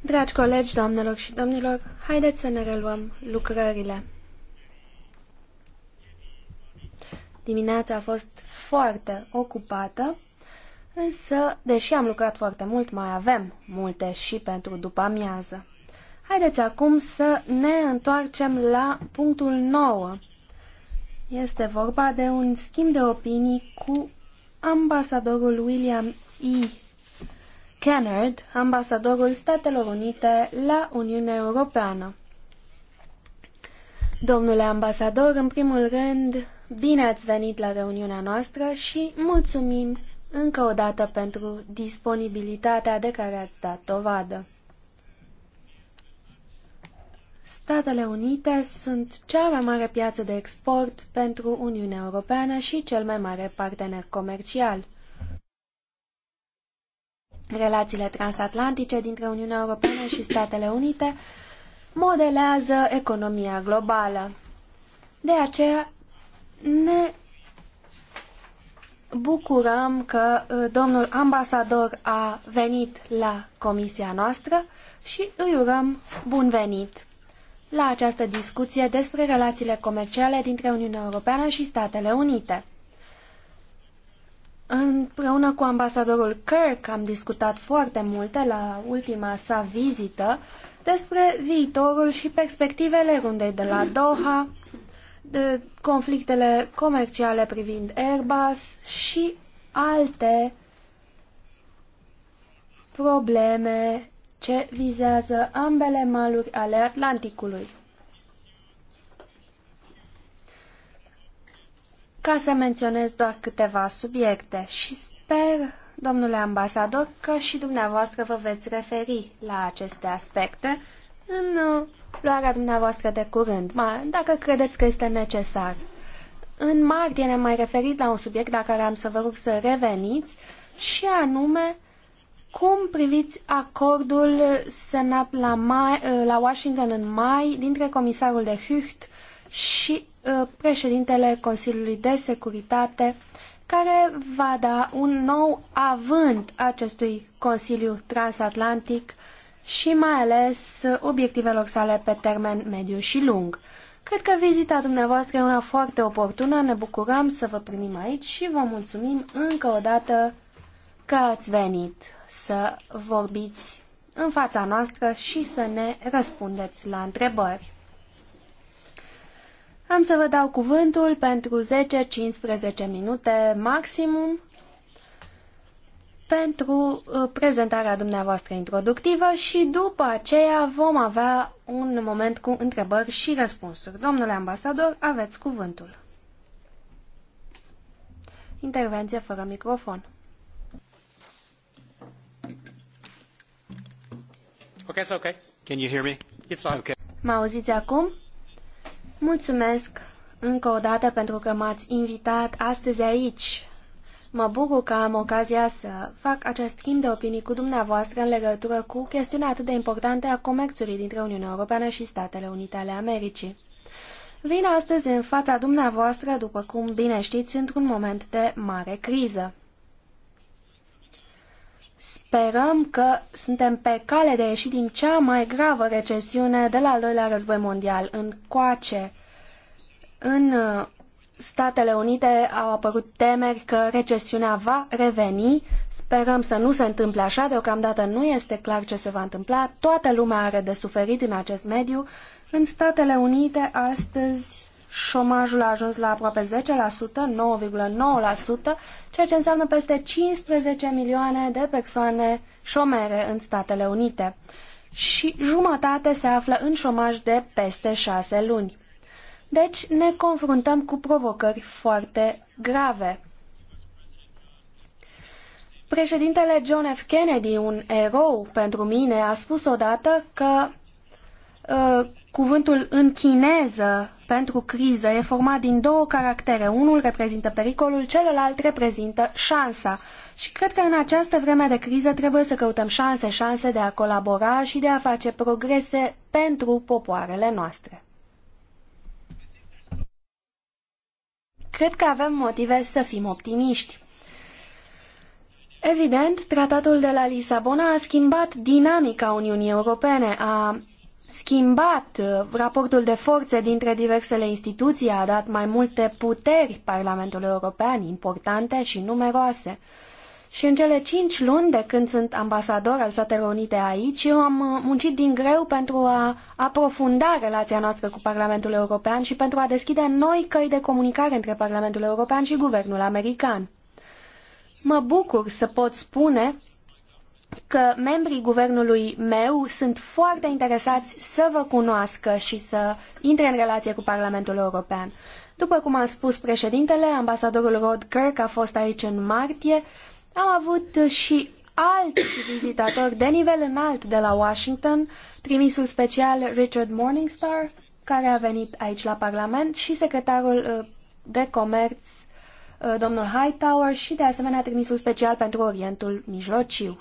Dragi colegi, doamnelor și domnilor, haideți să ne reluăm lucrările. Dimineața a fost foarte ocupată, însă, deși am lucrat foarte mult, mai avem multe și pentru după amiază. Haideți acum să ne întoarcem la punctul 9. Este vorba de un schimb de opinii cu ambasadorul William E. Kennard, ambasadorul Statelor Unite la Uniunea Europeană. Domnule ambasador, în primul rând, bine ați venit la reuniunea noastră și mulțumim încă o dată pentru disponibilitatea de care ați dat dovadă. Statele Unite sunt cea mai mare piață de export pentru Uniunea Europeană și cel mai mare partener comercial. Relațiile transatlantice dintre Uniunea Europeană și Statele Unite modelează economia globală. De aceea ne bucurăm că uh, domnul ambasador a venit la comisia noastră și îi urăm bun venit la această discuție despre relațiile comerciale dintre Uniunea Europeană și Statele Unite. Împreună cu ambasadorul Kirk am discutat foarte multe la ultima sa vizită despre viitorul și perspectivele rundei de la Doha, de conflictele comerciale privind Airbus și alte probleme ce vizează ambele maluri ale Atlanticului. Ca să menționez doar câteva subiecte și sper, domnule ambasador, că și dumneavoastră vă veți referi la aceste aspecte în uh, luarea dumneavoastră de curând, dacă credeți că este necesar. În martie ne-am mai referit la un subiect la care am să vă rog să reveniți și anume cum priviți acordul semnat la, mai, la Washington în mai dintre comisarul de Hucht și uh, președintele Consiliului de Securitate, care va da un nou avânt acestui Consiliu Transatlantic și mai ales obiectivelor sale pe termen mediu și lung. Cred că vizita dumneavoastră e una foarte oportună, ne bucurăm să vă primim aici și vă mulțumim încă o dată că ați venit să vorbiți în fața noastră și să ne răspundeți la întrebări. Am să vă dau cuvântul pentru 10-15 minute maximum pentru uh, prezentarea dumneavoastră introductivă și după aceea vom avea un moment cu întrebări și răspunsuri. Domnule ambasador, aveți cuvântul. Intervenție fără microfon. Okay, it's okay. Can you hear me? It's fine. Okay. Mă auziți acum? Mulțumesc încă o dată pentru că m-ați invitat astăzi aici. Mă bucur că am ocazia să fac acest schimb de opinii cu dumneavoastră în legătură cu chestiunea atât de importantă a comerțului dintre Uniunea Europeană și Statele Unite ale Americii. Vin astăzi în fața dumneavoastră, după cum bine știți, într-un moment de mare criză sperăm că suntem pe cale de a ieși din cea mai gravă recesiune de la al doilea război mondial în coace. În uh, Statele Unite au apărut temeri că recesiunea va reveni. Sperăm să nu se întâmple așa, deocamdată nu este clar ce se va întâmpla. Toată lumea are de suferit în acest mediu. În Statele Unite astăzi șomajul a ajuns la aproape 10%, 9,9%, ceea ce înseamnă peste 15 milioane de persoane șomere în Statele Unite și jumătate se află în șomaj de peste 6 luni. Deci ne confruntăm cu provocări foarte grave. Președintele John F. Kennedy, un erou pentru mine, a spus odată că uh, cuvântul în chineză pentru criză e format din două caractere. Unul reprezintă pericolul, celălalt reprezintă șansa. Și cred că în această vreme de criză trebuie să căutăm șanse, șanse de a colabora și de a face progrese pentru popoarele noastre. Cred că avem motive să fim optimiști. Evident, tratatul de la Lisabona a schimbat dinamica Uniunii Europene, a schimbat uh, raportul de forțe dintre diversele instituții, a dat mai multe puteri Parlamentului European, importante și numeroase. Și în cele cinci luni de când sunt ambasador al Statelor Unite aici, eu am uh, muncit din greu pentru a aprofunda relația noastră cu Parlamentul European și pentru a deschide noi căi de comunicare între Parlamentul European și guvernul american. Mă bucur să pot spune că membrii guvernului meu sunt foarte interesați să vă cunoască și să intre în relație cu Parlamentul European. După cum a spus președintele, ambasadorul Rod Kirk a fost aici în martie. Am avut și alți vizitatori de nivel înalt de la Washington, trimisul special Richard Morningstar, care a venit aici la Parlament, și secretarul uh, de comerț, uh, domnul Hightower, și de asemenea trimisul special pentru Orientul Mijlociu.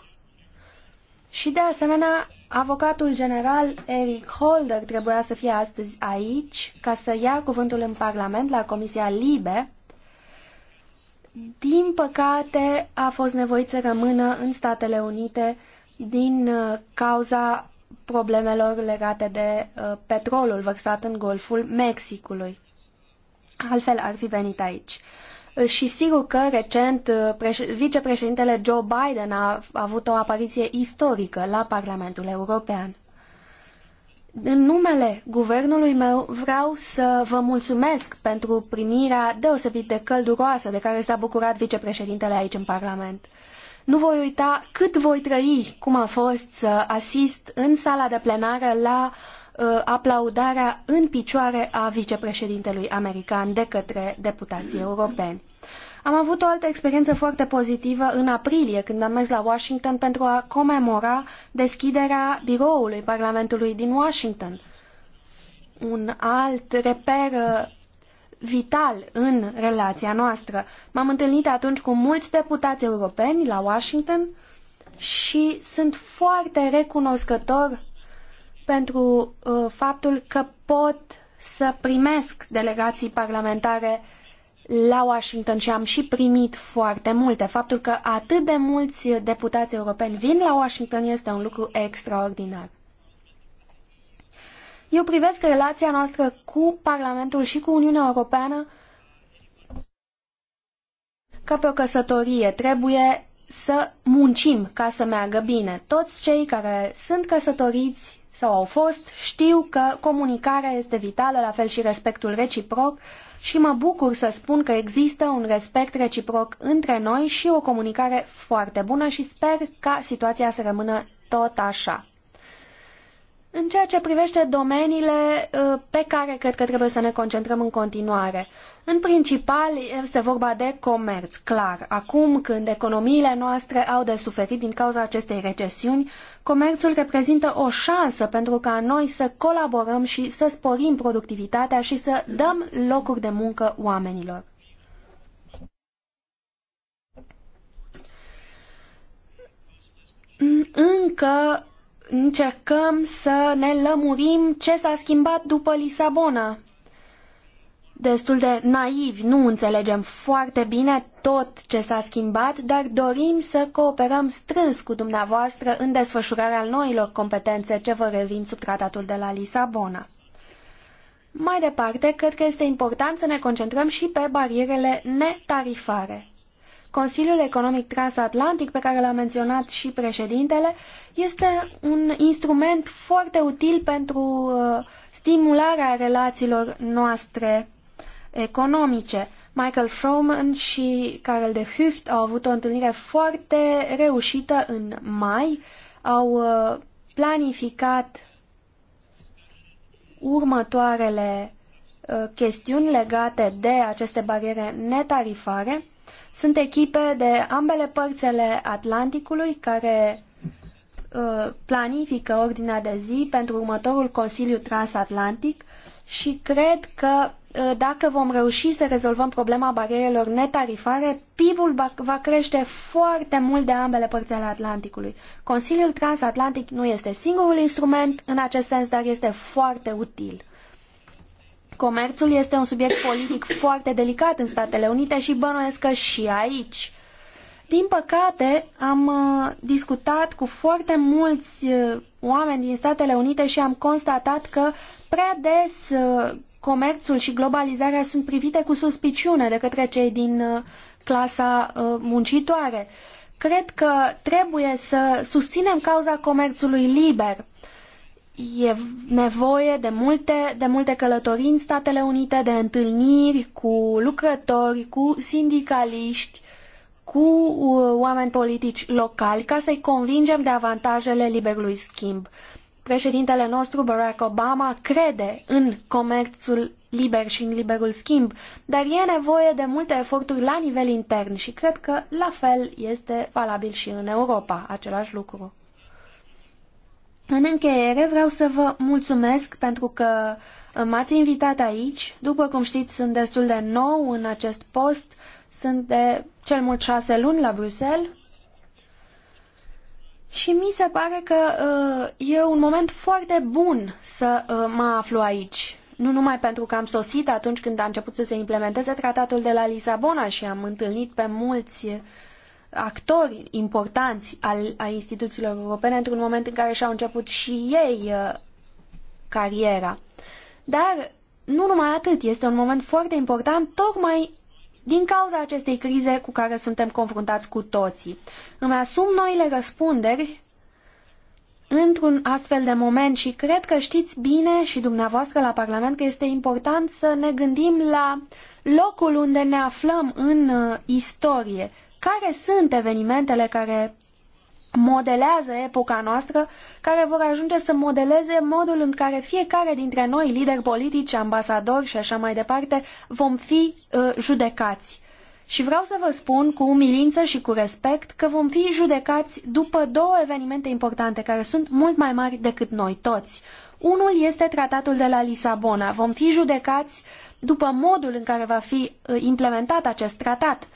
Și de asemenea, avocatul general Eric Holder trebuia să fie astăzi aici ca să ia cuvântul în Parlament la Comisia Libe. Din păcate, a fost nevoit să rămână în Statele Unite din uh, cauza problemelor legate de uh, petrolul vărsat în Golful Mexicului. Altfel ar fi venit aici. Și sigur că recent uh, vicepreședintele Joe Biden a avut o apariție istorică la Parlamentul European. În numele guvernului meu vreau să vă mulțumesc pentru primirea deosebit de călduroasă de care s-a bucurat vicepreședintele aici în Parlament. Nu voi uita cât voi trăi cum a fost să asist în sala de plenară la uh, Uh, aplaudarea în picioare a vicepreședintelui american de către deputații europeni. Am avut o altă experiență foarte pozitivă în aprilie, când am mers la Washington pentru a comemora deschiderea biroului Parlamentului din Washington. Un alt reper uh, vital în relația noastră. M-am întâlnit atunci cu mulți deputați europeni la Washington și sunt foarte recunoscător pentru uh, faptul că pot să primesc delegații parlamentare la Washington și am și primit foarte multe. Faptul că atât de mulți deputați europeni vin la Washington este un lucru extraordinar. Eu privesc relația noastră cu Parlamentul și cu Uniunea Europeană ca pe o căsătorie. Trebuie să muncim ca să meargă bine. Toți cei care sunt căsătoriți sau au fost, știu că comunicarea este vitală, la fel și respectul reciproc și mă bucur să spun că există un respect reciproc între noi și o comunicare foarte bună și sper ca situația să rămână tot așa. În ceea ce privește domeniile uh, pe care cred că trebuie să ne concentrăm în continuare, în principal este vorba de comerț, clar. Acum când economiile noastre au de suferit din cauza acestei recesiuni, comerțul reprezintă o șansă pentru ca noi să colaborăm și să sporim productivitatea și să dăm locuri de muncă oamenilor. Încă încercăm să ne lămurim ce s-a schimbat după Lisabona. Destul de naivi, nu înțelegem foarte bine tot ce s-a schimbat, dar dorim să cooperăm strâns cu dumneavoastră în desfășurarea noilor competențe ce vă revin sub tratatul de la Lisabona. Mai departe, cred că este important să ne concentrăm și pe barierele netarifare. Consiliul Economic Transatlantic, pe care l-a menționat și președintele, este un instrument foarte util pentru uh, stimularea relațiilor noastre economice. Michael Froman și Karel de Hucht au avut o întâlnire foarte reușită în mai, au uh, planificat următoarele uh, chestiuni legate de aceste bariere netarifare sunt echipe de ambele părțile Atlanticului care uh, planifică ordinea de zi pentru următorul Consiliu Transatlantic și cred că uh, dacă vom reuși să rezolvăm problema barierelor netarifare, PIB-ul va crește foarte mult de ambele părți ale Atlanticului. Consiliul Transatlantic nu este singurul instrument în acest sens, dar este foarte util. Comerțul este un subiect politic foarte delicat în Statele Unite și bănuiesc că și aici. Din păcate, am uh, discutat cu foarte mulți uh, oameni din Statele Unite și am constatat că prea des uh, comerțul și globalizarea sunt privite cu suspiciune de către cei din clasa muncitoare. Cred că trebuie să susținem cauza comerțului liber e nevoie de multe, de multe călătorii în Statele Unite, de întâlniri cu lucrători, cu sindicaliști, cu uh, oameni politici locali, ca să-i convingem de avantajele liberului schimb. Președintele nostru, Barack Obama, crede în comerțul liber și în liberul schimb, dar e nevoie de multe eforturi la nivel intern și cred că la fel este valabil și în Europa același lucru. În încheiere vreau să vă mulțumesc pentru că uh, m-ați invitat aici. După cum știți, sunt destul de nou în acest post. Sunt de cel mult șase luni la Bruxelles. Și mi se pare că uh, e un moment foarte bun să uh, mă aflu aici. Nu numai pentru că am sosit atunci când a început să se implementeze tratatul de la Lisabona și am întâlnit pe mulți actori importanți al, a instituțiilor europene într-un moment în care și-au început și ei uh, cariera. Dar nu numai atât, este un moment foarte important tocmai din cauza acestei crize cu care suntem confruntați cu toții. Îmi asum noile răspunderi într-un astfel de moment și cred că știți bine și dumneavoastră la Parlament că este important să ne gândim la locul unde ne aflăm în uh, istorie, care sunt evenimentele care modelează epoca noastră, care vor ajunge să modeleze modul în care fiecare dintre noi, lideri politici, ambasadori și așa mai departe, vom fi uh, judecați. Și vreau să vă spun cu umilință și cu respect că vom fi judecați după două evenimente importante care sunt mult mai mari decât noi toți. Unul este tratatul de la Lisabona. Vom fi judecați după modul în care va fi uh, implementat acest tratat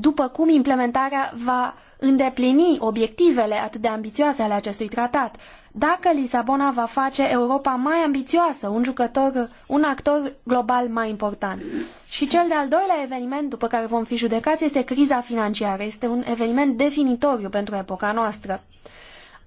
după cum implementarea va îndeplini obiectivele atât de ambițioase ale acestui tratat. Dacă Lisabona va face Europa mai ambițioasă, un jucător, un actor global mai important. Și cel de-al doilea eveniment după care vom fi judecați este criza financiară. Este un eveniment definitoriu pentru epoca noastră.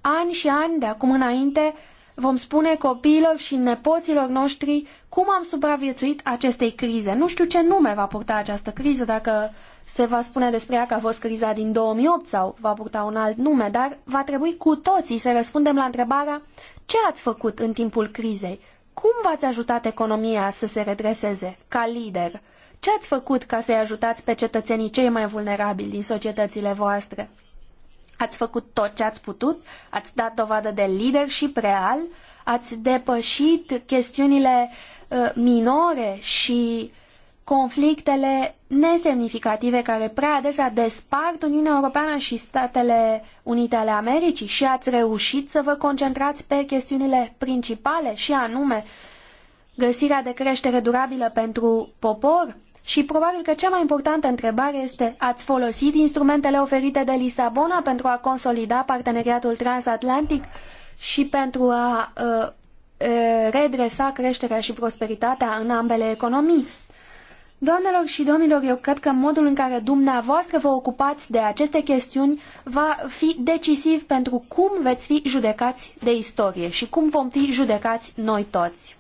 Ani și ani de acum înainte vom spune copiilor și nepoților noștri cum am supraviețuit acestei crize. Nu știu ce nume va purta această criză, dacă se va spune despre ea că a fost criza din 2008 sau va purta un alt nume, dar va trebui cu toții să răspundem la întrebarea ce ați făcut în timpul crizei? Cum v-ați ajutat economia să se redreseze ca lider? Ce ați făcut ca să-i ajutați pe cetățenii cei mai vulnerabili din societățile voastre? Ați făcut tot ce ați putut, ați dat dovadă de leadership real, ați depășit chestiunile ă, minore și conflictele nesemnificative care prea adesea despart Uniunea Europeană și Statele Unite ale Americii și ați reușit să vă concentrați pe chestiunile principale și anume găsirea de creștere durabilă pentru popor, și probabil că cea mai importantă întrebare este, ați folosit instrumentele oferite de Lisabona pentru a consolida parteneriatul transatlantic și pentru a uh, redresa creșterea și prosperitatea în ambele economii? Doamnelor și domnilor, eu cred că modul în care dumneavoastră vă ocupați de aceste chestiuni va fi decisiv pentru cum veți fi judecați de istorie și cum vom fi judecați noi toți.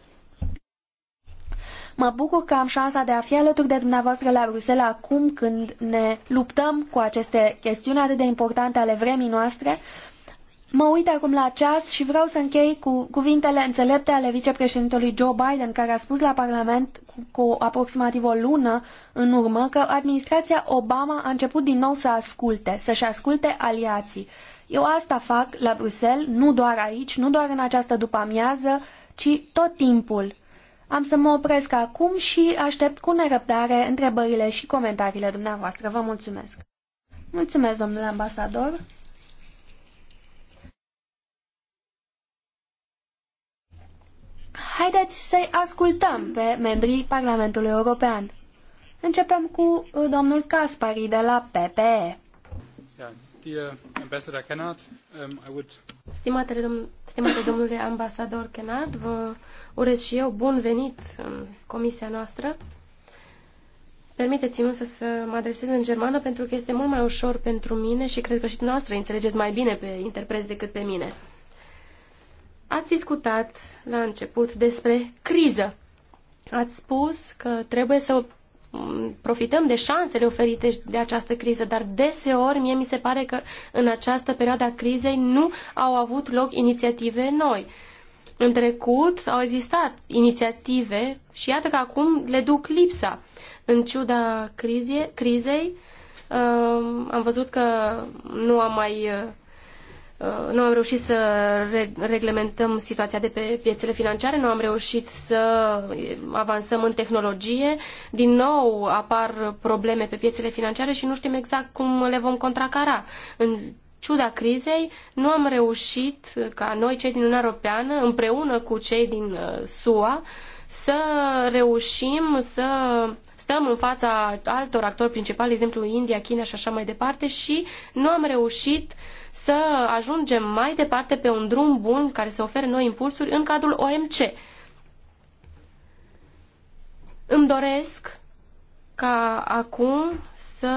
Mă bucur că am șansa de a fi alături de dumneavoastră la Bruxelles acum când ne luptăm cu aceste chestiuni atât de importante ale vremii noastre. Mă uit acum la ceas și vreau să închei cu cuvintele înțelepte ale vicepreședintelui Joe Biden, care a spus la Parlament cu, cu aproximativ o lună în urmă că administrația Obama a început din nou să asculte, să-și asculte aliații. Eu asta fac la Bruxelles, nu doar aici, nu doar în această după-amiază, ci tot timpul. Am să mă opresc acum și aștept cu nerăbdare întrebările și comentariile dumneavoastră. Vă mulțumesc! Mulțumesc, domnule ambasador! Haideți să-i ascultăm pe membrii Parlamentului European. Începem cu uh, domnul Caspari de la PPE. Um, Stimatele, stimate domnule ambasador Kenard, vă urez și eu bun venit în comisia noastră. Permiteți-mi însă să mă adresez în germană pentru că este mult mai ușor pentru mine și cred că și dumneavoastră înțelegeți mai bine pe interpreți decât pe mine. Ați discutat la început despre criză. Ați spus că trebuie să profităm de șansele oferite de această criză, dar deseori mie mi se pare că în această perioadă a crizei nu au avut loc inițiative noi. Uh, în trecut au existat inițiative și iată că acum le duc lipsa. În ciuda crizie, crizei, um, am văzut că nu am mai uh, nu am reușit să reglementăm situația de pe piețele financiare, nu am reușit să avansăm în tehnologie. Din nou apar probleme pe piețele financiare și nu știm exact cum le vom contracara. În ciuda crizei, nu am reușit ca noi, cei din Uniunea Europeană, împreună cu cei din uh, SUA, să reușim să stăm în fața altor actori principali, de exemplu India, China și așa mai departe, și nu am reușit să ajungem mai departe pe un drum bun care să ofere noi impulsuri în cadrul OMC. Îmi doresc ca acum să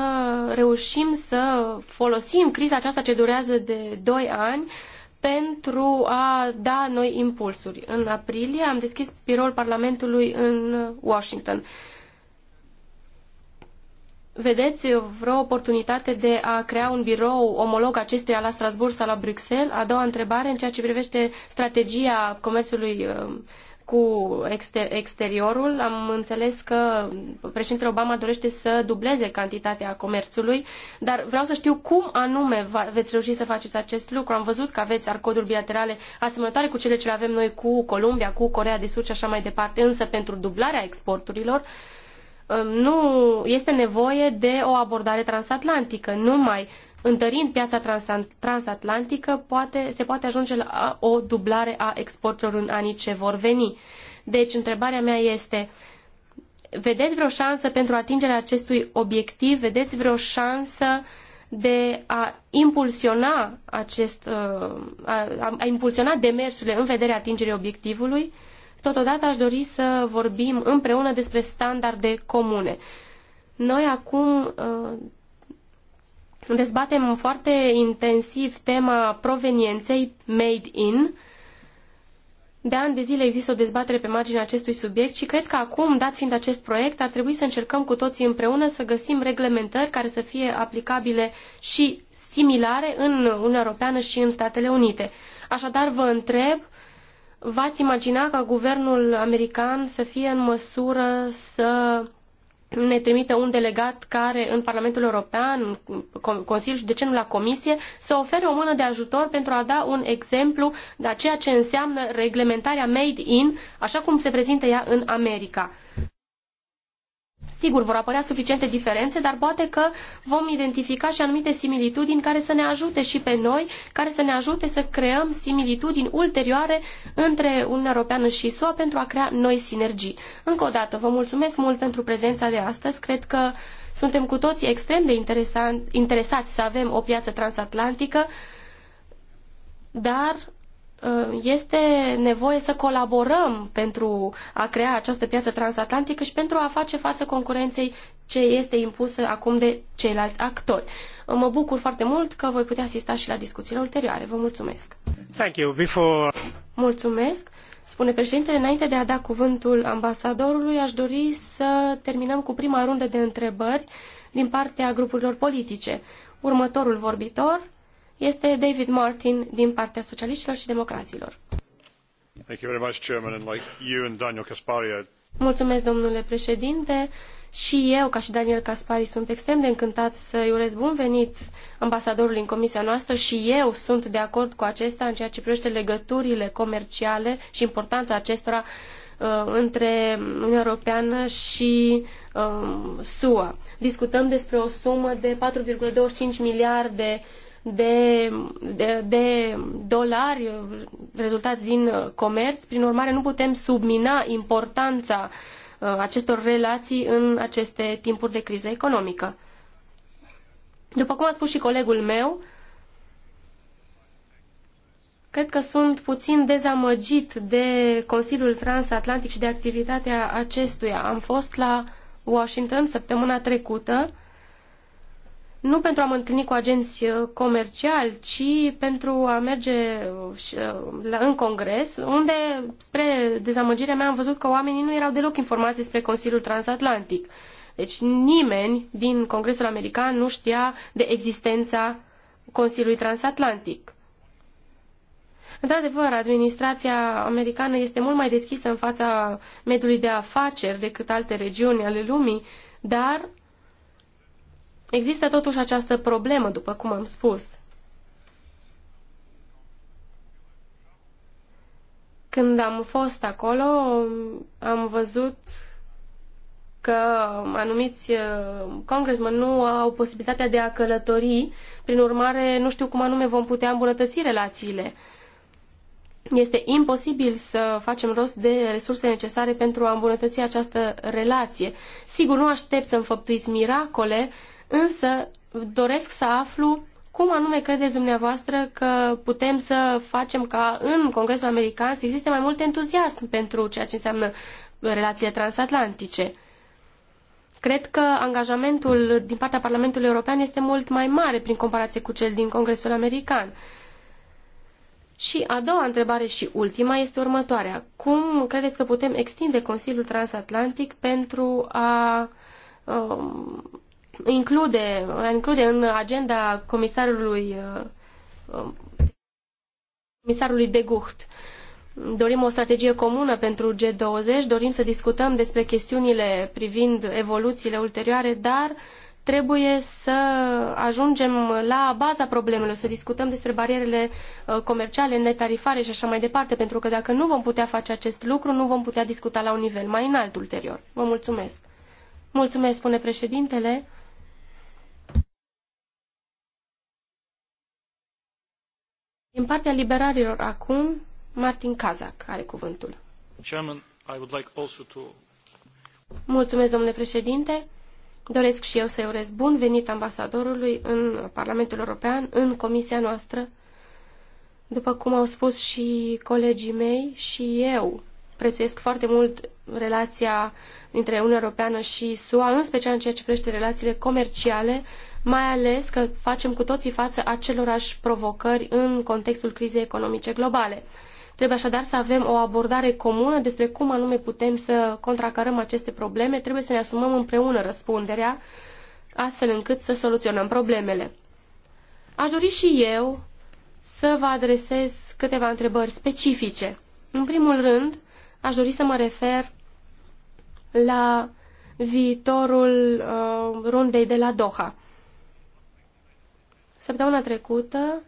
reușim să folosim criza aceasta ce durează de 2 ani pentru a da noi impulsuri. În aprilie am deschis biroul Parlamentului în Washington. Vedeți vreo oportunitate de a crea un birou omolog acestuia la Strasbourg sau la Bruxelles? A doua întrebare în ceea ce privește strategia comerțului cu exter- exteriorul. Am înțeles că președintele Obama dorește să dubleze cantitatea comerțului, dar vreau să știu cum anume va, veți reuși să faceți acest lucru. Am văzut că aveți arcoduri bilaterale asemănătoare cu cele ce le avem noi cu Columbia, cu Corea de Sud și așa mai departe, însă pentru dublarea exporturilor um, nu este nevoie de o abordare transatlantică. Numai întărind piața transatlantică, poate, se poate ajunge la o dublare a exporturilor în anii ce vor veni. Deci, întrebarea mea este, vedeți vreo șansă pentru atingerea acestui obiectiv? Vedeți vreo șansă de a impulsiona acest, uh, a, a impulsiona demersurile în vederea atingerii obiectivului? Totodată aș dori să vorbim împreună despre standarde comune. Noi acum uh, dezbatem foarte intensiv tema provenienței made in. De ani de zile există o dezbatere pe marginea acestui subiect și cred că acum, dat fiind acest proiect, ar trebui să încercăm cu toții împreună să găsim reglementări care să fie aplicabile și similare în Uniunea Europeană și în Statele Unite. Așadar, vă întreb, v-ați imagina ca guvernul american să fie în măsură să ne trimite un delegat care în Parlamentul European, în Consiliu și de ce nu la Comisie, să ofere o mână de ajutor pentru a da un exemplu de ceea ce înseamnă reglementarea made in, așa cum se prezintă ea în America. Sigur, vor apărea suficiente diferențe, dar poate că vom identifica și anumite similitudini care să ne ajute și pe noi, care să ne ajute să creăm similitudini ulterioare între Uniunea Europeană și SUA pentru a crea noi sinergii. Încă o dată, vă mulțumesc mult pentru prezența de astăzi. Cred că suntem cu toții extrem de interesați să avem o piață transatlantică, dar Uh, este nevoie să colaborăm pentru a crea această piață transatlantică și pentru a face față concurenței ce este impusă acum de ceilalți actori. Uh, mă bucur foarte mult că voi putea asista și la discuțiile ulterioare. Vă mulțumesc! Thank you. Before... Mulțumesc! Spune președintele, înainte de a da cuvântul ambasadorului, aș dori să terminăm cu prima rundă de întrebări din partea grupurilor politice. Următorul vorbitor este David Martin din partea socialiștilor și democraților. Mulțumesc, domnule președinte. Și eu, ca și Daniel Caspari, sunt extrem de încântat să-i urez bun venit ambasadorului în comisia noastră și eu sunt de acord cu acesta în ceea ce privește legăturile comerciale și importanța acestora uh, între Uniunea Europeană și uh, um, SUA. Discutăm despre o sumă de 4,25 miliarde uh, de, de, de dolari rezultați din comerț. Prin urmare, nu putem submina importanța uh, acestor relații în aceste timpuri de criză economică. După cum a spus și colegul meu, cred că sunt puțin dezamăgit de Consiliul Transatlantic și de activitatea acestuia. Am fost la Washington săptămâna trecută nu pentru a mă întâlni cu agenți uh, comerciali, ci pentru a merge uh, uh, în congres, unde, spre dezamăgirea mea, am văzut că oamenii nu erau deloc informați despre Consiliul Transatlantic. Deci nimeni din Congresul American nu știa de existența Consiliului Transatlantic. Într-adevăr, administrația americană este mult mai deschisă în fața mediului de afaceri decât alte regiuni ale lumii, dar Există totuși această problemă, după cum am spus. Când am fost acolo, am văzut că anumiți uh, congresmen nu au posibilitatea de a călători, prin urmare nu știu cum anume vom putea îmbunătăți relațiile. Este imposibil să facem rost de resurse necesare pentru a îmbunătăți această relație. Sigur, nu aștept să înfăptuiți miracole, însă doresc să aflu cum anume credeți dumneavoastră că putem să facem ca în Congresul American să existe mai mult entuziasm pentru ceea ce înseamnă relațiile transatlantice? Cred că angajamentul din partea Parlamentului European este mult mai mare prin comparație cu cel din Congresul American. Și a doua întrebare și ultima este următoarea. Cum credeți că putem extinde Consiliul Transatlantic pentru a um, include, include în agenda comisarului comisarului de Gucht. Dorim o strategie comună pentru G20, dorim să discutăm despre chestiunile privind evoluțiile ulterioare, dar trebuie să ajungem la baza problemelor, să discutăm despre barierele uh, comerciale, netarifare și așa mai departe, pentru că dacă nu vom putea face acest lucru, nu vom putea discuta la un nivel mai înalt ulterior. Vă mulțumesc! Mulțumesc, spune președintele. Din partea liberalilor acum, Martin Kazak are cuvântul. Chairman, I would like also to... Mulțumesc, domnule președinte. Doresc și eu să-i urez bun venit ambasadorului în Parlamentul European, în comisia noastră. După cum au spus și colegii mei și eu, prețuiesc foarte mult relația dintre Uniunea Europeană și SUA, în special în ceea ce privește relațiile comerciale, uh, mai ales că facem cu toții față acelorași provocări în contextul crizei economice globale. Trebuie așadar să avem o abordare comună despre cum anume putem să contracarăm aceste probleme, trebuie să ne asumăm împreună răspunderea, astfel încât să soluționăm problemele. Aș dori și eu să vă adresez câteva întrebări specifice. În primul rând, aș dori să mă refer la viitorul uh, rundei de la Doha. Săptămâna trecută,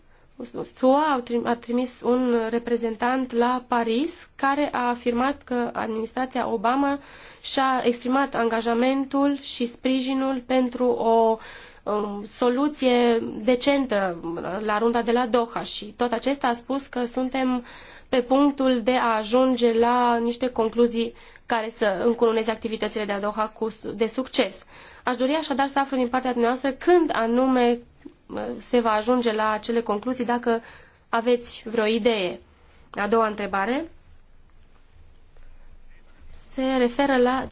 SUA a trimis un reprezentant la Paris care a afirmat că administrația Obama și-a exprimat angajamentul și sprijinul pentru o um, soluție decentă la runda de la Doha și tot acesta a spus că suntem pe punctul de a ajunge la niște concluzii care să încununeze activitățile de la Doha cu, de succes. Aș dori așadar să aflu din partea dumneavoastră când anume se va ajunge la acele concluzii dacă aveți vreo idee. A doua întrebare se referă la,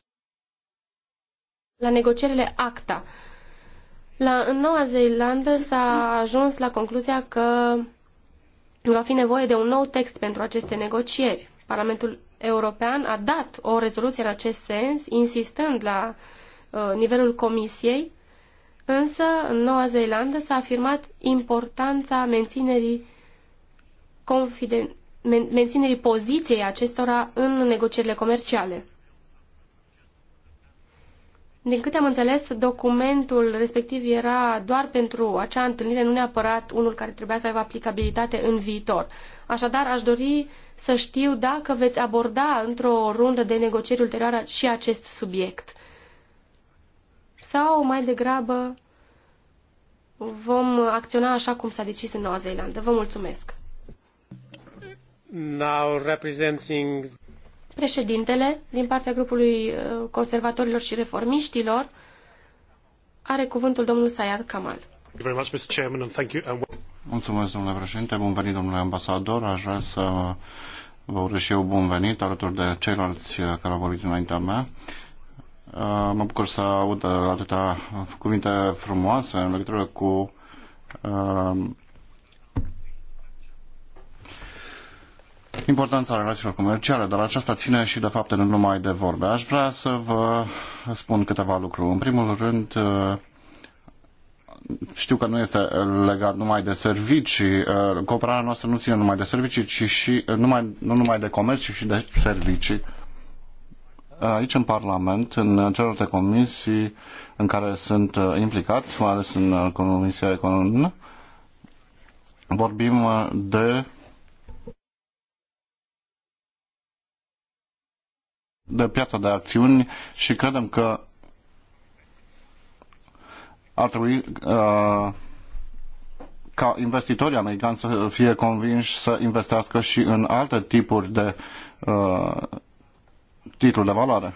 la negocierile ACTA. La, în Noua Zeelandă s-a ajuns la concluzia că va fi nevoie de un nou text pentru aceste negocieri. Parlamentul European a dat o rezoluție în acest sens, insistând la uh, nivelul Comisiei Însă, în Noua Zeelandă s-a afirmat importanța menținerii, confiden- men- menținerii poziției acestora în negocierile comerciale. Din câte am înțeles, documentul respectiv era doar pentru acea întâlnire, nu neapărat unul care trebuia să aibă aplicabilitate în viitor. Așadar, aș dori să știu dacă veți aborda într-o rundă de negocieri ulterioară și acest subiect sau mai degrabă vom acționa așa cum s-a decis în Noua Zeelandă. Vă mulțumesc. Now representing... Președintele din partea grupului uh, conservatorilor și reformiștilor are cuvântul domnul Sayad Kamal. Mulțumesc, domnule președinte. Bun venit, domnule ambasador. Aș vrea să vă urez și eu bun venit alături de ceilalți uh, care au vorbit înaintea mea. Uh, mă bucur să aud atâta cuvinte frumoase în legătură cu uh, importanța relațiilor comerciale, dar aceasta ține și de fapte nu numai de vorbe. Aș vrea să vă spun câteva lucruri. În primul rând, uh, știu că nu este legat numai de servicii, cooperarea noastră nu ține numai de servicii, ci și numai, nu numai de comerț, ci și de servicii aici în Parlament, în celelalte comisii în care sunt uh, implicați, mai ales în uh, Comisia Economică, vorbim uh, de de piața de acțiuni și credem că ar trebui uh, ca investitorii americani să fie convinși să investească și în alte tipuri de uh, titlul de valoare.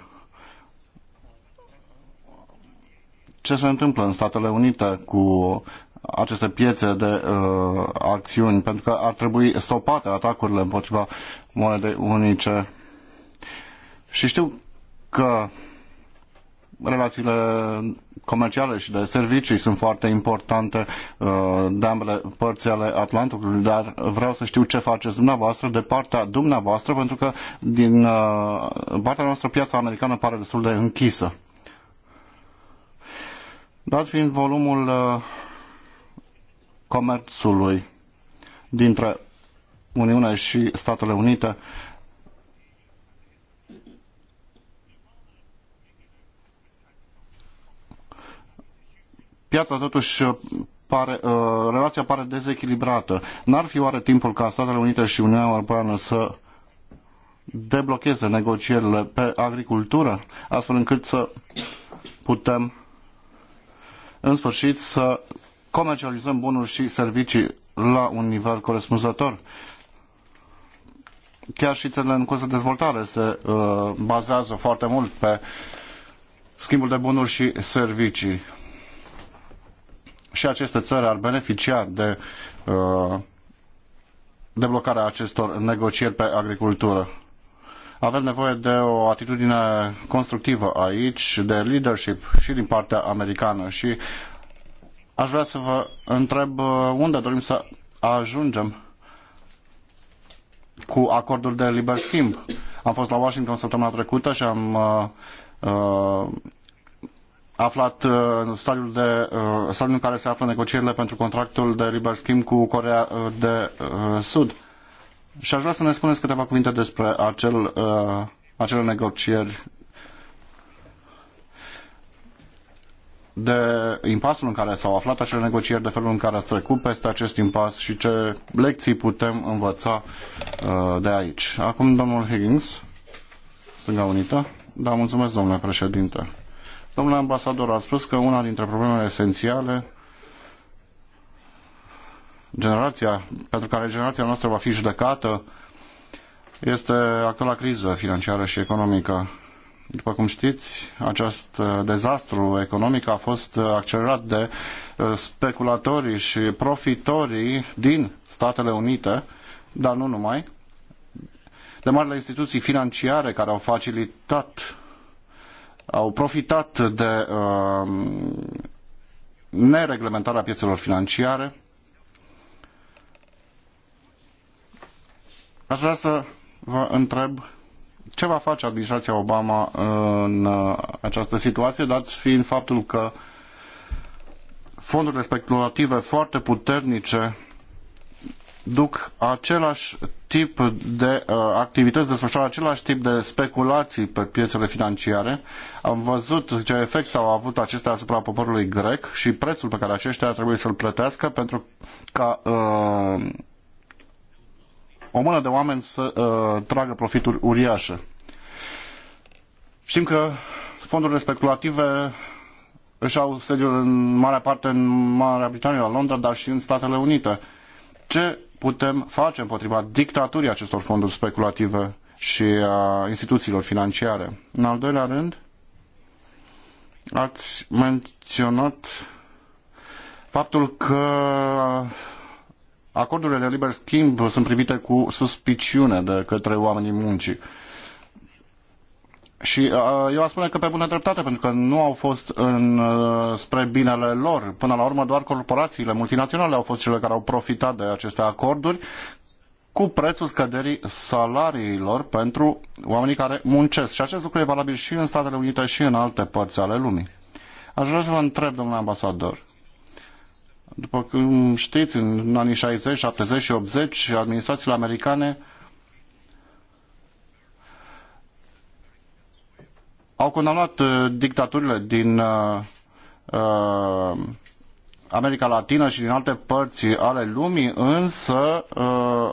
Ce se întâmplă în Statele Unite cu aceste piețe de uh, acțiuni? Pentru că ar trebui stopate atacurile împotriva monedei unice. Și știu că relațiile comerciale și de servicii sunt foarte importante uh, de ambele părți ale Atlanticului, dar vreau să știu ce faceți dumneavoastră de partea dumneavoastră, pentru că din uh, partea noastră piața americană pare destul de închisă. Dat fiind volumul uh, comerțului dintre Uniunea și Statele Unite, piața totuși uh, pare, uh, relația pare dezechilibrată. N-ar fi oare timpul ca Statele Unite și Uniunea Europeană să deblocheze negocierile pe agricultură, astfel încât să putem în sfârșit să comercializăm bunuri și servicii la un nivel corespunzător. Chiar și țările în curs de dezvoltare se uh, bazează foarte mult pe schimbul de bunuri și servicii și aceste țări ar beneficia de uh, deblocarea acestor negocieri pe agricultură. Avem nevoie de o atitudine constructivă aici, de leadership și din partea americană și aș vrea să vă întreb uh, unde dorim să ajungem cu acordul de liber schimb. Am fost la Washington săptămâna trecută și am uh, uh, aflat uh, în stadiul, de, uh, stadiul în care se află negocierile pentru contractul de liber schimb cu Corea uh, de Sud. Și aș vrea să ne spuneți câteva cuvinte despre acel, acele negocieri de impasul în care s-au aflat acele negocieri, de felul în care a trecut peste acest impas și ce lecții putem învăța de aici. Acum, domnul Higgins, Stânga Unită. Da, mulțumesc, domnule președinte. Domnule ambasador, a spus că una dintre problemele esențiale generația, pentru care generația noastră va fi judecată, este actuala criză financiară și economică. După cum știți, acest dezastru economic a fost accelerat de uh, speculatorii și profitorii din Statele Unite, dar nu numai, de marile instituții financiare care au facilitat au profitat de um, nereglementarea piețelor financiare. Aș vrea să vă întreb ce va face administrația Obama în uh, această situație, dat fiind faptul că fondurile speculative foarte puternice duc același tip de uh, activități, desfășoară același tip de speculații pe piețele financiare. Am văzut ce efect au avut acestea asupra poporului grec și prețul pe care aceștia trebuie să-l plătească pentru ca uh, o mână de oameni să uh, tragă profituri uriașe. Știm că fondurile speculative își au sediul în mare parte în Marea Britanie, la Londra, dar și în Statele Unite. Ce putem face împotriva dictaturii acestor fonduri speculative și a instituțiilor financiare. În al doilea rând, ați menționat faptul că acordurile de liber schimb sunt privite cu suspiciune de către oamenii muncii. Și uh, eu aș spune că pe bună dreptate, pentru că nu au fost în, uh, spre binele lor. Până la urmă, doar corporațiile multinaționale au fost cele care au profitat de aceste acorduri cu prețul scăderii salariilor pentru oamenii care muncesc. Și acest lucru e valabil și în Statele Unite și în alte părți ale lumii. Aș vrea să vă întreb, domnule ambasador, după cum știți, în anii 60, 70 și 80, administrațiile americane au condamnat uh, dictaturile din uh, uh, America Latină și din alte părți ale lumii, însă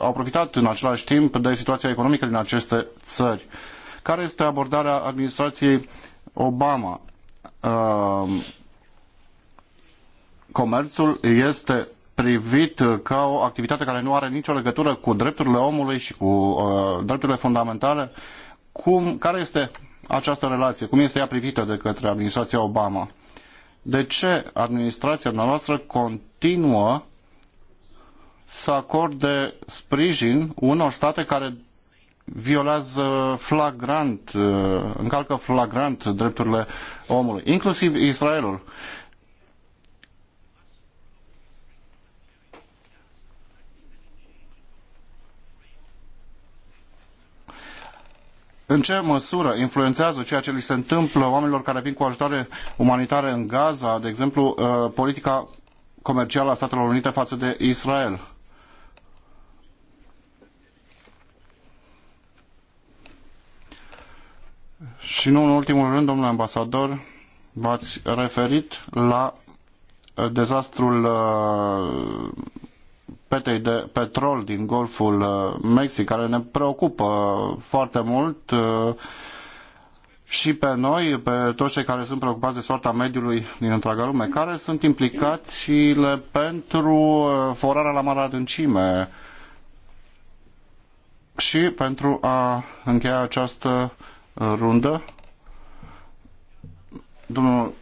au profitat în același timp de situația economică din aceste țări. Care este abordarea administrației Obama? Comerțul este privit ca o activitate care nu are nicio legătură cu drepturile omului și cu drepturile fundamentale. Cum, care este această relație, cum este ea privită de către administrația Obama. De ce administrația noastră continuă să acorde sprijin unor state care violează flagrant, uh, încalcă flagrant drepturile omului, inclusiv Israelul. în ce măsură influențează ceea ce li se întâmplă oamenilor care vin cu ajutoare umanitare în Gaza, de exemplu, uh, politica comercială a Statelor Unite față de Israel? Și nu în ultimul rând, domnule ambasador, v-ați referit la uh, dezastrul uh, petei de petrol din Golful uh, Mexic, care ne preocupă foarte mult uh, și pe noi, pe toți cei care sunt preocupați de soarta mediului din întreaga lume. Care sunt implicațiile pentru uh, forarea la mare adâncime? Și pentru a încheia această rundă, domnul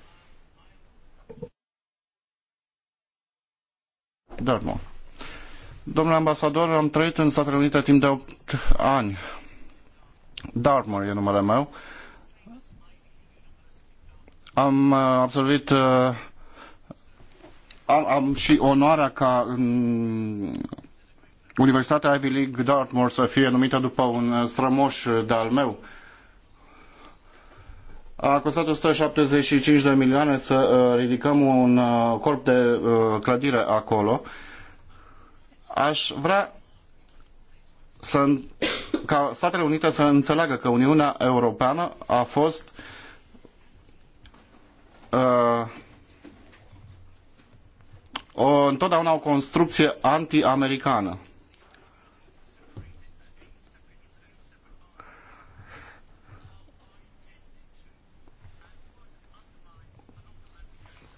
Darmon. Domnule ambasador, am trăit în Statele Unite timp de 8 ani. Dartmoor e numele meu. Am uh, absolvit uh, am, am și onoarea ca Universitatea Ivy League Dartmoor să fie numită după un strămoș de-al meu. A costat 175 de milioane să uh, ridicăm un corp de clădire acolo. Aș vrea să, ca Statele Unite să înțeleagă că Uniunea Europeană a fost uh, o, întotdeauna o construcție anti-americană.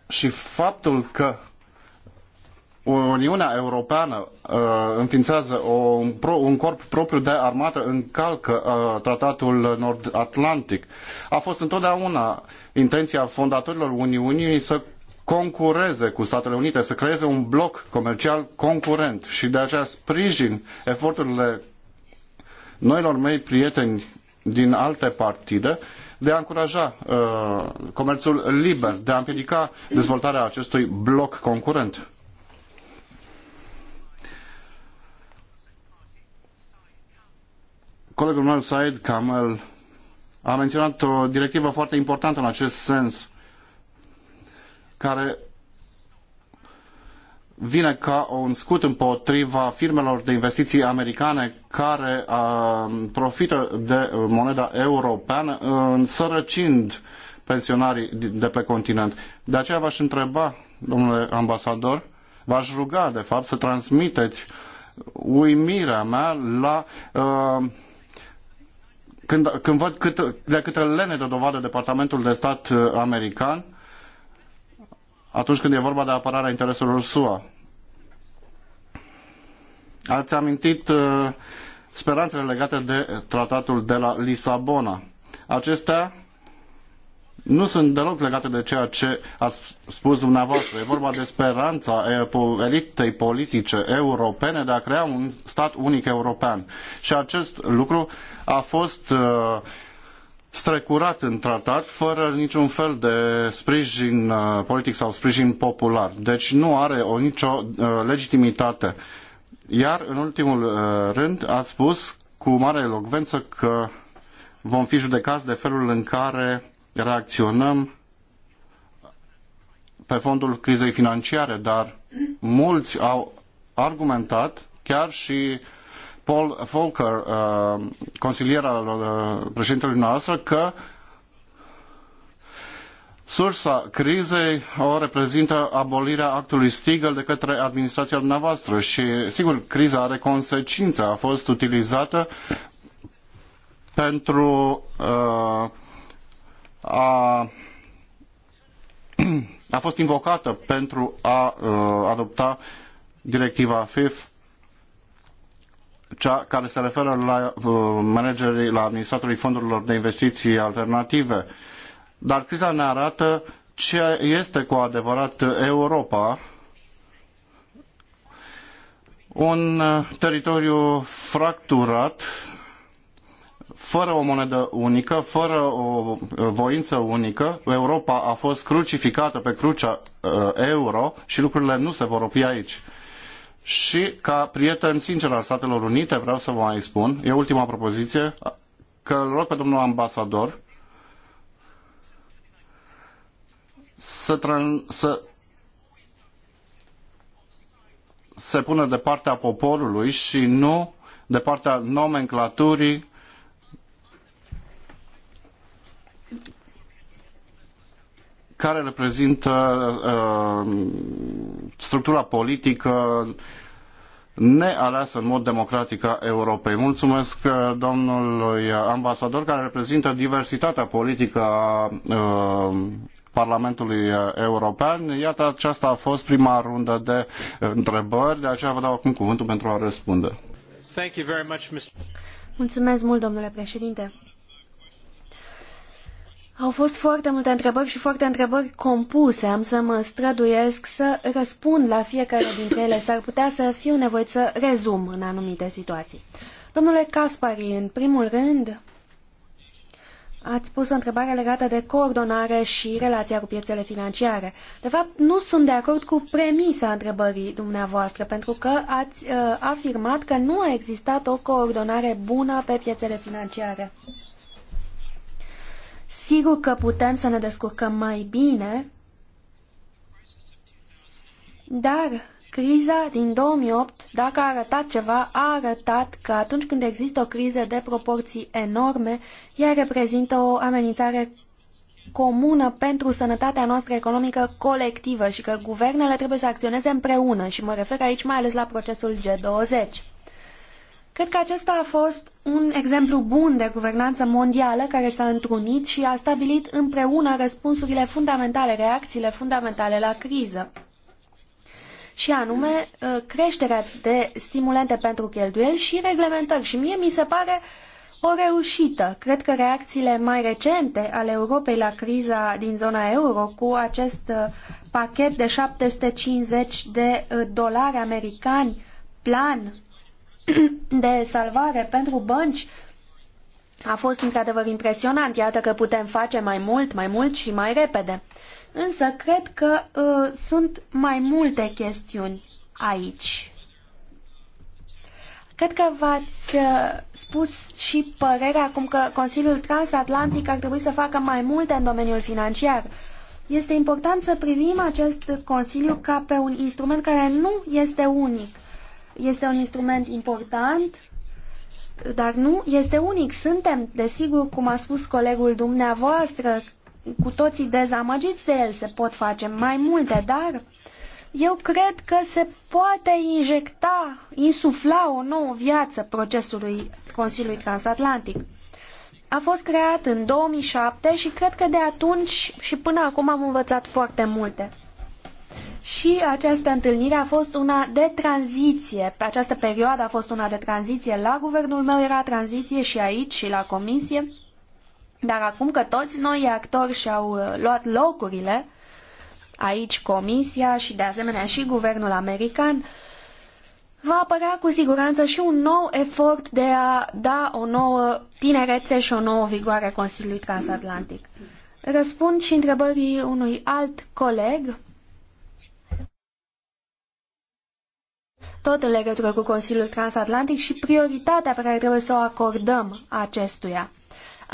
Și faptul că Uniunea Europeană uh, înființează o, un corp propriu de armată, încalcă uh, tratatul nord-atlantic. A fost întotdeauna intenția fondatorilor Uniunii să concureze cu Statele Unite, să creeze un bloc comercial concurent și de aceea sprijin eforturile noilor mei prieteni din alte partide de a încuraja uh, comerțul liber, de a împiedica dezvoltarea acestui bloc concurent. Colegul meu, Said Kamel, a menționat o directivă foarte importantă în acest sens, care vine ca un scut împotriva firmelor de investiții americane care uh, profită de uh, moneda europeană uh, însărăcind pensionarii de pe continent. De aceea v-aș întreba, domnule ambasador, v-aș ruga, de fapt, să transmiteți uimirea mea la uh, când, când văd cât, de câte lene de dovadă Departamentul de Stat uh, american atunci când e vorba de apărarea intereselor SUA. Ați amintit uh, speranțele legate de tratatul de la Lisabona. Acestea nu sunt deloc legate de ceea ce ați spus dumneavoastră. E vorba de speranța elitei politice europene de a crea un stat unic european. Și acest lucru a fost uh, strecurat în tratat fără niciun fel de sprijin uh, politic sau sprijin popular. Deci nu are o, nicio uh, legitimitate. Iar, în ultimul rând, ați spus cu mare elocvență că vom fi judecați de felul în care reacționăm pe fondul crizei financiare, dar mulți au argumentat, chiar și Paul Volcker, uh, consilier al uh, președintelui noastră, că sursa crizei o reprezintă abolirea actului Stigl de către administrația dumneavoastră și, sigur, criza are consecințe, a fost utilizată pentru uh, a, a fost invocată pentru a uh, adopta directiva FIF cea care se referă la uh, managerii, la administratorii fondurilor de investiții alternative. Dar criza ne arată ce este cu adevărat Europa, un uh, teritoriu fracturat fără o monedă unică, fără o voință unică, Europa a fost crucificată pe crucea uh, euro și lucrurile nu se vor opri aici. Și ca prieten sincer al Statelor Unite vreau să vă mai spun, e ultima propoziție, că îl rog pe domnul ambasador să, tran- să se pună de partea poporului și nu de partea nomenclaturii care reprezintă uh, structura politică nealeasă în mod democratic a Europei. Mulțumesc uh, domnului ambasador care reprezintă diversitatea politică a uh, Parlamentului European. Iată, aceasta a fost prima rundă de întrebări, de aceea vă dau acum cuvântul pentru a răspunde. Mulțumesc mult, domnule președinte. Au fost foarte multe întrebări și foarte întrebări compuse. Am să mă străduiesc să răspund la fiecare dintre ele. S-ar putea să fiu nevoit să rezum în anumite situații. Domnule Caspari, în primul rând, ați pus o întrebare legată de coordonare și relația cu piețele financiare. De fapt, nu sunt de acord cu premisa întrebării dumneavoastră, pentru că ați uh, afirmat că nu a existat o coordonare bună pe piețele financiare. Sigur că putem să ne descurcăm mai bine, dar criza din 2008, dacă a arătat ceva, a arătat că atunci când există o criză de proporții enorme, ea reprezintă o amenințare comună pentru sănătatea noastră economică colectivă și că guvernele trebuie să acționeze împreună și mă refer aici mai ales la procesul G20. Cred că acesta a fost un exemplu bun de guvernanță mondială care s-a întrunit și a stabilit împreună răspunsurile fundamentale, reacțiile fundamentale la criză. Și anume uh, creșterea de stimulente pentru cheltuieli și reglementări. Și mie mi se pare o reușită. Cred că reacțiile mai recente ale Europei la criza din zona euro cu acest uh, pachet de 750 de uh, dolari americani plan de salvare pentru bănci a fost într-adevăr impresionant. Iată că putem face mai mult, mai mult și mai repede. Însă cred că uh, sunt mai multe chestiuni aici. Cred că v-ați uh, spus și părerea acum că Consiliul Transatlantic ar trebui să facă mai multe în domeniul financiar. Este important să privim acest Consiliu ca pe un instrument care nu este unic este un instrument important, dar nu este unic. Suntem, desigur, cum a spus colegul dumneavoastră, cu toții dezamăgiți de el. Se pot face mai multe, dar eu cred că se poate injecta, insufla o nouă viață procesului Consiliului Transatlantic. A fost creat în 2007 și cred că de atunci și până acum am învățat foarte multe. Și această întâlnire a fost una de tranziție. Pe această perioadă a fost una de tranziție. La guvernul meu era tranziție și aici și la comisie. Dar acum că toți noi actori și-au uh, luat locurile, aici comisia și de asemenea și guvernul american, va apărea cu siguranță și un nou efort de a da o nouă tinerețe și o nouă vigoare Consiliului Transatlantic. Răspund și întrebării unui alt coleg tot în legătură cu Consiliul Transatlantic și prioritatea pe care trebuie să o acordăm acestuia.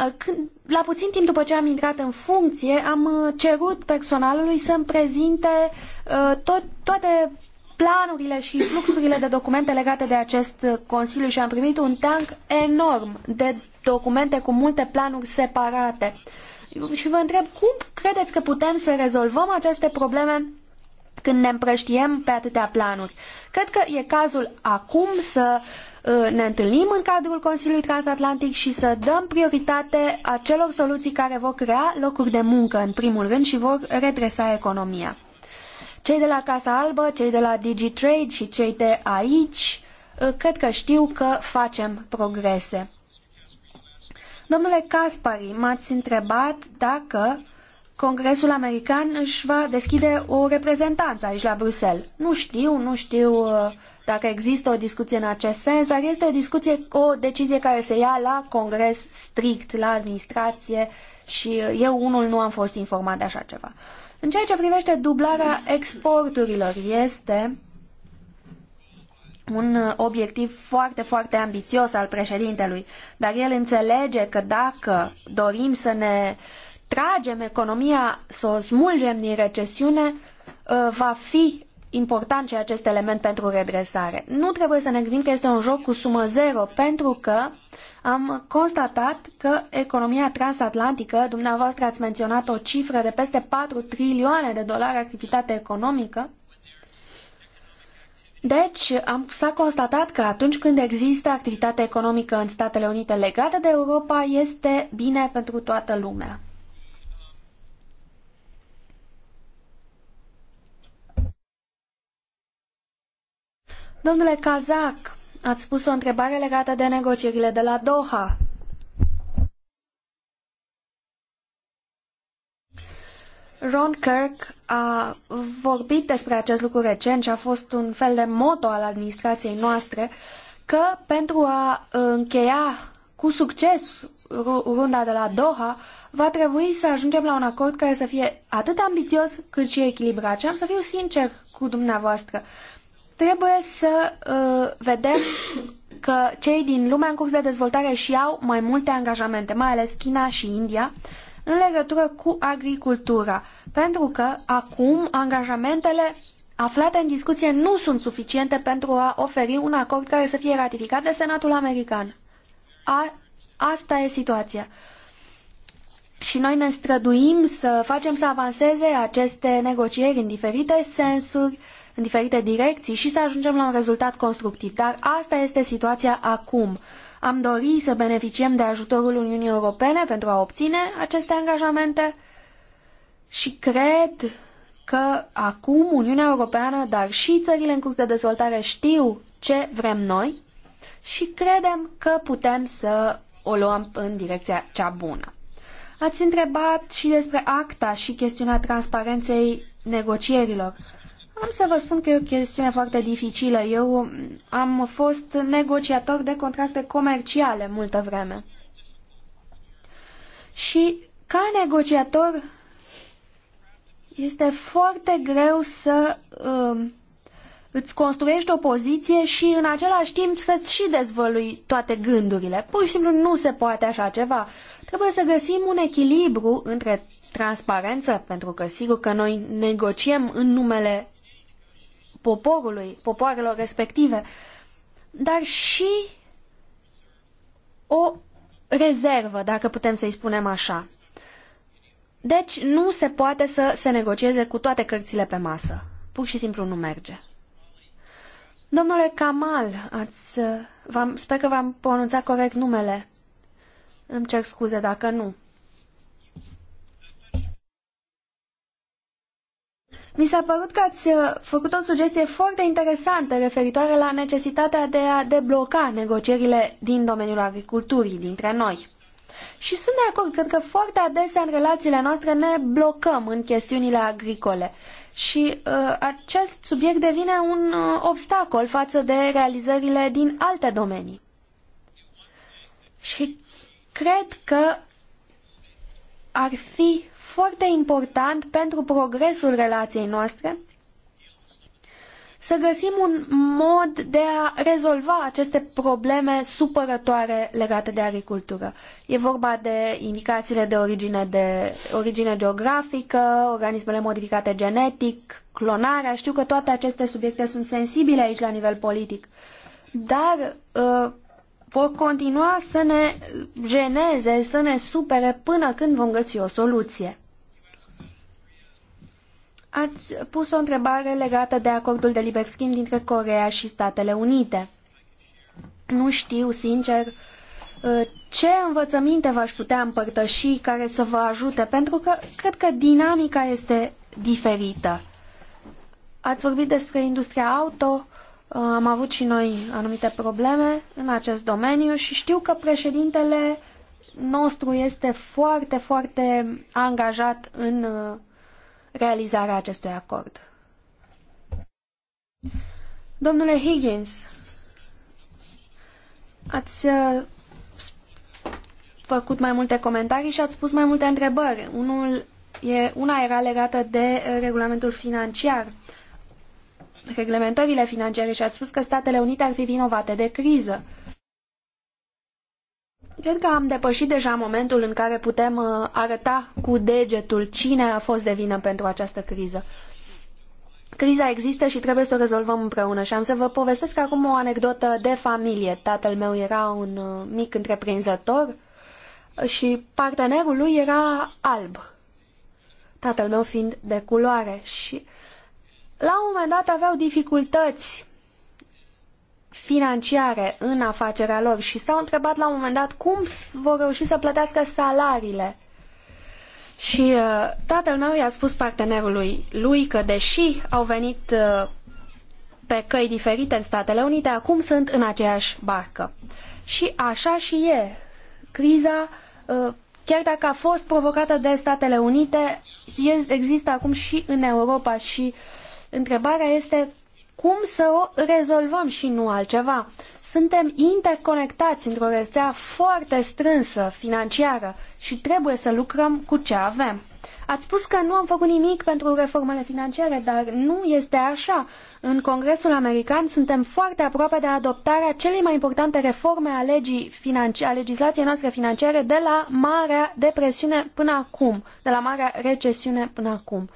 Uh, la puțin timp după ce am intrat în funcție, am uh, cerut personalului să-mi prezinte uh, tot, toate planurile și fluxurile de documente legate de acest Consiliu și am primit un tank enorm de documente cu multe planuri separate. Și vă întreb, cum credeți că putem să rezolvăm aceste probleme când ne împrăștiem pe atâtea planuri. Cred că e cazul acum să uh, ne întâlnim în cadrul Consiliului Transatlantic și să dăm prioritate acelor soluții care vor crea locuri de muncă, în primul rând, și vor redresa economia. Cei de la Casa Albă, cei de la DigiTrade și cei de aici, uh, cred că știu că facem progrese. Domnule Caspari, m-ați întrebat dacă Congresul American își va deschide o reprezentanță aici la Bruxelles. Nu știu, nu știu uh, dacă există o discuție în acest sens, dar este o discuție, o decizie care se ia la Congres strict, la administrație și uh, eu unul nu am fost informat de așa ceva. În ceea ce privește dublarea exporturilor, este un uh, obiectiv foarte, foarte ambițios al președintelui, dar el înțelege că dacă dorim să ne uh, tragem economia, să o smulgem din recesiune, uh, va fi important și acest element pentru redresare. Nu trebuie să ne gândim că este un joc cu sumă zero, pentru că am constatat că economia transatlantică, dumneavoastră ați menționat o cifră de peste patru trilioane de dolari activitate economică, deci, am, s-a constatat că atunci când există activitate economică în Statele Unite legată de Europa, este bine pentru toată lumea. Domnule Kazak, ați pus o întrebare legată de negocierile de la Doha. Ron Kirk a vorbit despre acest lucru recent și a fost un fel de moto al administrației noastre că pentru a încheia cu succes runda de la Doha, va trebui să ajungem la un acord care să fie atât ambițios cât și echilibrat. Și am să fiu sincer cu dumneavoastră. Trebuie să uh, vedem că cei din lumea în curs de dezvoltare și au mai multe angajamente, mai ales China și India, în legătură cu agricultura, pentru că acum angajamentele aflate în discuție nu sunt suficiente pentru a oferi un acord care să fie ratificat de Senatul American. A, asta e situația. Și noi ne străduim să facem să avanseze aceste negocieri în diferite sensuri, uh, în diferite direcții și să ajungem la un rezultat constructiv. Dar asta este situația acum. Am dori să beneficiem de ajutorul Uniunii Europene pentru a obține aceste angajamente și cred că acum Uniunea Europeană, dar și țările în curs de dezvoltare știu ce vrem noi și credem că putem să o luăm în direcția cea bună. Ați întrebat și despre acta și chestiunea transparenței negocierilor. Am să vă spun că e o chestiune foarte dificilă. Eu am fost negociator de contracte comerciale multă vreme. Și ca negociator este foarte greu să uh, îți construiești o poziție și în același timp să-ți și dezvălui toate gândurile. Pur și simplu nu se poate așa ceva. Trebuie să găsim un echilibru între transparență, pentru că sigur că noi negociem în numele poporului, popoarelor respective, dar și o rezervă, dacă putem să-i spunem așa. Deci nu se poate să se negocieze cu toate cărțile pe masă. Pur și simplu nu merge. Domnule Kamal, ați, sper că v-am pronunțat corect numele. Îmi cer scuze dacă nu. Mi s-a părut că ați uh, făcut o sugestie foarte interesantă referitoare la necesitatea de a debloca negocierile din domeniul agriculturii dintre noi. Și sunt de acord, cred că foarte adesea în relațiile noastre ne blocăm în chestiunile agricole și uh, acest subiect devine un uh, obstacol față de realizările din alte domenii. Și cred că ar fi foarte important pentru progresul relației noastre să găsim un mod de a rezolva aceste probleme supărătoare legate de agricultură. E vorba de indicațiile de origine, de origine geografică, organismele modificate genetic, clonarea. Știu că toate aceste subiecte sunt sensibile aici la nivel politic, dar uh, vor continua să ne geneze, să ne supere până când vom găsi o soluție. Ați pus o întrebare legată de acordul de liber schimb dintre Corea și Statele Unite. Nu știu, sincer, ce învățăminte v-aș putea împărtăși care să vă ajute, pentru că cred că dinamica este diferită. Ați vorbit despre industria auto, am avut și noi anumite probleme în acest domeniu și știu că președintele nostru este foarte, foarte angajat în uh, realizarea acestui acord. Domnule Higgins, ați uh, făcut mai multe comentarii și ați spus mai multe întrebări. Unul e, una era legată de regulamentul financiar, reglementările financiare și ați spus că Statele Unite ar fi vinovate de criză. Cred că am depășit deja momentul în care putem uh, arăta cu degetul cine a fost de vină pentru această criză. Criza există și trebuie să o rezolvăm împreună și am să vă povestesc acum o anecdotă de familie. Tatăl meu era un uh, mic întreprinzător și partenerul lui era alb, tatăl meu fiind de culoare și la un moment dat aveau dificultăți financiare în afacerea lor și s-au întrebat la un moment dat cum vor reuși să plătească salariile. Și uh, tatăl meu i-a spus partenerului lui că deși au venit uh, pe căi diferite în Statele Unite, acum sunt în aceeași barcă. Și așa și e. Criza, uh, chiar dacă a fost provocată de Statele Unite, există acum și în Europa și întrebarea este cum să o rezolvăm și nu altceva. Suntem interconectați într-o rețea foarte strânsă financiară și trebuie să lucrăm cu ce avem. Ați spus că nu am făcut nimic pentru reformele financiare, dar nu este așa. În Congresul American suntem foarte aproape de adoptarea celei mai importante reforme a, legii a legislației noastre financiare de la Marea Depresiune până acum, de la Marea Recesiune până acum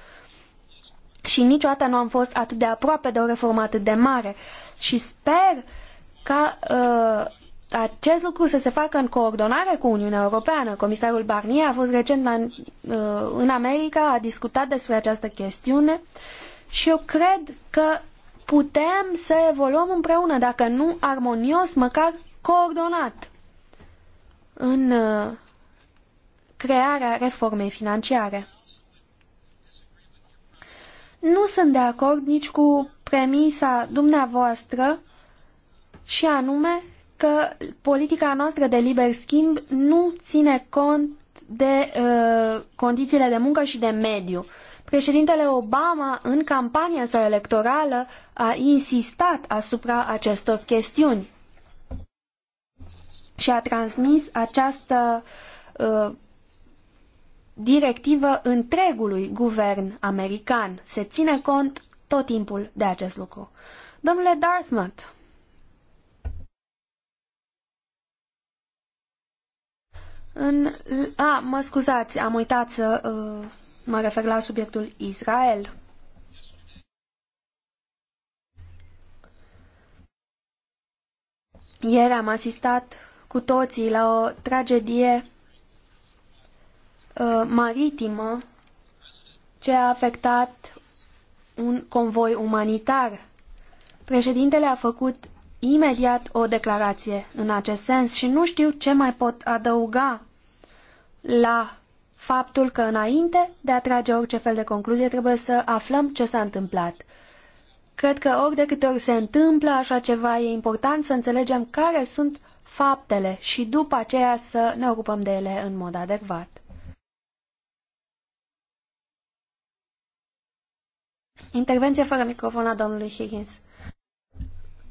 și niciodată nu am fost atât de aproape de o reformă atât de mare. Și sper ca uh, acest lucru să se facă în coordonare cu Uniunea Europeană. Comisarul Barnier a fost recent la, uh, în America, a discutat despre această chestiune și eu cred că putem să evoluăm împreună, dacă nu armonios, măcar coordonat în uh, crearea reformei financiare. Nu sunt de acord nici cu premisa dumneavoastră și anume că politica noastră de liber schimb nu ține cont de uh, condițiile de muncă și de mediu. Președintele Obama, în campania sa electorală, a insistat asupra acestor chestiuni și a transmis această uh, directivă întregului guvern american. Se ține cont tot timpul de acest lucru. Domnule Dartmouth, În... A, mă scuzați, am uitat să uh, mă refer la subiectul Israel. Ieri am asistat cu toții la o tragedie Uh, maritimă ce a afectat un convoi umanitar. Președintele a făcut imediat o declarație în acest sens și nu știu ce mai pot adăuga la faptul că înainte de a trage orice fel de concluzie trebuie să aflăm ce s-a întâmplat. Cred că ori de câte ori se întâmplă așa ceva, e important să înțelegem care sunt faptele și după aceea să ne ocupăm de ele în mod adecvat. Intervenție fără microfon a domnului Higgins.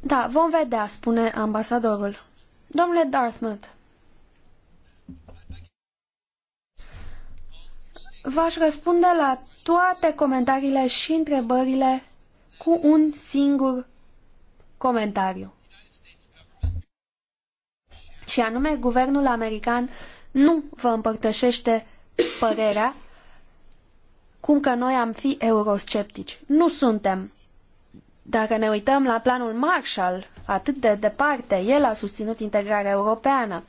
Da, vom vedea, spune ambasadorul. Domnule Dartmouth, v-aș răspunde la toate comentariile și întrebările cu un singur comentariu. Și anume, guvernul american nu vă împărtășește părerea cum că noi am fi eurosceptici. Nu suntem. Dacă ne uităm la planul Marshall, atât de departe, el a susținut integrarea europeană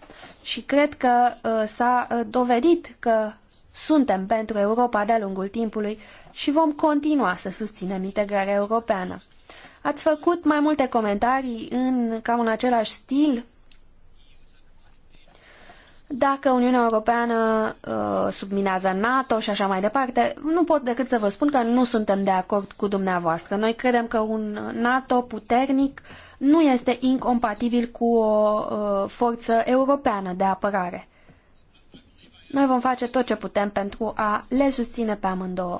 și cred că uh, s-a uh, dovedit că suntem pentru Europa de-a lungul timpului și vom continua să susținem integrarea europeană. Ați făcut mai multe comentarii în cam în același stil dacă Uniunea Europeană uh, subminează NATO și așa mai departe, nu pot decât să vă spun că nu suntem de acord cu dumneavoastră. Noi credem că un NATO puternic nu este incompatibil cu o uh, forță europeană de apărare. Noi vom face tot ce putem pentru a le susține pe amândouă.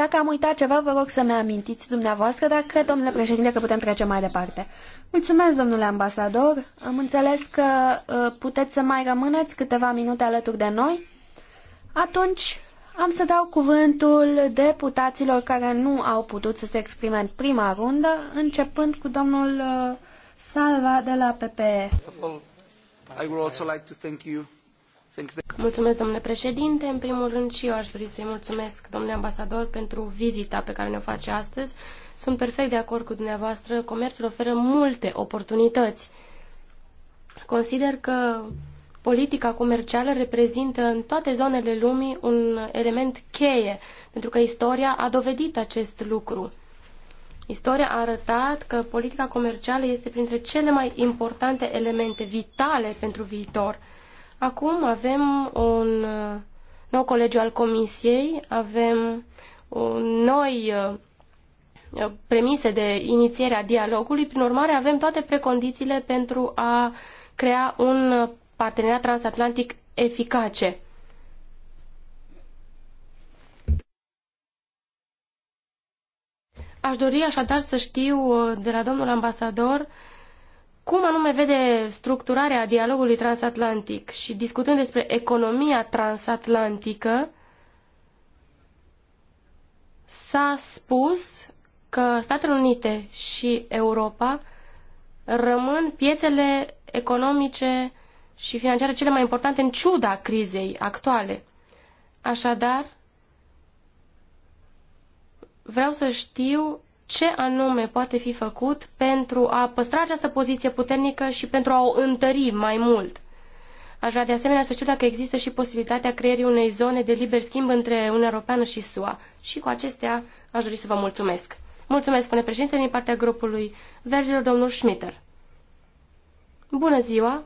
Dacă am uitat ceva, vă rog să-mi amintiți dumneavoastră, dar cred, domnule președinte, că putem trece mai departe. Mulțumesc, domnule ambasador. Am înțeles că uh, puteți să mai rămâneți câteva minute alături de noi. Atunci am să dau cuvântul deputaților care nu au putut să se exprime în prima rundă, începând cu domnul uh, Salva de la PPE. Mulțumesc, domnule președinte. În primul rând și eu aș dori să-i mulțumesc, domnule ambasador, pentru vizita pe care ne-o face astăzi. Sunt perfect de acord cu dumneavoastră. Comerțul oferă multe oportunități. Consider că politica comercială reprezintă în toate zonele lumii un element cheie, pentru că istoria a dovedit acest lucru. Istoria a arătat că politica comercială este printre cele mai importante elemente vitale pentru viitor. Acum avem un uh, nou colegiu al Comisiei, avem uh, noi uh, premise de inițiere a dialogului, prin urmare avem toate precondițiile pentru a crea un parteneriat transatlantic eficace. Aș dori așadar să știu de la domnul ambasador cum anume vede structurarea dialogului transatlantic și discutând despre economia transatlantică, s-a spus că Statele Unite și Europa rămân piețele economice și financiare cele mai importante în ciuda crizei actuale. Așadar, vreau să știu ce anume poate fi făcut pentru a păstra această poziție puternică și pentru a o întări mai mult. Aș vrea de asemenea să știu dacă există și posibilitatea creierii unei zone de liber schimb între Uniunea Europeană și SUA. Și cu acestea aș dori să vă mulțumesc. Mulțumesc, spune președinte, din partea grupului Verzilor, domnul Schmitter. Bună ziua!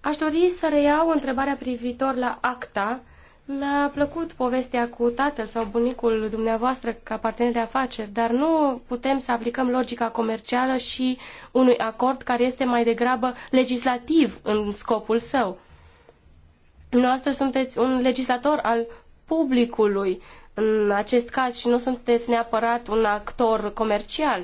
Aș dori să reiau întrebarea privitor la acta mi-a plăcut povestea cu tatăl sau bunicul dumneavoastră ca partener de afaceri, dar nu putem să aplicăm logica comercială și unui acord care este mai degrabă legislativ în scopul său. Noastră sunteți un legislator al publicului în acest caz și nu sunteți neapărat un actor comercial.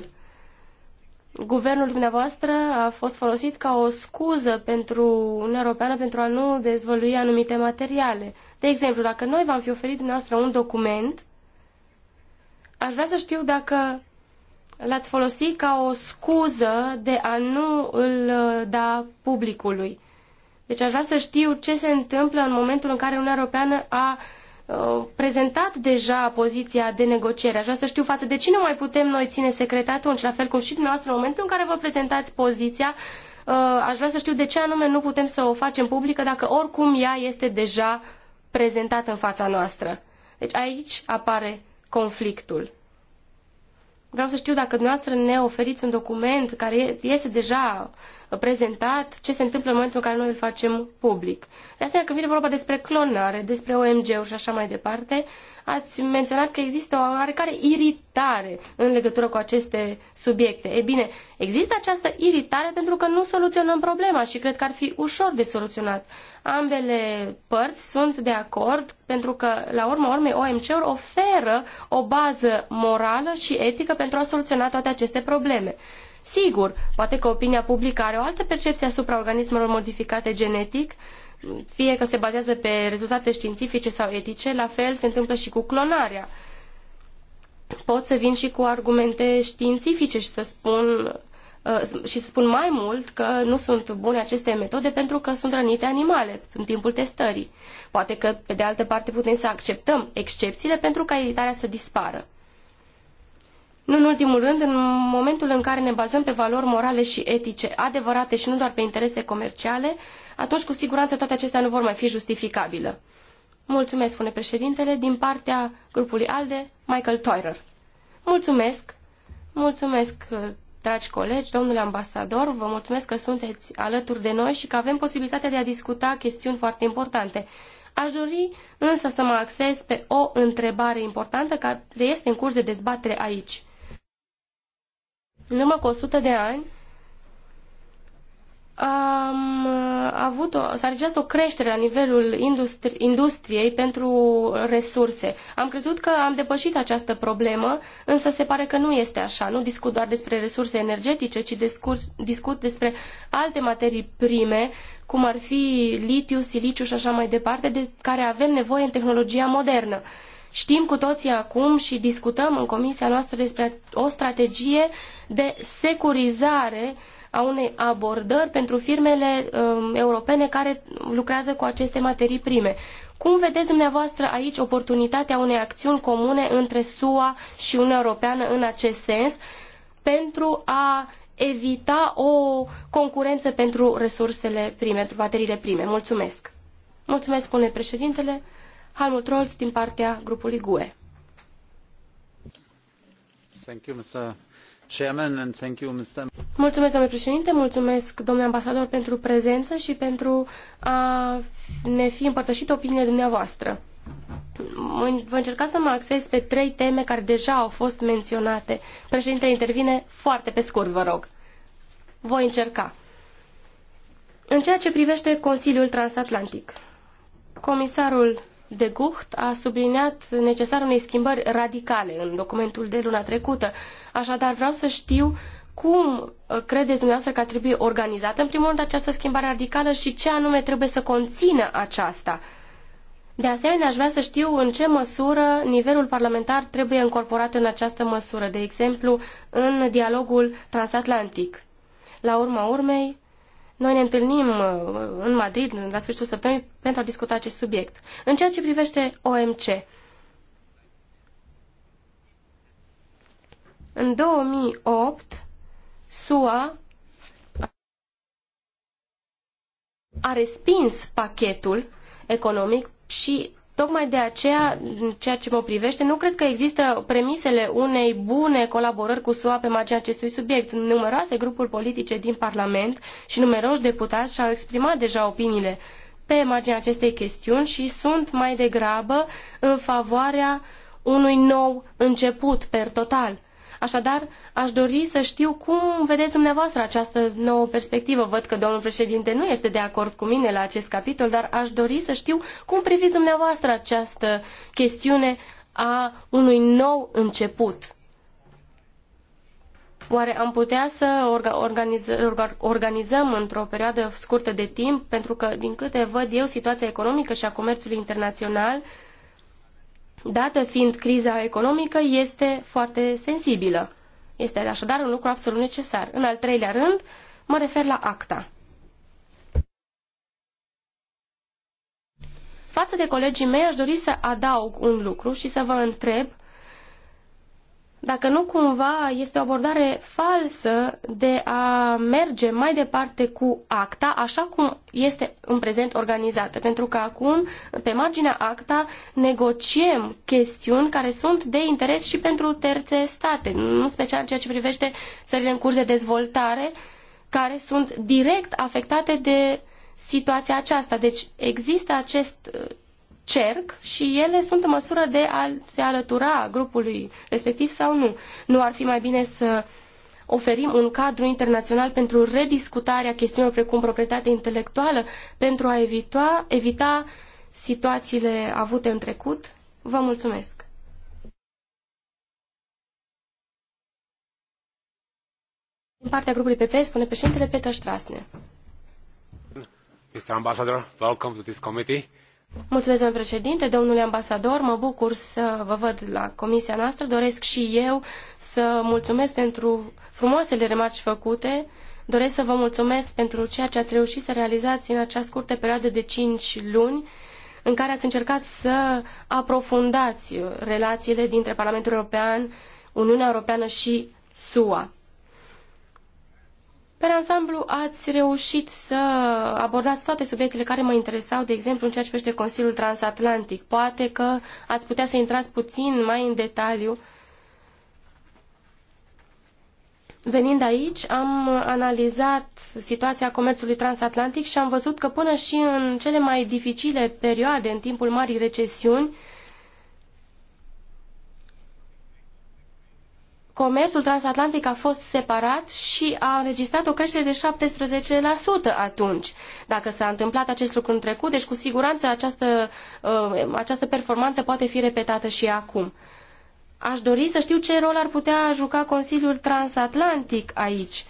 Guvernul dumneavoastră a fost folosit ca o scuză pentru Uniunea Europeană pentru a nu dezvălui anumite materiale. De exemplu, dacă noi v-am fi oferit dumneavoastră un document, aș vrea să știu dacă l-ați folosit ca o scuză de a nu îl uh, da publicului. Deci aș vrea să știu ce se întâmplă în momentul în care Uniunea Europeană a uh, prezentat deja poziția de negociere. Aș vrea să știu față de cine mai putem noi ține secret atunci, la fel cum și dumneavoastră în momentul în care vă prezentați poziția, uh, aș vrea să știu de ce anume nu putem să o facem publică dacă oricum ea este deja prezentat în fața noastră. Deci aici apare conflictul. Vreau să știu dacă dumneavoastră ne oferiți un document care este deja prezentat, ce se întâmplă în momentul în care noi îl facem public. De asemenea, când vine vorba despre clonare, despre OMG-uri și așa mai departe, ați menționat că există o oarecare iritare în legătură cu aceste subiecte. E bine, există această iritare pentru că nu soluționăm problema și cred că ar fi ușor de soluționat ambele părți sunt de acord pentru că, la urma urmei, OMC-ul oferă o bază morală și etică pentru a soluționa toate aceste probleme. Sigur, poate că opinia publică are o altă percepție asupra organismelor modificate genetic, fie că se bazează pe rezultate științifice sau etice, la fel se întâmplă și cu clonarea. Pot să vin și cu argumente științifice și să spun Uh, și spun mai mult că nu sunt bune aceste metode pentru că sunt rănite animale în timpul testării. Poate că, pe de altă parte, putem să acceptăm excepțiile pentru ca iritarea să dispară. Nu în ultimul rând, în momentul în care ne bazăm pe valori morale și etice adevărate și nu doar pe interese comerciale, atunci cu siguranță toate acestea nu vor mai fi justificabile. Mulțumesc, spune președintele, din partea grupului ALDE, Michael Teurer. Mulțumesc! Mulțumesc uh, Dragi colegi, domnule ambasador, vă mulțumesc că sunteți alături de noi și că avem posibilitatea de a discuta chestiuni foarte importante. Aș dori însă să mă axez pe o întrebare importantă care este în curs de dezbatere aici. În urmă cu 100 de ani, am uh, avut o, s-a registrat o creștere la nivelul industri, industriei pentru resurse. Am crezut că am depășit această problemă, însă se pare că nu este așa. Nu discut doar despre resurse energetice, ci discurs, discut despre alte materii prime, cum ar fi litiu, siliciu și așa mai departe, de care avem nevoie în tehnologia modernă. Știm cu toții acum și discutăm în comisia noastră despre o strategie de securizare uh, a unei abordări pentru firmele um, europene care lucrează cu aceste materii prime. Cum vedeți dumneavoastră aici oportunitatea unei acțiuni comune între SUA și Uniunea Europeană în acest sens pentru a evita o concurență pentru resursele prime, pentru materiile prime? Mulțumesc! Mulțumesc, spune președintele Halmut Rolls din partea grupului GUE. Thank you, Mr. Mulțumesc, domnule președinte, mulțumesc, domnule ambasador, pentru prezență și pentru a ne fi împărtășit opiniile dumneavoastră. Voi încerca să mă axez pe trei teme care deja au fost menționate. Președintele intervine foarte pe scurt, vă rog. Voi încerca. În ceea ce privește Consiliul Transatlantic, comisarul de Gucht a subliniat necesarul unei schimbări radicale în documentul de luna trecută. Așadar, vreau să știu cum uh, credeți dumneavoastră că ar trebui organizată, în primul rând, această schimbare radicală și ce anume trebuie să conțină aceasta. De asemenea, aș vrea să știu în ce măsură nivelul parlamentar trebuie încorporat în această măsură, de exemplu, în dialogul transatlantic. La urma urmei, noi ne întâlnim uh, în Madrid la sfârșitul săptămânii pentru a discuta acest subiect. În ceea ce privește OMC, în 2008, SUA a respins pachetul economic și Tocmai de aceea, în ceea ce mă privește, nu cred că există premisele unei bune colaborări cu SUA pe marginea acestui subiect. Numeroase grupuri politice din Parlament și numeroși deputați și-au exprimat deja opiniile pe marginea acestei chestiuni și sunt mai degrabă în favoarea unui nou început per total. Așadar, aș dori să știu cum vedeți dumneavoastră această nouă perspectivă. Văd că domnul președinte nu este de acord cu mine la acest capitol, dar aș dori să știu cum priviți dumneavoastră această chestiune a unui nou început. Oare am putea să organizăm într-o perioadă scurtă de timp, pentru că, din câte văd eu, situația economică și a comerțului internațional uh, dată fiind criza economică, este foarte sensibilă. Este așadar un lucru absolut necesar. În al treilea rând, mă refer la acta. Față de colegii mei, aș dori să adaug un lucru și să vă întreb dacă nu cumva este o abordare falsă de a merge mai departe cu acta așa cum este în prezent organizată. Pentru că acum, pe marginea acta, negociem chestiuni care sunt de interes și pentru terțe state, în special în ceea ce privește țările în curs de dezvoltare, care sunt direct afectate de situația aceasta. Deci există acest cerc și ele sunt în măsură de a se alătura grupului respectiv sau nu. Nu ar fi mai bine să oferim un cadru internațional pentru rediscutarea chestiunilor precum proprietatea intelectuală pentru a evita, evita situațiile avute în trecut? Vă mulțumesc! În partea grupului PP, spune președintele Peter Strasne. Mr. Ambasador, welcome to this committee. Mulțumesc, domnule președinte, domnule ambasador, mă bucur să vă văd la comisia noastră. Doresc și eu să mulțumesc pentru frumoasele remarci făcute. Doresc să vă mulțumesc pentru ceea ce ați reușit să realizați în această scurtă perioadă de cinci luni în care ați încercat să aprofundați relațiile dintre Parlamentul European, Uniunea Europeană și SUA. Pe ansamblu ați reușit să abordați toate subiectele care mă interesau, de exemplu în ceea ce privește Consiliul Transatlantic. Poate că ați putea să intrați puțin mai în detaliu. Venind aici, am analizat situația comerțului transatlantic și am văzut că până și în cele mai dificile perioade, în timpul marii recesiuni, comerțul transatlantic a fost separat și a înregistrat o creștere de 17% atunci. Dacă s-a întâmplat acest lucru în trecut, deci cu siguranță această, uh, această performanță poate fi repetată și acum. Aș dori să știu ce rol ar putea juca Consiliul Transatlantic aici.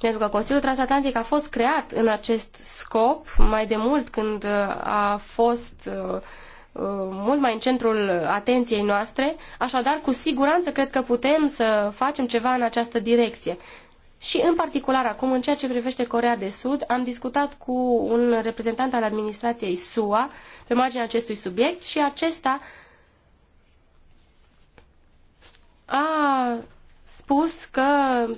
Pentru că Consiliul Transatlantic a fost creat în acest scop mai de mult când uh, a fost uh, Uh, mult mai în centrul atenției noastre, așadar cu siguranță cred că putem să facem ceva în această direcție. Și în particular acum, în ceea ce privește Corea de Sud, am discutat cu un reprezentant al administrației SUA pe marginea acestui subiect și acesta a spus că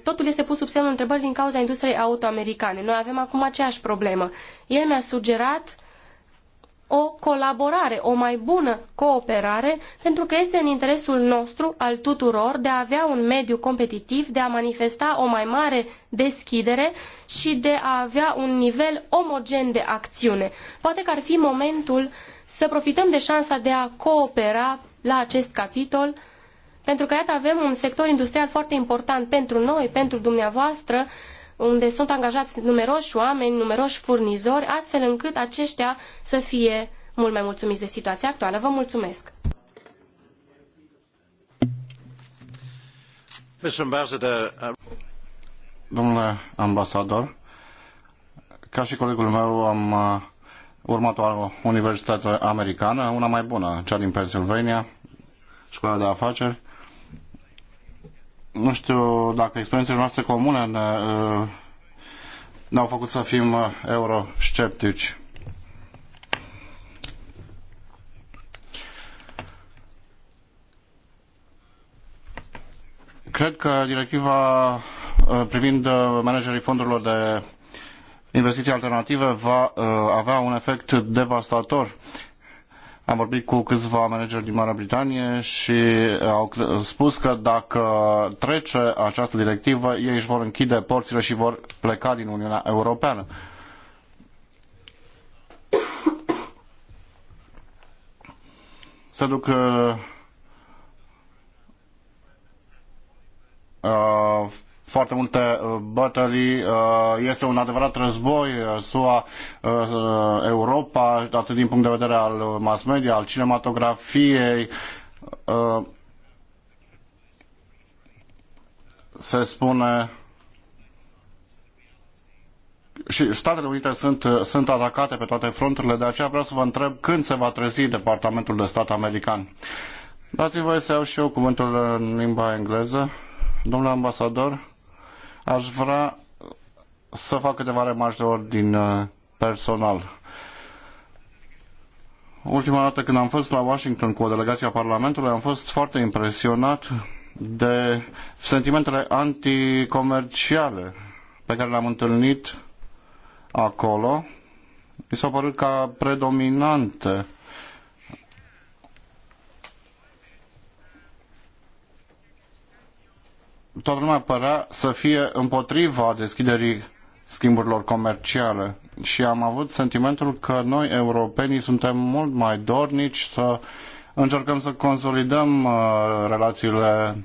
totul este pus sub semnul întrebării din cauza industriei auto-americane. Noi avem acum aceeași problemă. El mi-a sugerat o colaborare, o mai bună cooperare, pentru că este în interesul nostru, al tuturor, de a avea un mediu competitiv, de a manifesta o mai mare deschidere și de a avea un nivel omogen de acțiune. Poate că ar fi momentul să profităm de șansa de a coopera la acest capitol, pentru că iată avem un sector industrial foarte important pentru noi, pentru dumneavoastră, unde sunt angajați numeroși oameni, numeroși furnizori, astfel încât aceștia să fie mult mai mulțumiți de situația actuală. Vă mulțumesc! Uh, Domnule ambasador, ca și colegul meu am uh, urmat o universitate americană, una mai bună, cea din Pennsylvania, școala de afaceri, nu știu dacă experiențele noastre comune ne, uh, ne-au făcut să fim uh, eurosceptici. Cred că directiva uh, privind managerii fondurilor de investiții alternative va avea un efect devastator am vorbit cu câțiva manageri din Marea Britanie și au spus că dacă trece această directivă, ei își vor închide porțile și vor pleca din Uniunea Europeană. Se duc uh, foarte multe uh, bătălii. Uh, este un adevărat război uh, SUA, Europa, atât din punct de vedere al mass media, al cinematografiei. Se spune și Statele Unite sunt, sunt atacate pe toate fronturile, de aceea vreau să vă întreb când se va trezi Departamentul de Stat american. Dați-mi voie să iau și eu cuvântul în limba engleză. Domnule ambasador, Aș vrea să fac câteva remarci de ordin uh, personal. Ultima dată când am fost la Washington cu o delegație a Parlamentului, am fost foarte impresionat de sentimentele anticomerciale pe care le-am întâlnit acolo. Mi s-au părut ca predominante toată lumea părea să fie împotriva deschiderii schimburilor comerciale și am avut sentimentul că noi, europenii, suntem mult mai dornici să încercăm să consolidăm uh, relațiile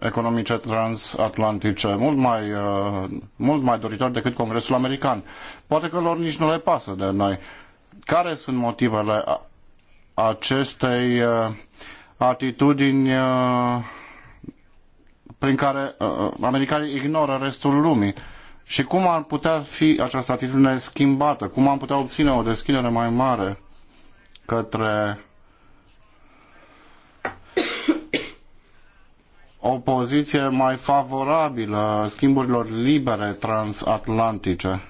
economice transatlantice, mult mai, uh, mult mai doritor decât Congresul American. Poate că lor nici nu le pasă de noi. Care sunt motivele acestei uh, atitudini uh, prin care uh, uh, americanii ignoră restul lumii. Și cum ar putea fi această atitudine schimbată? Cum am putea obține o deschidere mai mare către o poziție mai favorabilă schimburilor libere transatlantice?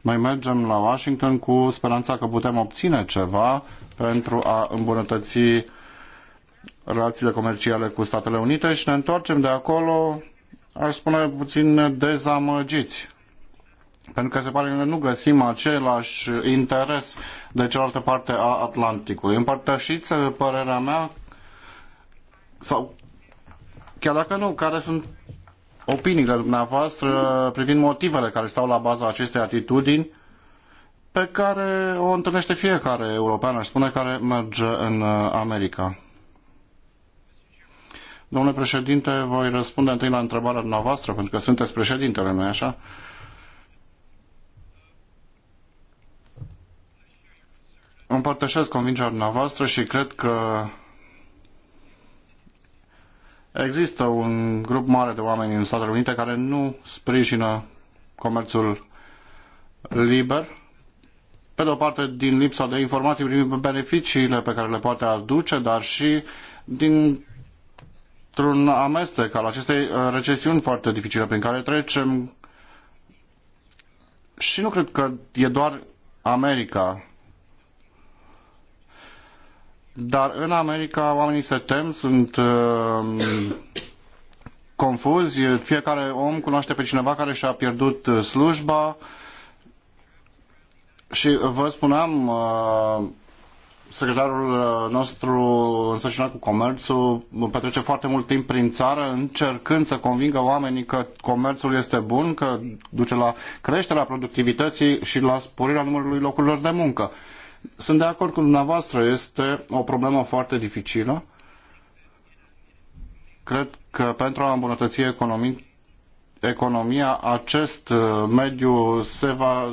Noi mergem la Washington cu speranța că putem obține ceva pentru a îmbunătăți relațiile comerciale cu Statele Unite și ne întoarcem de acolo, aș spune, puțin dezamăgiți. Pentru că se pare că nu găsim același interes de cealaltă parte a Atlanticului. Împărtășiți părerea mea sau chiar dacă nu, care sunt opiniile dumneavoastră privind motivele care stau la baza acestei atitudini pe care o întâlnește fiecare european, aș spune, care merge în America. Domnule președinte, voi răspunde întâi la întrebarea noastră, pentru că sunteți președintele, nu-i așa? Împărtășesc convingerea noastră și cred că există un grup mare de oameni în Statele Unite care nu sprijină comerțul liber, pe de o parte din lipsa de informații privind beneficiile pe care le poate aduce, dar și din într-un amestec al acestei uh, recesiuni foarte dificile prin care trecem. Și nu cred că e doar America. Dar în America oamenii se tem, sunt uh, confuzi, fiecare om cunoaște pe cineva care și-a pierdut uh, slujba și vă spuneam uh, secretarul uh, nostru însărcinat cu comerțul petrece foarte mult timp prin țară încercând să convingă oamenii că comerțul este bun, că duce la creșterea productivității și la sporirea numărului locurilor de muncă. Sunt de acord cu dumneavoastră, este o problemă foarte dificilă. Cred că pentru a îmbunătăți economii, economia, acest uh, mediu se va,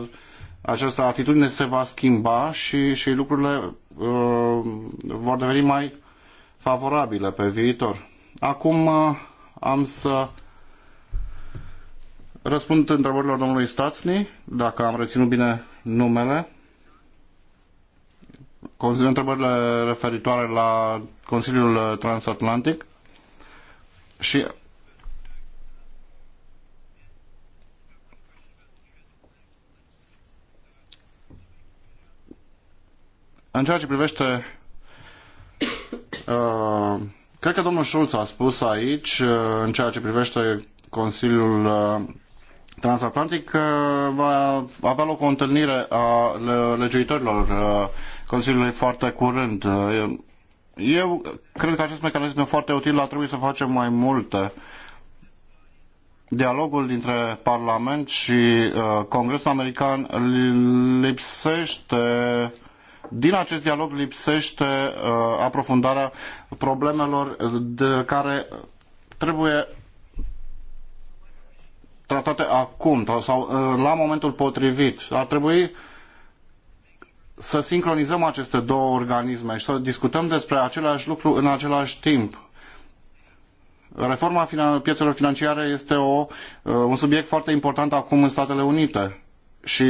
această atitudine se va schimba și, și lucrurile Uh, vor deveni mai favorabile pe viitor. Acum uh, am să răspund întrebărilor domnului Stațni, dacă am reținut bine numele. Întrebările referitoare la Consiliul Transatlantic și În ceea ce privește uh, Cred că domnul Schulz a spus aici, uh, în ceea ce privește Consiliul uh, Transatlantic, că uh, va avea loc o întâlnire a legiuitorilor Consiliului foarte curând. Eu cred că acest mecanism e foarte util, dar trebuie să facem mai multe. Dialogul dintre Parlament și Congresul American lipsește din acest dialog lipsește uh, aprofundarea problemelor de care trebuie tratate acum sau uh, la momentul potrivit. Ar trebui să sincronizăm aceste două organisme și să discutăm despre același lucru în același timp. Reforma finan- piețelor financiare este o, uh, un subiect foarte important acum în Statele Unite și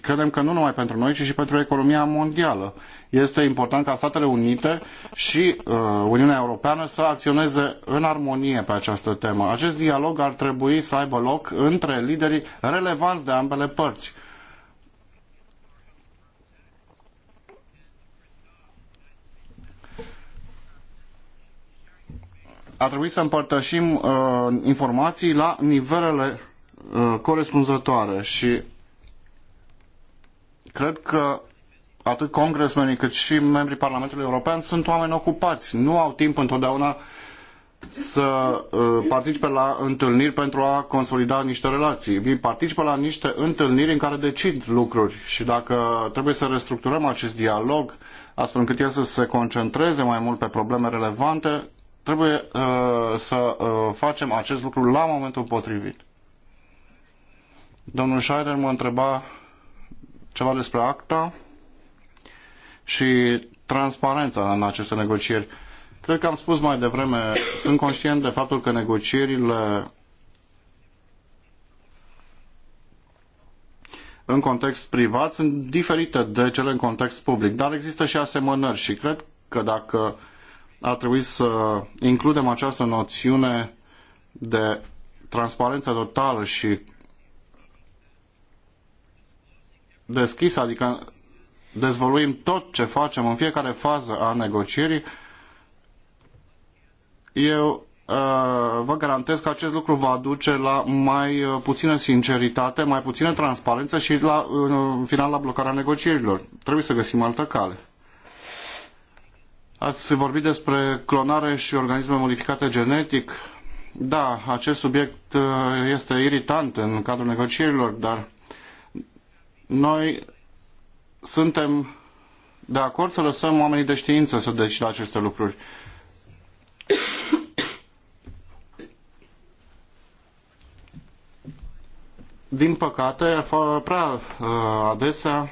credem că nu numai pentru noi, ci și pentru economia mondială. Este important ca Statele Unite și uh, Uniunea Europeană să acționeze în armonie pe această temă. Acest dialog ar trebui să aibă loc între liderii relevanți de ambele părți. Ar trebui să împărtășim uh, informații la nivelele uh, corespunzătoare și Cred că atât congresmenii cât și membrii Parlamentului European sunt oameni ocupați. Nu au timp întotdeauna să uh, participe la întâlniri pentru a consolida niște relații. Ei participă la niște întâlniri în care decid lucruri și dacă trebuie să restructurăm acest dialog astfel încât el să se concentreze mai mult pe probleme relevante, trebuie uh, să uh, facem acest lucru la momentul potrivit. Domnul Scheider mă întreba ceva despre acta și transparența în aceste negocieri. Cred că am spus mai devreme, sunt conștient de faptul că negocierile în context privat sunt diferite de cele în context public, dar există și asemănări și cred că dacă ar trebui să includem această noțiune de transparență totală și deschis, adică dezvoluim tot ce facem în fiecare fază a negocierii, eu uh, vă garantez că acest lucru va duce la mai uh, puțină sinceritate, mai puțină transparență și la, în final la blocarea negocierilor. Trebuie să găsim altă cale. Ați vorbit despre clonare și organisme modificate genetic. Da, acest subiect uh, este iritant în cadrul negocierilor, dar noi suntem de acord să lăsăm oamenii de știință să decida aceste lucruri. Din păcate, prea uh, adesea,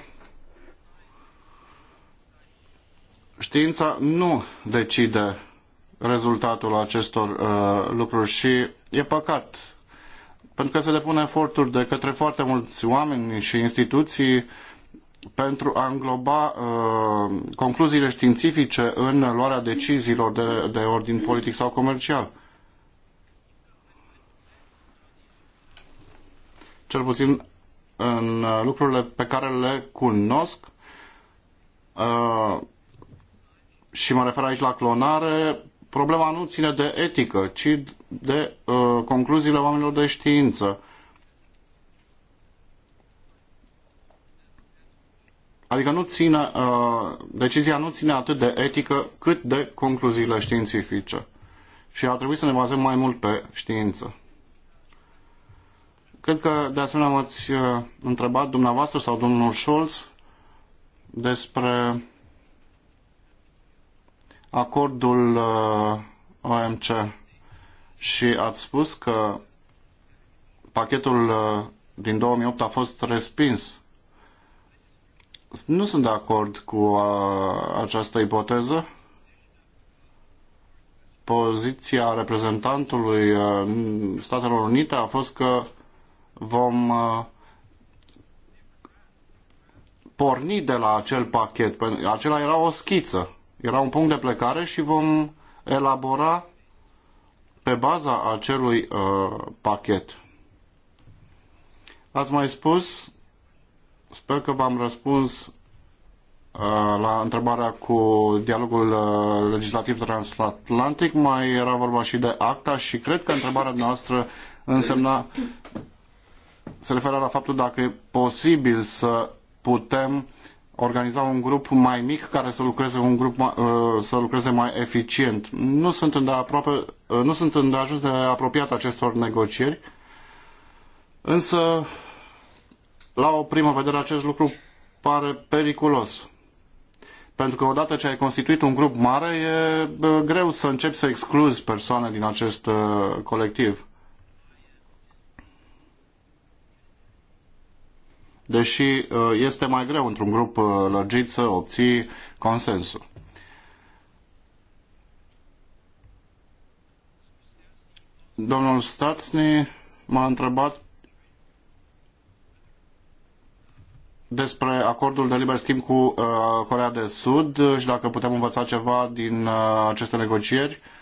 știința nu decide rezultatul acestor uh, lucruri și e păcat pentru că se depune eforturi de către foarte mulți oameni și instituții pentru a îngloba uh, concluziile științifice în luarea deciziilor de, de ordin politic sau comercial. Cel puțin în uh, lucrurile pe care le cunosc, uh, și mă refer aici la clonare, problema nu ține de etică, ci de uh, concluziile oamenilor de știință. Adică nu ține, uh, decizia nu ține atât de etică cât de concluziile științifice. Și ar trebui să ne bazăm mai mult pe știință. Cred că de asemenea m-ați uh, întrebat dumneavoastră sau domnul Scholz despre acordul uh, OMC și ați spus că pachetul uh, din 2008 a fost respins. Nu sunt de acord cu uh, această ipoteză. Poziția reprezentantului Statelor Unite a fost că vom porni de la acel pachet. Păi, acela era o schiță. Era un punct de plecare și vom elabora pe baza acelui uh, pachet. Ați mai spus, sper că v-am răspuns uh, la întrebarea cu dialogul uh, legislativ transatlantic, mai era vorba și de acta și cred că întrebarea noastră însemna se referă la faptul dacă e posibil să putem organiza un grup mai mic care să lucreze, un grup uh, să lucreze mai eficient. Nu sunt, îndeaproape, uh, nu sunt îndeajuns de apropiat acestor negocieri, însă la o primă vedere acest lucru pare periculos. Pentru că odată ce ai constituit un grup mare, e uh, greu să începi să excluzi persoane din acest colectiv. deși uh, este mai greu într-un grup uh, lărgit să obții consensul. Domnul Stațni m-a întrebat despre acordul de liber schimb cu uh, Corea de Sud și dacă putem învăța ceva din uh, aceste negocieri. Uh,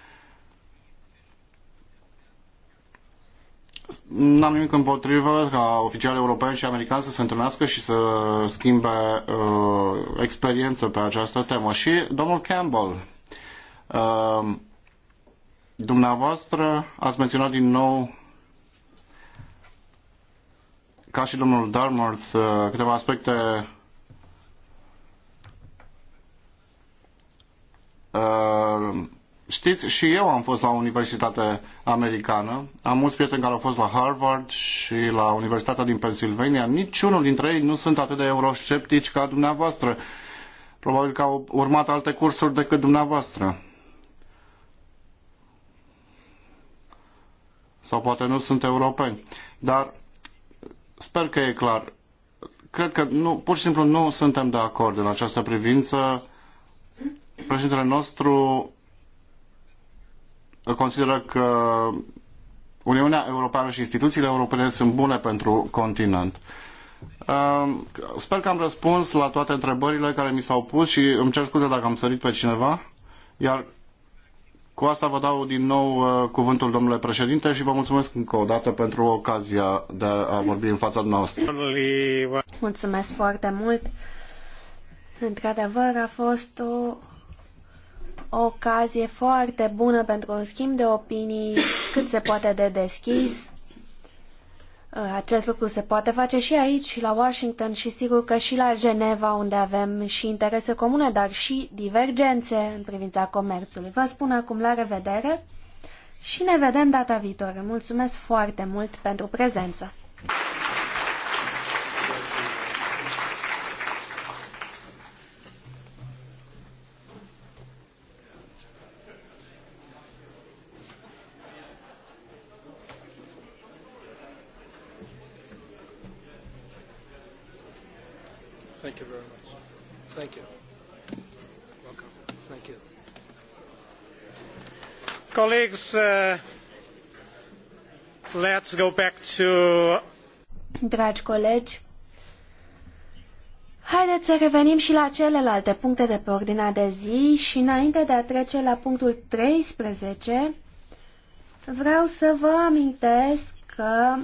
N-am nimic împotrivă ca oficiali europeni și americani să se întâlnească și să schimbe uh, experiență pe această temă. Și domnul Campbell, uh, dumneavoastră ați menționat din nou ca și domnul Dartmouth uh, câteva aspecte uh, Știți, și eu am fost la universitate americană, am mulți prieteni care au fost la Harvard și la Universitatea din Pennsylvania. Niciunul dintre ei nu sunt atât de eurosceptici ca dumneavoastră. Probabil că au urmat alte cursuri decât dumneavoastră. Sau poate nu sunt europeni. Dar sper că e clar. Cred că nu, pur și simplu nu suntem de acord în această privință. Președintele nostru consideră că Uniunea Europeană și instituțiile europene sunt bune pentru continent. Sper că am răspuns la toate întrebările care mi s-au pus și îmi cer scuze dacă am sărit pe cineva. Iar cu asta vă dau din nou uh, cuvântul, domnule președinte, și vă mulțumesc încă o dată pentru ocazia de a vorbi în fața noastră. Mulțumesc foarte mult! Într-adevăr, a fost o o ocazie foarte bună pentru un schimb de opinii cât se poate de deschis. Uh, acest lucru se poate face și aici, și la Washington, și sigur că și la Geneva, unde avem și interese comune, dar și divergențe în privința comerțului. Vă spun acum la revedere și ne vedem data viitoare. Mulțumesc foarte mult pentru prezență! colleagues, uh, let's go back to... Dragi colegi, haideți să revenim și la celelalte puncte de pe ordinea de zi și înainte de a trece la punctul 13, vreau să vă amintesc că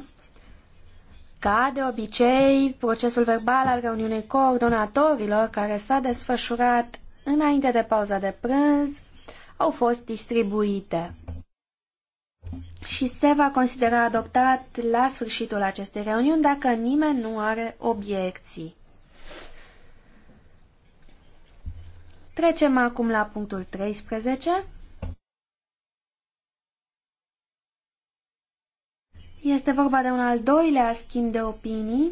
ca de obicei, procesul verbal al reuniunii coordonatorilor care s-a desfășurat înainte de pauza de prânz au fost distribuite și se va considera adoptat la sfârșitul acestei reuniuni dacă nimeni nu are obiecții. Trecem acum la punctul 13. Este vorba de un al doilea schimb de opinii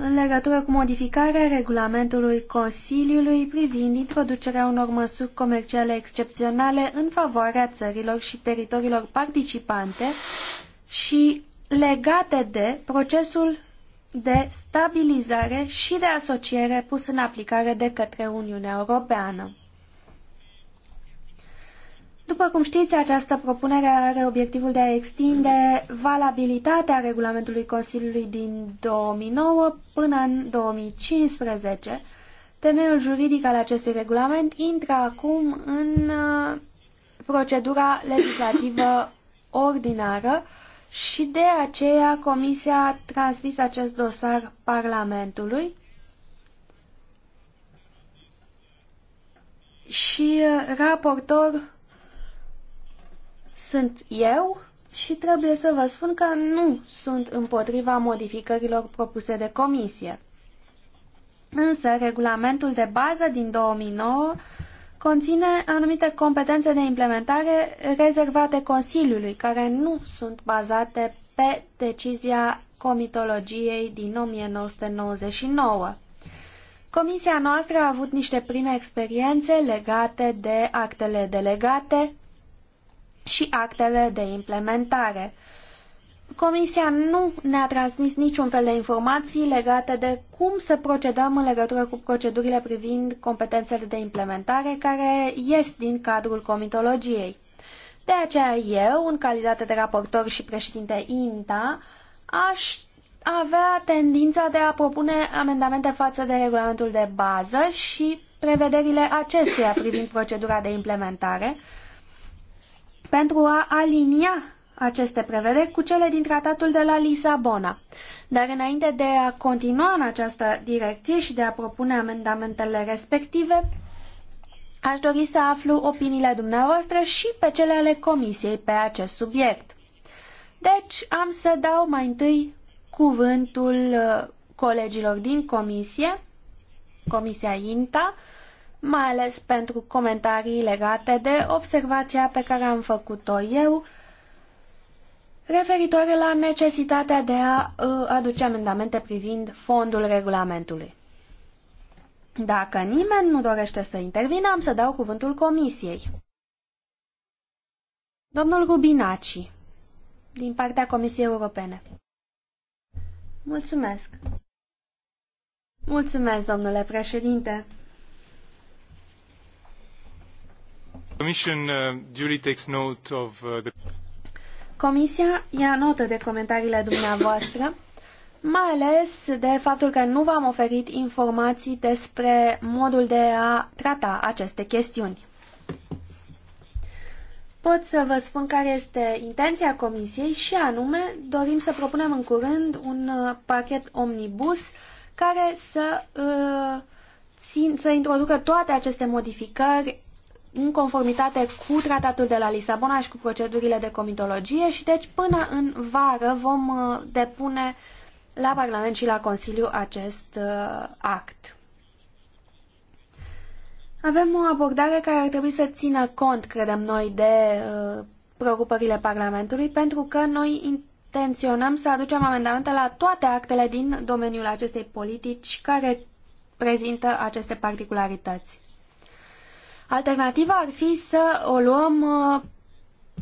în legătură cu modificarea regulamentului Consiliului privind introducerea unor măsuri comerciale excepționale în favoarea țărilor și teritoriilor participante și legate de procesul de stabilizare și de asociere pus în aplicare de către Uniunea Europeană. După cum știți, această propunere are obiectivul de a extinde valabilitatea regulamentului Consiliului din 2009 până în 2015. Temeiul juridic al acestui regulament intră acum în uh, procedura legislativă ordinară și de aceea Comisia a transmis acest dosar Parlamentului. Și uh, raportor sunt eu și trebuie să vă spun că nu sunt împotriva modificărilor propuse de comisie. Însă, regulamentul de bază din 2009 conține anumite competențe de implementare rezervate Consiliului, care nu sunt bazate pe decizia comitologiei din 1999. Comisia noastră a avut niște prime experiențe legate de actele delegate și actele de implementare. Comisia nu ne-a transmis niciun fel de informații legate de cum să procedăm în legătură cu procedurile privind competențele de implementare care ies din cadrul comitologiei. De aceea eu, în calitate de raportor și președinte INTA, aș avea tendința de a propune amendamente față de regulamentul de bază și prevederile acestuia privind procedura de implementare, pentru a alinia aceste prevederi cu cele din tratatul de la Lisabona. Dar înainte de a continua în această direcție și de a propune amendamentele respective, aș dori să aflu opiniile dumneavoastră și pe cele ale Comisiei pe acest subiect. Deci am să dau mai întâi cuvântul uh, colegilor din Comisie, Comisia INTA, mai ales pentru comentarii legate de observația pe care am făcut-o eu referitoare la necesitatea de a uh, aduce amendamente privind fondul regulamentului. Dacă nimeni nu dorește să intervină, am să dau cuvântul comisiei. Domnul Rubinaci, din partea Comisiei Europene. Mulțumesc. Mulțumesc, domnule președinte. Uh, uh, Comisia ia notă de comentariile dumneavoastră, mai ales de faptul că nu v-am oferit informații despre modul de a trata aceste chestiuni. Pot să vă spun care este intenția Comisiei și anume dorim să propunem în curând un uh, pachet omnibus care să, să introducă toate aceste modificări în conformitate cu tratatul de la Lisabona și cu procedurile de comitologie și deci până în vară vom uh, depune la Parlament și la Consiliu acest uh, act. Avem o abordare care ar trebui să țină cont, credem noi, de uh, preocupările Parlamentului, pentru că noi intenționăm să aducem amendamente la toate actele din domeniul acestei politici care prezintă aceste particularități. Alternativa ar fi să o luăm uh,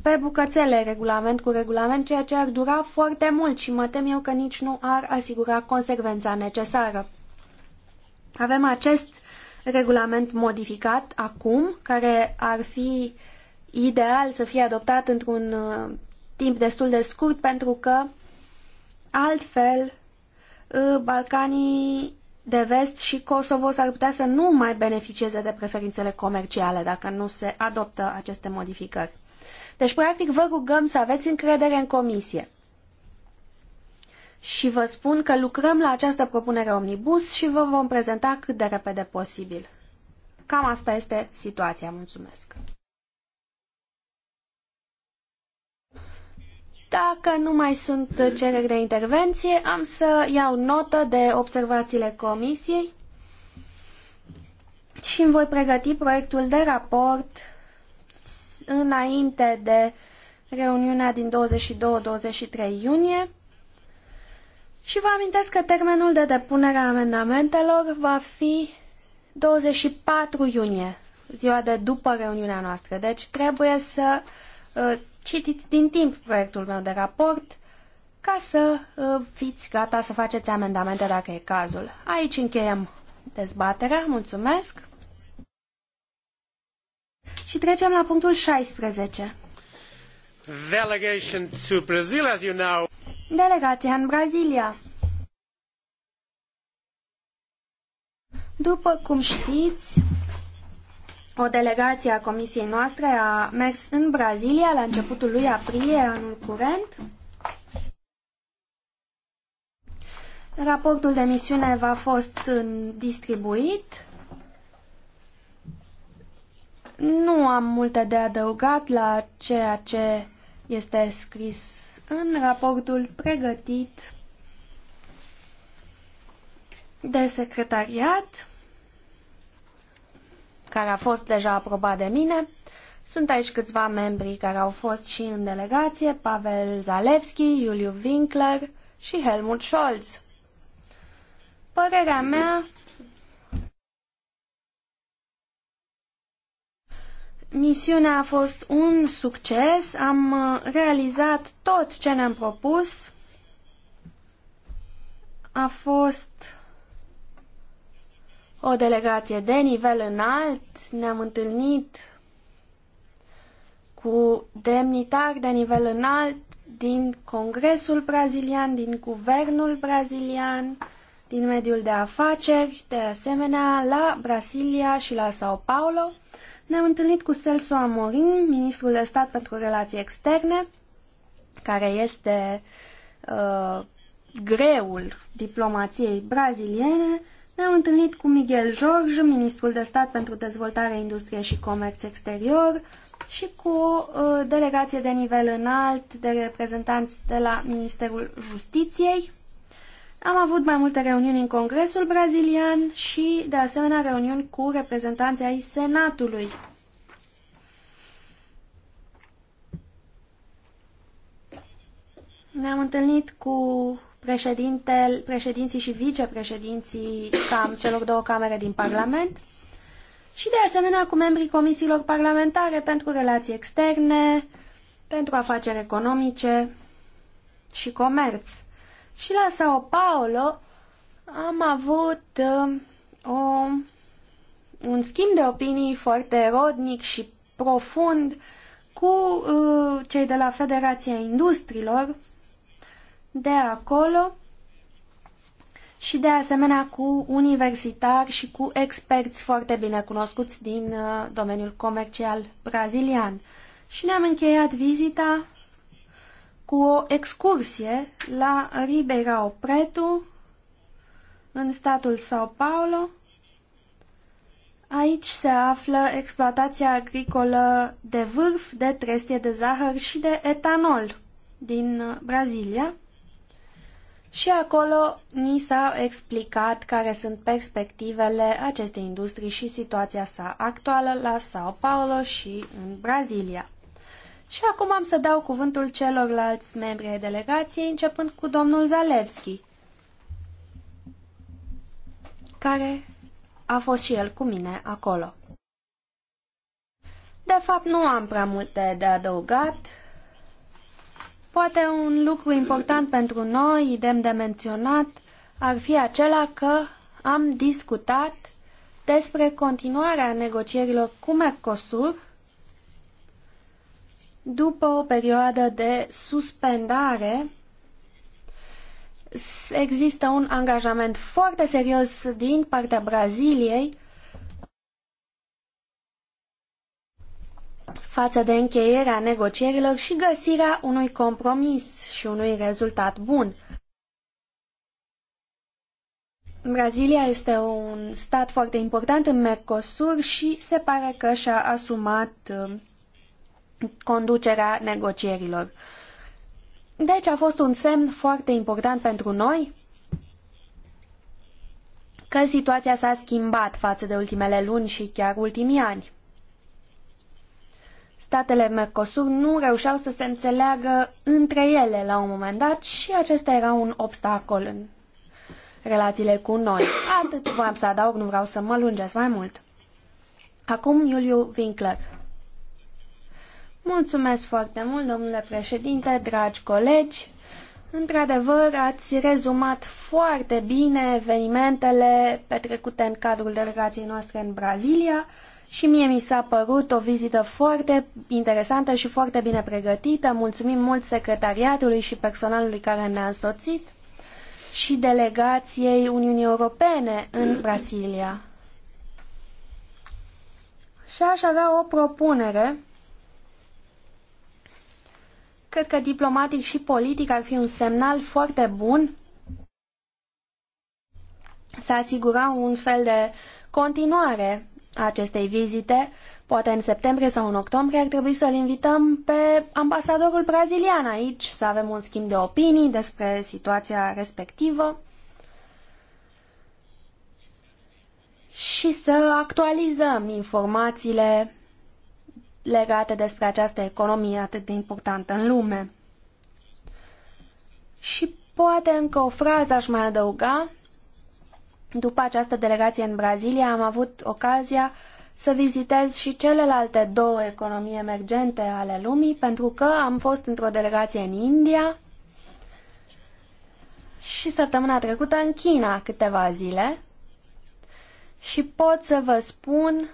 pe bucățele, regulament cu regulament, ceea ce ar dura foarte mult și mă tem eu că nici nu ar asigura consecvența necesară. Avem acest regulament modificat acum, care ar fi ideal să fie adoptat într-un uh, timp destul de scurt, pentru că altfel uh, Balcanii de vest și Kosovo s-ar putea să nu mai beneficieze de preferințele comerciale dacă nu se adoptă aceste modificări. Deci, practic, vă rugăm să aveți încredere în comisie. Și vă spun că lucrăm la această propunere omnibus și vă vom prezenta cât de repede posibil. Cam asta este situația. Mulțumesc! Dacă nu mai sunt cereri de intervenție, am să iau notă de observațiile comisiei și îmi voi pregăti proiectul de raport înainte de reuniunea din 22-23 iunie. Și vă amintesc că termenul de depunere a amendamentelor va fi 24 iunie, ziua de după reuniunea noastră. Deci trebuie să uh, citiți din timp proiectul meu de raport ca să uh, fiți gata să faceți amendamente dacă e cazul. Aici încheiem dezbaterea. Mulțumesc! Și trecem la punctul 16. Delegation to Brazil, as you know. Delegația în Brazilia. După cum știți, o delegație a comisiei noastre a mers în Brazilia la începutul lui aprilie anul curent. Raportul de misiune va fost distribuit. Nu am multe de adăugat la ceea ce este scris în raportul pregătit de secretariat care a fost deja aprobat de mine. Sunt aici câțiva membri care au fost și în delegație, Pavel Zalewski, Iuliu Winkler și Helmut Scholz. Părerea mea Misiunea a fost un succes, am uh, realizat tot ce ne-am propus. A fost o delegație de nivel înalt, ne-am întâlnit cu demnitari de nivel înalt din Congresul brazilian, din Guvernul brazilian, din mediul de afaceri, de asemenea la Brasilia și la Sao Paulo. Ne-am întâlnit cu Celso Amorim, ministrul de stat pentru relații externe, care este uh, greul diplomației braziliene, ne-am întâlnit cu Miguel Jorge, ministrul de stat pentru dezvoltare, industrie și comerț exterior, și cu o uh, delegație de nivel înalt de reprezentanți de la Ministerul Justiției. Am avut mai multe reuniuni în Congresul brazilian și, de asemenea, reuniuni cu reprezentanții ai Senatului. Ne-am întâlnit cu președintel, președinții și vicepreședinții cam, celor două camere din Parlament și de asemenea cu membrii comisiilor parlamentare pentru relații externe, pentru afaceri economice și comerț. Și la Sao Paulo am avut um, o, un schimb de opinii foarte rodnic și profund cu uh, cei de la Federația Industrilor de acolo și de asemenea cu universitari și cu experți foarte bine cunoscuți din uh, domeniul comercial brazilian. Și ne-am încheiat vizita cu o excursie la Ribeirão Preto, în statul São Paulo. Aici se află exploatația agricolă de vârf de trestie de zahăr și de etanol din uh, Brazilia și acolo ni s-a explicat care sunt perspectivele acestei industrii și situația sa actuală la Sao Paulo și în Brazilia. Și acum am să dau cuvântul celorlalți membri ai delegației, începând cu domnul Zalewski, care a fost și el cu mine acolo. De fapt, nu am prea multe de adăugat, Poate un lucru important pentru noi, demn de menționat, ar fi acela că am discutat despre continuarea negocierilor cu Mercosur după o perioadă de suspendare există un angajament foarte serios din partea Braziliei față de încheierea negocierilor și găsirea unui compromis și unui rezultat bun. Brazilia este un stat foarte important în Mercosur și se pare că și-a asumat uh, conducerea negocierilor. Deci a fost un semn foarte important pentru noi că situația s-a schimbat față de ultimele luni și chiar ultimii ani statele Mercosur nu reușeau să se înțeleagă între ele la un moment dat și acesta era un obstacol în relațiile cu noi. Atât vreau să adaug, nu vreau să mă lungesc mai mult. Acum Iuliu Winkler. Mulțumesc foarte mult, domnule președinte, dragi colegi. Într-adevăr, ați rezumat foarte bine evenimentele petrecute în cadrul delegației noastre în Brazilia și mie mi s-a părut o vizită foarte interesantă și foarte bine pregătită. Mulțumim mult secretariatului și personalului care ne-a însoțit și delegației Uniunii Europene în Brasilia. Și aș avea o propunere. Cred că diplomatic și politic ar fi un semnal foarte bun să asigura un fel de continuare acestei vizite, poate în septembrie sau în octombrie, ar trebui să-l invităm pe ambasadorul brazilian aici, să avem un schimb de opinii despre situația respectivă și să actualizăm informațiile legate despre această economie atât de importantă în lume. Și poate încă o frază aș mai adăuga după această delegație în Brazilia am avut ocazia să vizitez și celelalte două economii emergente ale lumii, pentru că am fost într-o delegație în India și săptămâna trecută în China câteva zile. Și pot să vă spun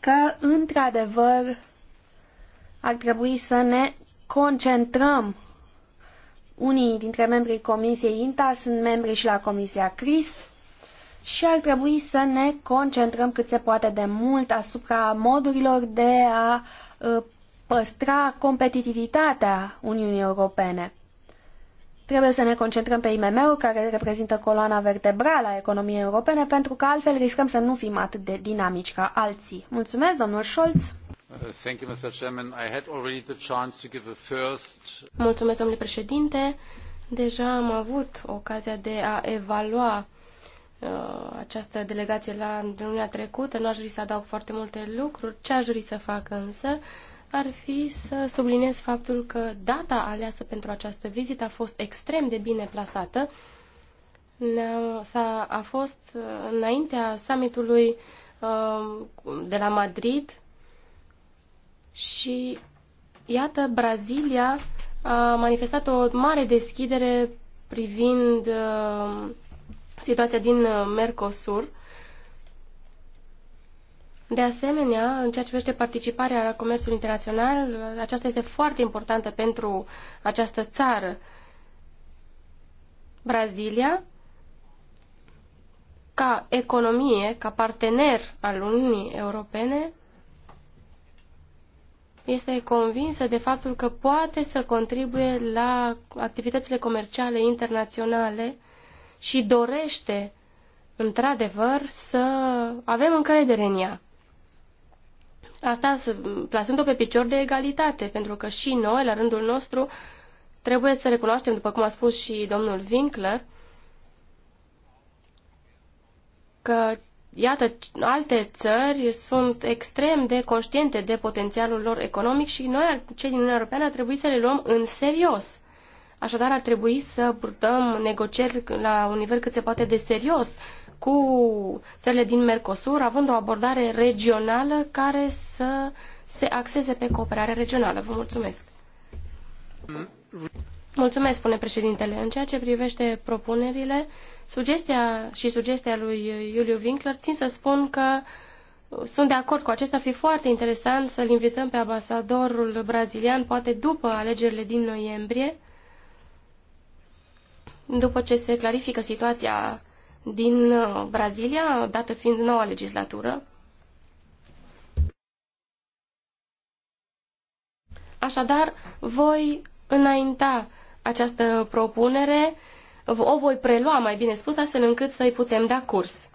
că, într-adevăr, ar trebui să ne concentrăm unii dintre membrii Comisiei INTA sunt membri și la Comisia CRIS și ar trebui să ne concentrăm cât se poate de mult asupra modurilor de a ă, păstra competitivitatea Uniunii Europene. Trebuie să ne concentrăm pe IMM-uri, care reprezintă coloana vertebrală a economiei europene, pentru că altfel riscăm să nu fim atât de dinamici ca alții. Mulțumesc, domnul Scholz! Mulțumesc, domnule președinte. Deja am avut ocazia de a evalua uh, această delegație la întâlnirea trecută. Nu aș vrea să adaug foarte multe lucruri. Ce aș vrea să fac însă ar fi să subliniez faptul că data aleasă pentru această vizită a fost extrem de bine plasată. a a fost uh, înaintea summitului uh, de la Madrid, și iată, Brazilia a manifestat o mare deschidere privind uh, situația din uh, Mercosur. De asemenea, în ceea ce privește participarea la comerțul internațional, aceasta este foarte importantă pentru această țară. Brazilia, ca economie, ca partener al Uniunii Europene, este convinsă de faptul că poate să contribuie la activitățile comerciale internaționale și dorește, într-adevăr, să avem încredere în ea. Asta plasând-o pe picior de egalitate, pentru că și noi, la rândul nostru, trebuie să recunoaștem, după cum a spus și domnul Winkler, că Iată, alte țări sunt extrem de conștiente de potențialul lor economic și noi, cei din Uniunea Europeană, ar trebui să le luăm în serios. Așadar, ar trebui să purtăm negocieri la un nivel cât se poate de serios cu țările din Mercosur, având o abordare regională care să se axeze pe cooperarea regională. Vă mulțumesc! Mm. Mulțumesc, spune președintele. În ceea ce privește propunerile, Sugestia și sugestia lui Iuliu Winkler țin să spun că sunt de acord cu acesta. Ar fi foarte interesant să-l invităm pe ambasadorul brazilian, poate după alegerile din noiembrie, după ce se clarifică situația din uh, Brazilia, dată fiind noua legislatură. Așadar, voi înainta această propunere o voi prelua, mai bine spus, astfel încât să-i putem da curs.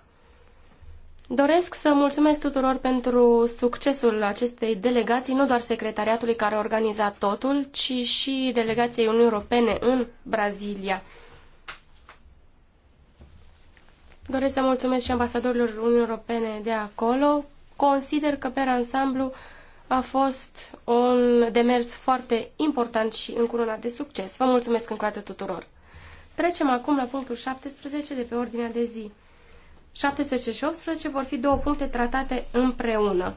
Doresc să mulțumesc tuturor pentru succesul acestei delegații, nu doar secretariatului care a organizat totul, ci și delegației Uniunii Europene în Brazilia. Doresc să mulțumesc și ambasadorilor Uniunii Europene de acolo. Consider că, pe ansamblu, a fost un demers foarte important și încununat de succes. Vă mulțumesc încă o dată tuturor! Trecem acum la punctul 17 de pe ordinea de zi. 17 și 18 vor fi două puncte tratate împreună.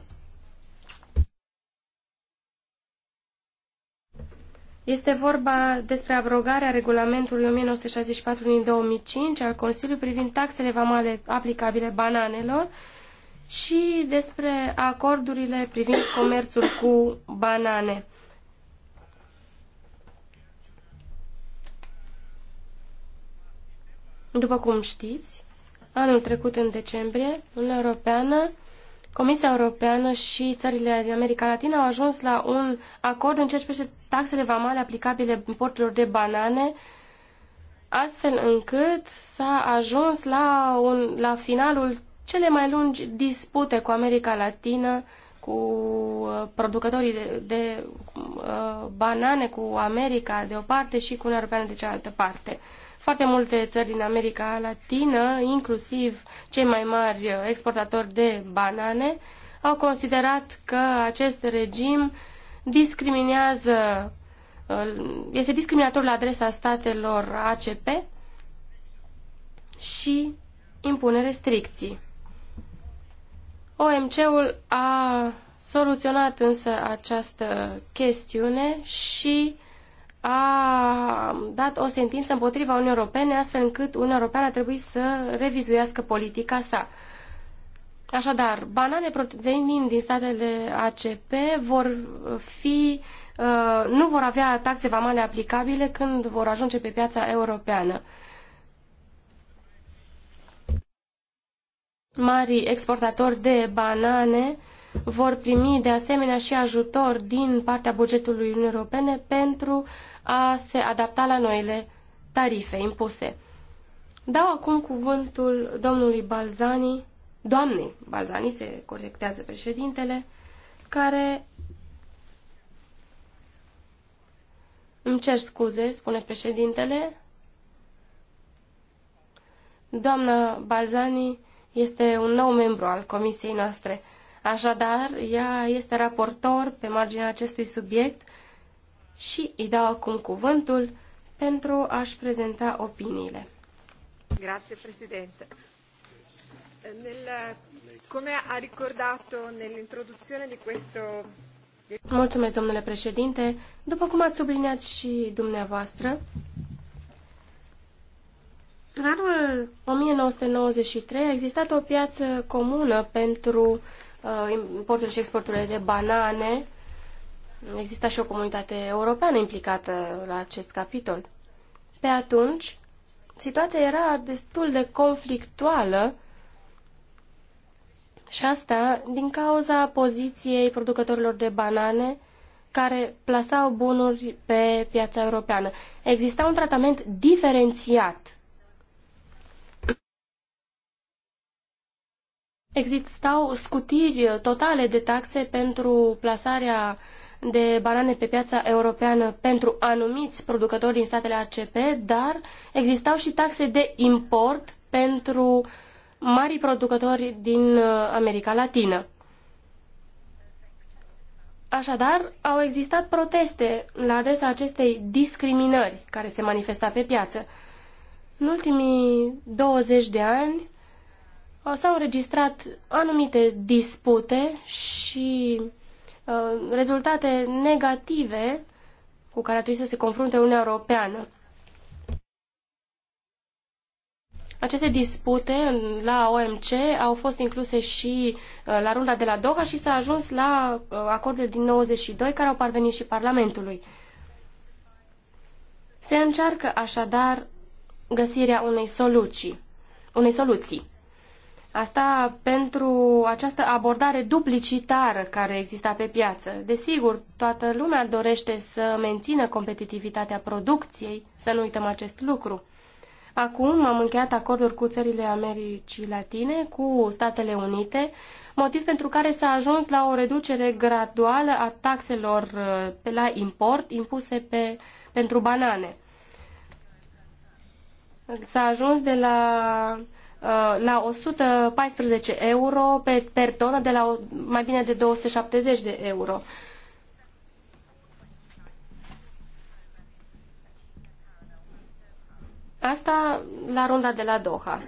Este vorba despre abrogarea regulamentului 1964 din 2005 al Consiliului privind taxele vamale aplicabile bananelor și despre acordurile privind comerțul cu banane. După cum știți, anul trecut, în decembrie, Uniunea Europeană, Comisia Europeană și țările din America Latină au ajuns la un acord în ceea ce privește taxele vamale aplicabile importurilor de banane, astfel încât s-a ajuns la, un, la finalul cele mai lungi dispute cu America Latină, cu uh, producătorii de, de uh, banane, cu America de o parte și cu Uniunea Europeană de cealaltă parte. Foarte multe țări din America Latină, inclusiv cei mai mari exportatori de banane, au considerat că acest regim discriminează, uh, este discriminator la adresa statelor ACP și impune restricții. OMC-ul a soluționat însă această chestiune și a dat o sentință împotriva Uniunii Europene, astfel încât Uniunea Europeană a trebuit să revizuiască politica sa. Așadar, banane provenind din statele ACP vor fi, uh, nu vor avea taxe vamale aplicabile când vor ajunge pe piața europeană. Mari exportatori de banane vor primi de asemenea și ajutor din partea bugetului Uniunii Europene pentru uh, a se adapta la noile tarife impuse. Dau acum cuvântul domnului Balzani, doamnei Balzani, se corectează președintele, care Îmi cer scuze, spune președintele. Doamna Balzani este un nou membru al comisiei noastre. Așadar, ea este raportor pe marginea acestui subiect și îi dau acum cuvântul pentru a-și prezenta opiniile. Grazie, Presidente. Nel, come ha ricordato nell'introduzione di questo... Mulțumesc, domnule președinte. După cum ați subliniat și dumneavoastră, în anul 1993 a existat o piață comună pentru uh, importurile și exporturile de banane exista și o comunitate europeană implicată la acest capitol. Pe atunci, situația era destul de conflictuală și asta din cauza poziției producătorilor de banane care plasau bunuri pe piața europeană. Exista un tratament diferențiat. Existau scutiri totale de taxe pentru plasarea uh, de banane pe piața europeană pentru anumiți producători din statele ACP, dar existau și taxe de import pentru marii producători din uh, America Latină. Așadar, au existat proteste la adresa acestei discriminări care se manifesta pe piață. În ultimii 20 de ani uh, s-au înregistrat anumite dispute și Uh, rezultate negative cu care trebuie să se confrunte Uniunea Europeană. Aceste dispute la OMC au fost incluse și uh, la runda de la Doha și s-a ajuns la uh, acordul din 92 care au parvenit și Parlamentului. Se încearcă așadar găsirea unei soluții. Unei soluții. Asta pentru această abordare duplicitară care exista pe piață. Desigur, toată lumea dorește să mențină competitivitatea producției, să nu uităm acest lucru. Acum am încheiat acorduri cu țările Americii Latine, cu Statele Unite, motiv pentru care s-a ajuns la o reducere graduală a taxelor uh, pe la import impuse pe, pentru banane. S-a ajuns de la Uh, la 114 euro pe, per tonă de la o, mai bine de 270 de euro. Asta la runda de la Doha.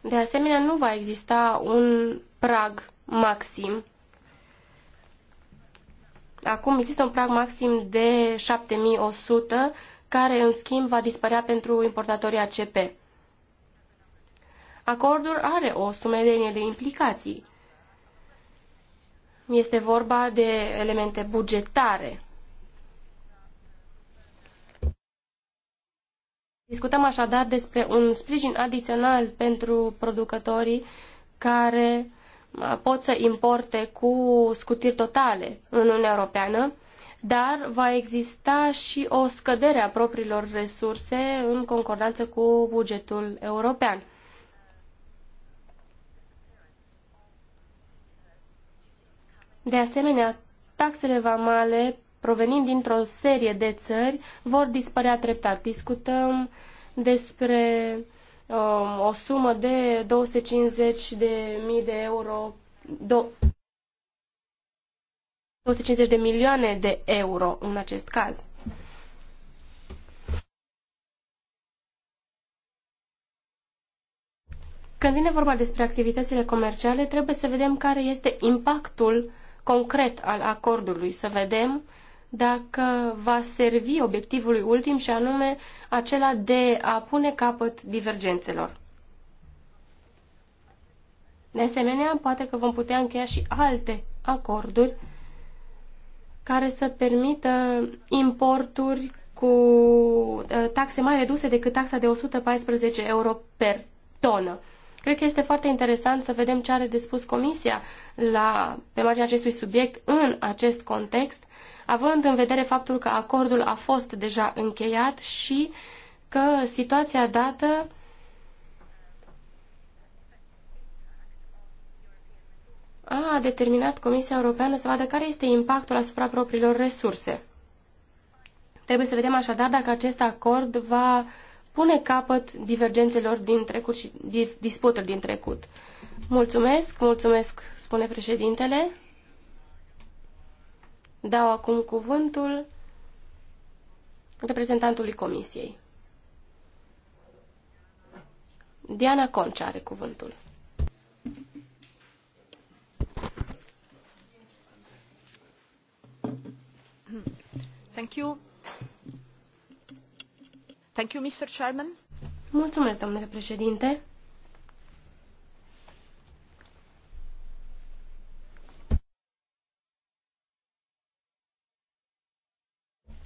De asemenea, nu va exista un prag maxim. Acum există un prag maxim de 7100, care în schimb va dispărea pentru importatorii ACP. Acordul are o sumedenie de implicații. Este vorba de elemente bugetare. Discutăm așadar despre un sprijin adițional pentru producătorii care pot să importe cu scutiri totale în Uniunea Europeană, dar va exista și o scădere a propriilor resurse în concordanță cu bugetul european. De asemenea, taxele vamale provenind dintr-o serie de țări vor dispărea treptat. Discutăm despre um, o sumă de 250 de mii de euro, do, 250 de milioane de euro în acest caz. Când vine vorba despre activitățile comerciale, trebuie să vedem care este impactul concret al acordului, să vedem dacă va servi obiectivului ultim și anume acela de a pune capăt divergențelor. De asemenea, poate că vom putea încheia și alte acorduri care să permită importuri cu uh, taxe mai reduse decât taxa de 114 euro per tonă. Cred că este foarte interesant să vedem ce are de spus Comisia la, pe marginea acestui subiect în acest context, având în vedere faptul că acordul a fost deja încheiat și că situația dată a determinat Comisia Europeană să vadă care este impactul asupra propriilor resurse. Trebuie să vedem așadar dacă acest acord va pune capăt divergențelor din trecut și disputelor din trecut. Mulțumesc, mulțumesc, spune președintele. Dau acum cuvântul reprezentantului comisiei. Diana Concea are cuvântul. Thank you. Mulțumesc, domnule președinte.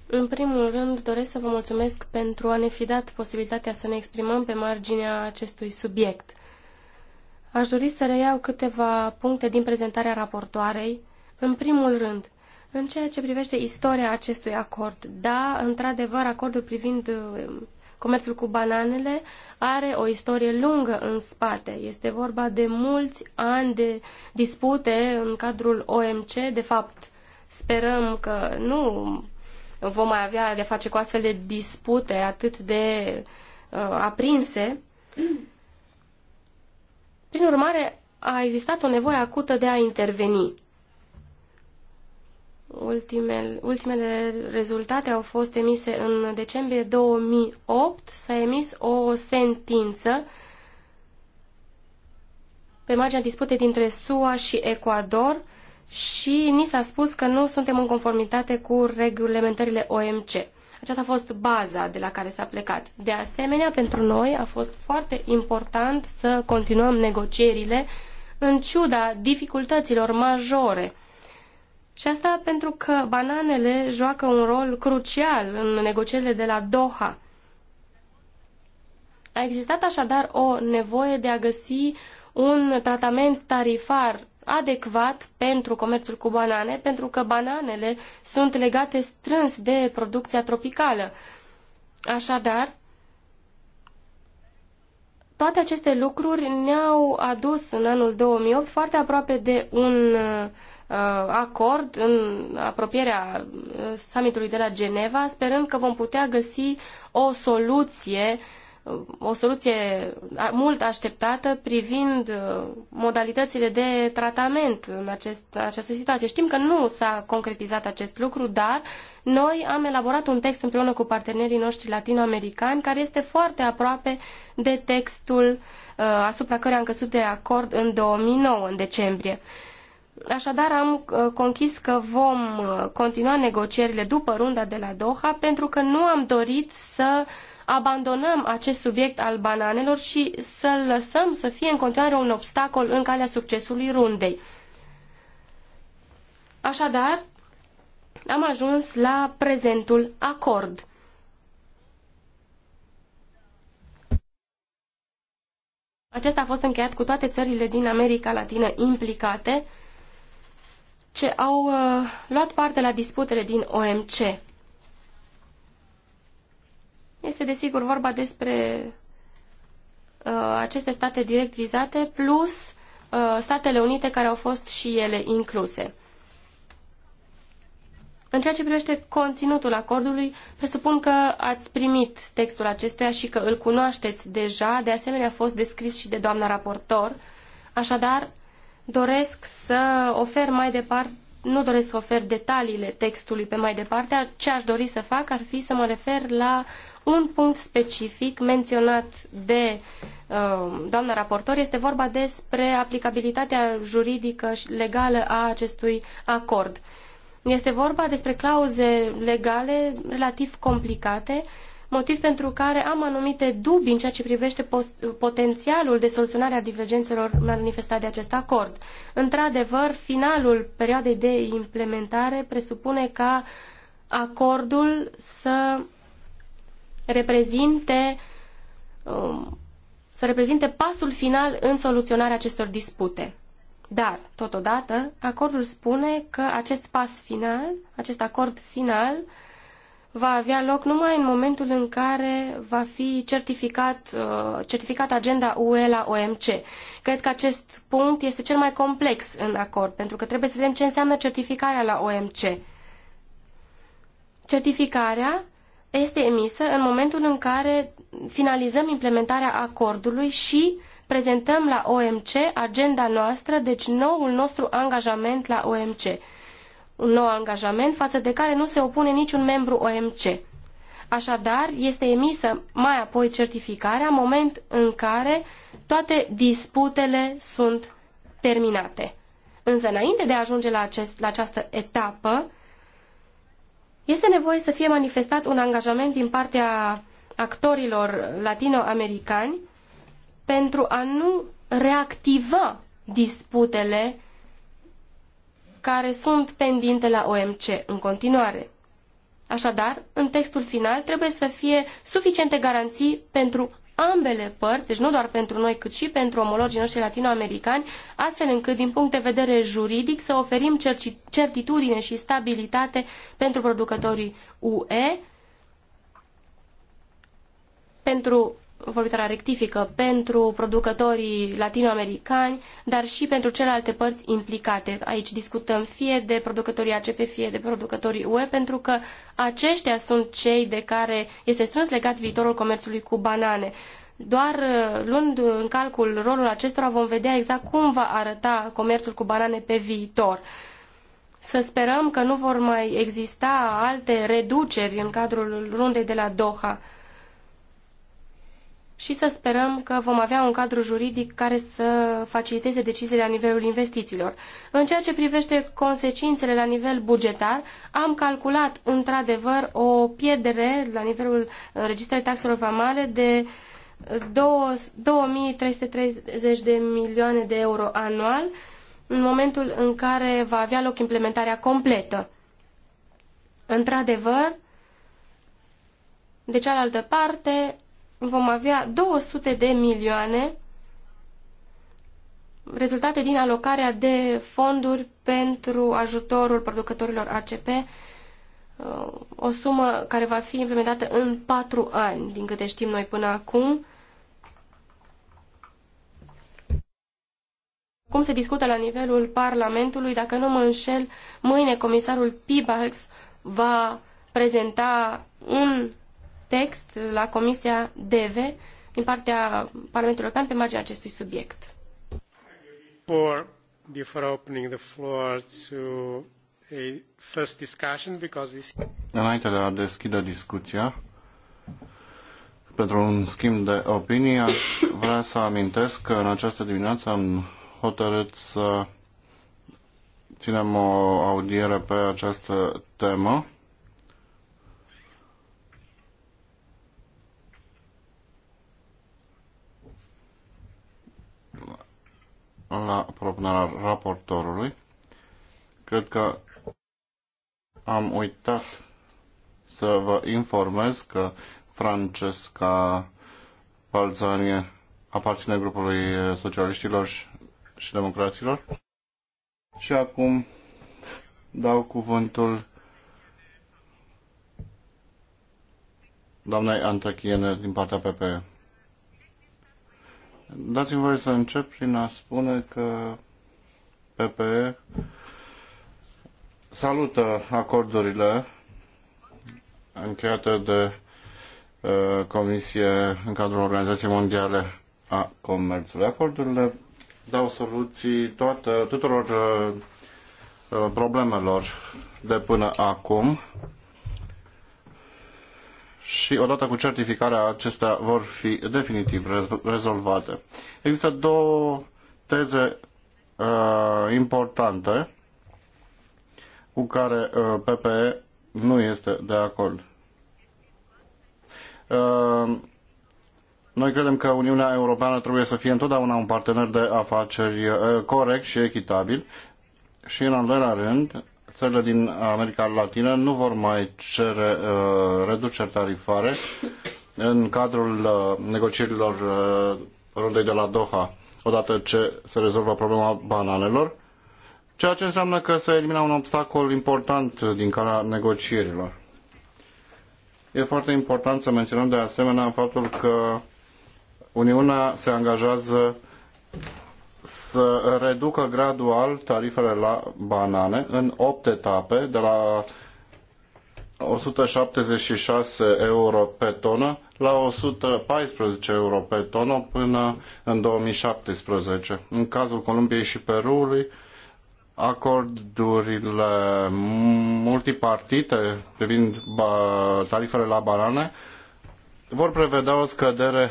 În primul rând, doresc să vă mulțumesc pentru a ne fi dat posibilitatea să ne exprimăm pe marginea acestui subiect. Aș dori să reiau câteva puncte din prezentarea raportoarei. În primul rând, în ceea ce privește istoria acestui acord, da, într-adevăr, acordul privind uh, comerțul cu bananele are o istorie lungă în spate. Este vorba de mulți ani de dispute în cadrul OMC. De fapt, sperăm că nu vom mai avea de face cu astfel de dispute atât de uh, aprinse. Prin urmare, a existat o nevoie acută de a interveni. Ultimele, ultimele rezultate au fost emise în decembrie 2008. S-a emis o sentință pe marginea disputei dintre SUA și Ecuador și ni s-a spus că nu suntem în conformitate cu reglementările OMC. Aceasta a fost baza de la care s-a plecat. De asemenea, pentru noi a fost foarte important să continuăm negocierile în ciuda dificultăților majore și asta pentru că bananele joacă un rol crucial în negocierile de la Doha. A existat așadar o nevoie de a găsi un tratament tarifar adecvat pentru comerțul cu banane, pentru că bananele sunt legate strâns de producția tropicală. Așadar, toate aceste lucruri ne-au adus în anul 2008 foarte aproape de un Uh, acord în apropierea uh, summitului de la Geneva, sperând că vom putea găsi o soluție uh, o soluție mult așteptată privind modalitățile de tratament în, acest, în această situație. Știm că nu s-a concretizat acest lucru, dar noi am elaborat un text împreună cu partenerii noștri latinoamericani care este foarte aproape de textul asupra căruia am căzut de acord în 2009, în decembrie. Așadar, am uh, conchis că vom uh, continua negocierile după runda de la Doha pentru că nu am dorit să abandonăm acest subiect al bananelor și să-l lăsăm să fie în continuare un obstacol în calea succesului rundei. Așadar, am ajuns la prezentul acord. Acesta a fost încheiat cu toate țările din America Latină implicate ce au uh, luat parte la disputele din OMC. Este desigur vorba despre uh, aceste state direct vizate plus uh, Statele Unite care au fost și ele incluse. În ceea ce privește conținutul acordului, presupun că ați primit textul acestuia și că îl cunoașteți deja, de asemenea a fost descris și de doamna raportor. Așadar, doresc să ofer mai departe nu doresc să ofer detaliile textului pe mai departe, ce aș dori să fac ar fi să mă refer la un punct specific menționat de um, doamna raportor. Este vorba despre aplicabilitatea juridică și legală a acestui acord. Este vorba despre clauze legale relativ complicate uh, motiv pentru care am anumite dubii în ceea ce privește potențialul de soluționare a divergențelor manifestate de acest acord. Într-adevăr, finalul perioadei de implementare presupune ca acordul să reprezinte um, să reprezinte pasul final în soluționarea acestor dispute. Dar, totodată, acordul spune că acest pas final, acest acord final, va avea loc numai în momentul în care va fi certificat, uh, certificat agenda UE la OMC. Cred că acest punct este cel mai complex în acord, pentru că trebuie să vedem ce înseamnă certificarea la OMC. Certificarea este emisă în momentul în care finalizăm implementarea acordului și prezentăm la OMC agenda noastră, deci noul nostru angajament la OMC un nou angajament față de care nu se opune niciun membru OMC. Așadar, este emisă mai apoi certificarea, moment în care toate disputele sunt terminate. Însă, înainte de a ajunge la, acest, la această etapă, este nevoie să fie manifestat un angajament din partea actorilor latino-americani pentru a nu reactiva disputele care sunt pendinte la OMC în continuare. Așadar, în textul final trebuie să fie suficiente garanții pentru ambele părți, deci nu doar pentru noi, cât și pentru omologii noștri latinoamericani, astfel încât, din punct de vedere juridic, să oferim certitudine și stabilitate pentru producătorii UE, pentru vorbitoarea rectifică, pentru producătorii latinoamericani, dar și pentru celelalte părți implicate. Aici discutăm fie de producătorii ACP, fie de producătorii UE, pentru că aceștia sunt cei de care este strâns legat viitorul comerțului cu banane. Doar uh, luând în calcul rolul acestora vom vedea exact cum va arăta comerțul cu banane pe viitor. Să sperăm că nu vor mai exista alte reduceri în cadrul rundei de la Doha și să sperăm că vom avea un cadru juridic care să faciliteze deciziile la nivelul investițiilor. În ceea ce privește consecințele la nivel bugetar, am calculat într-adevăr o pierdere la nivelul registrării taxelor vamale de 2330 de milioane de euro anual în momentul în care va avea loc implementarea completă. Într-adevăr, de cealaltă parte, vom avea 200 de milioane rezultate din alocarea de fonduri pentru ajutorul producătorilor ACP, uh, o sumă care va fi implementată în patru ani, din câte știm noi până acum. Cum se discută la nivelul Parlamentului, dacă nu mă înșel, mâine comisarul Pibax va prezenta un text la Comisia DEVE din partea Parlamentului European pe marginea acestui subiect. before opening the floor to a first discussion, because this... Înainte de a deschide discuția, pentru un schimb de opinii, aș vrea să amintesc că în această dimineață am hotărât să ținem o audiere pe această temă la propunerea raportorului. Cred că am uitat să vă informez că Francesca Balzanie aparține grupului socialiștilor și democraților. Și acum dau cuvântul doamnei Antrachiene din partea PPE. Dați-mi voie să încep prin a spune că PPE salută acordurile încheiate de uh, Comisie în cadrul Organizației Mondiale a Comerțului. Acordurile dau soluții toate, tuturor uh, problemelor de până acum și odată cu certificarea acestea vor fi definitiv rezolvate. Există două teze uh, importante cu care uh, PPE nu este de acord. Uh, noi credem că Uniunea Europeană trebuie să fie întotdeauna un partener de afaceri uh, corect și echitabil și, în al doilea rând, țările din America Latină nu vor mai cere uh, reduceri tarifare în cadrul uh, negocierilor uh, rundei de la Doha, odată ce se rezolvă problema bananelor, ceea ce înseamnă că se elimina un obstacol important din calea negocierilor. E foarte important să menționăm de asemenea faptul că Uniunea se angajează să reducă gradual tarifele la banane în 8 etape, de la 176 euro pe tonă la 114 euro pe tonă până în 2017. În cazul Columbiei și Perului, acordurile multipartite privind tarifele la banane vor prevedea o scădere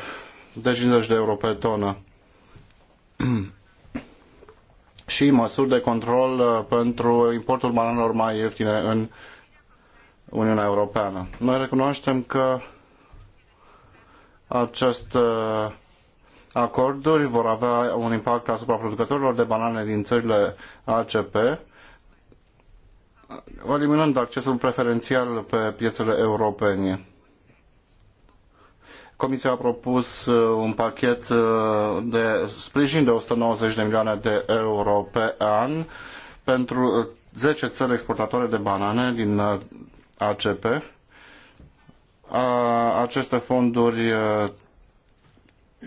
de 50 de euro pe tonă. și măsuri de control uh, pentru importul bananelor mai ieftine în Uniunea Europeană. Noi recunoaștem că aceste uh, acorduri vor avea un impact asupra producătorilor de banane din țările ACP, eliminând accesul preferențial pe piețele europene. Comisia a propus uh, un pachet uh, de sprijin de 190 de milioane de euro pe an pentru 10 uh, țări exportatoare de banane din ACP. Aceste fonduri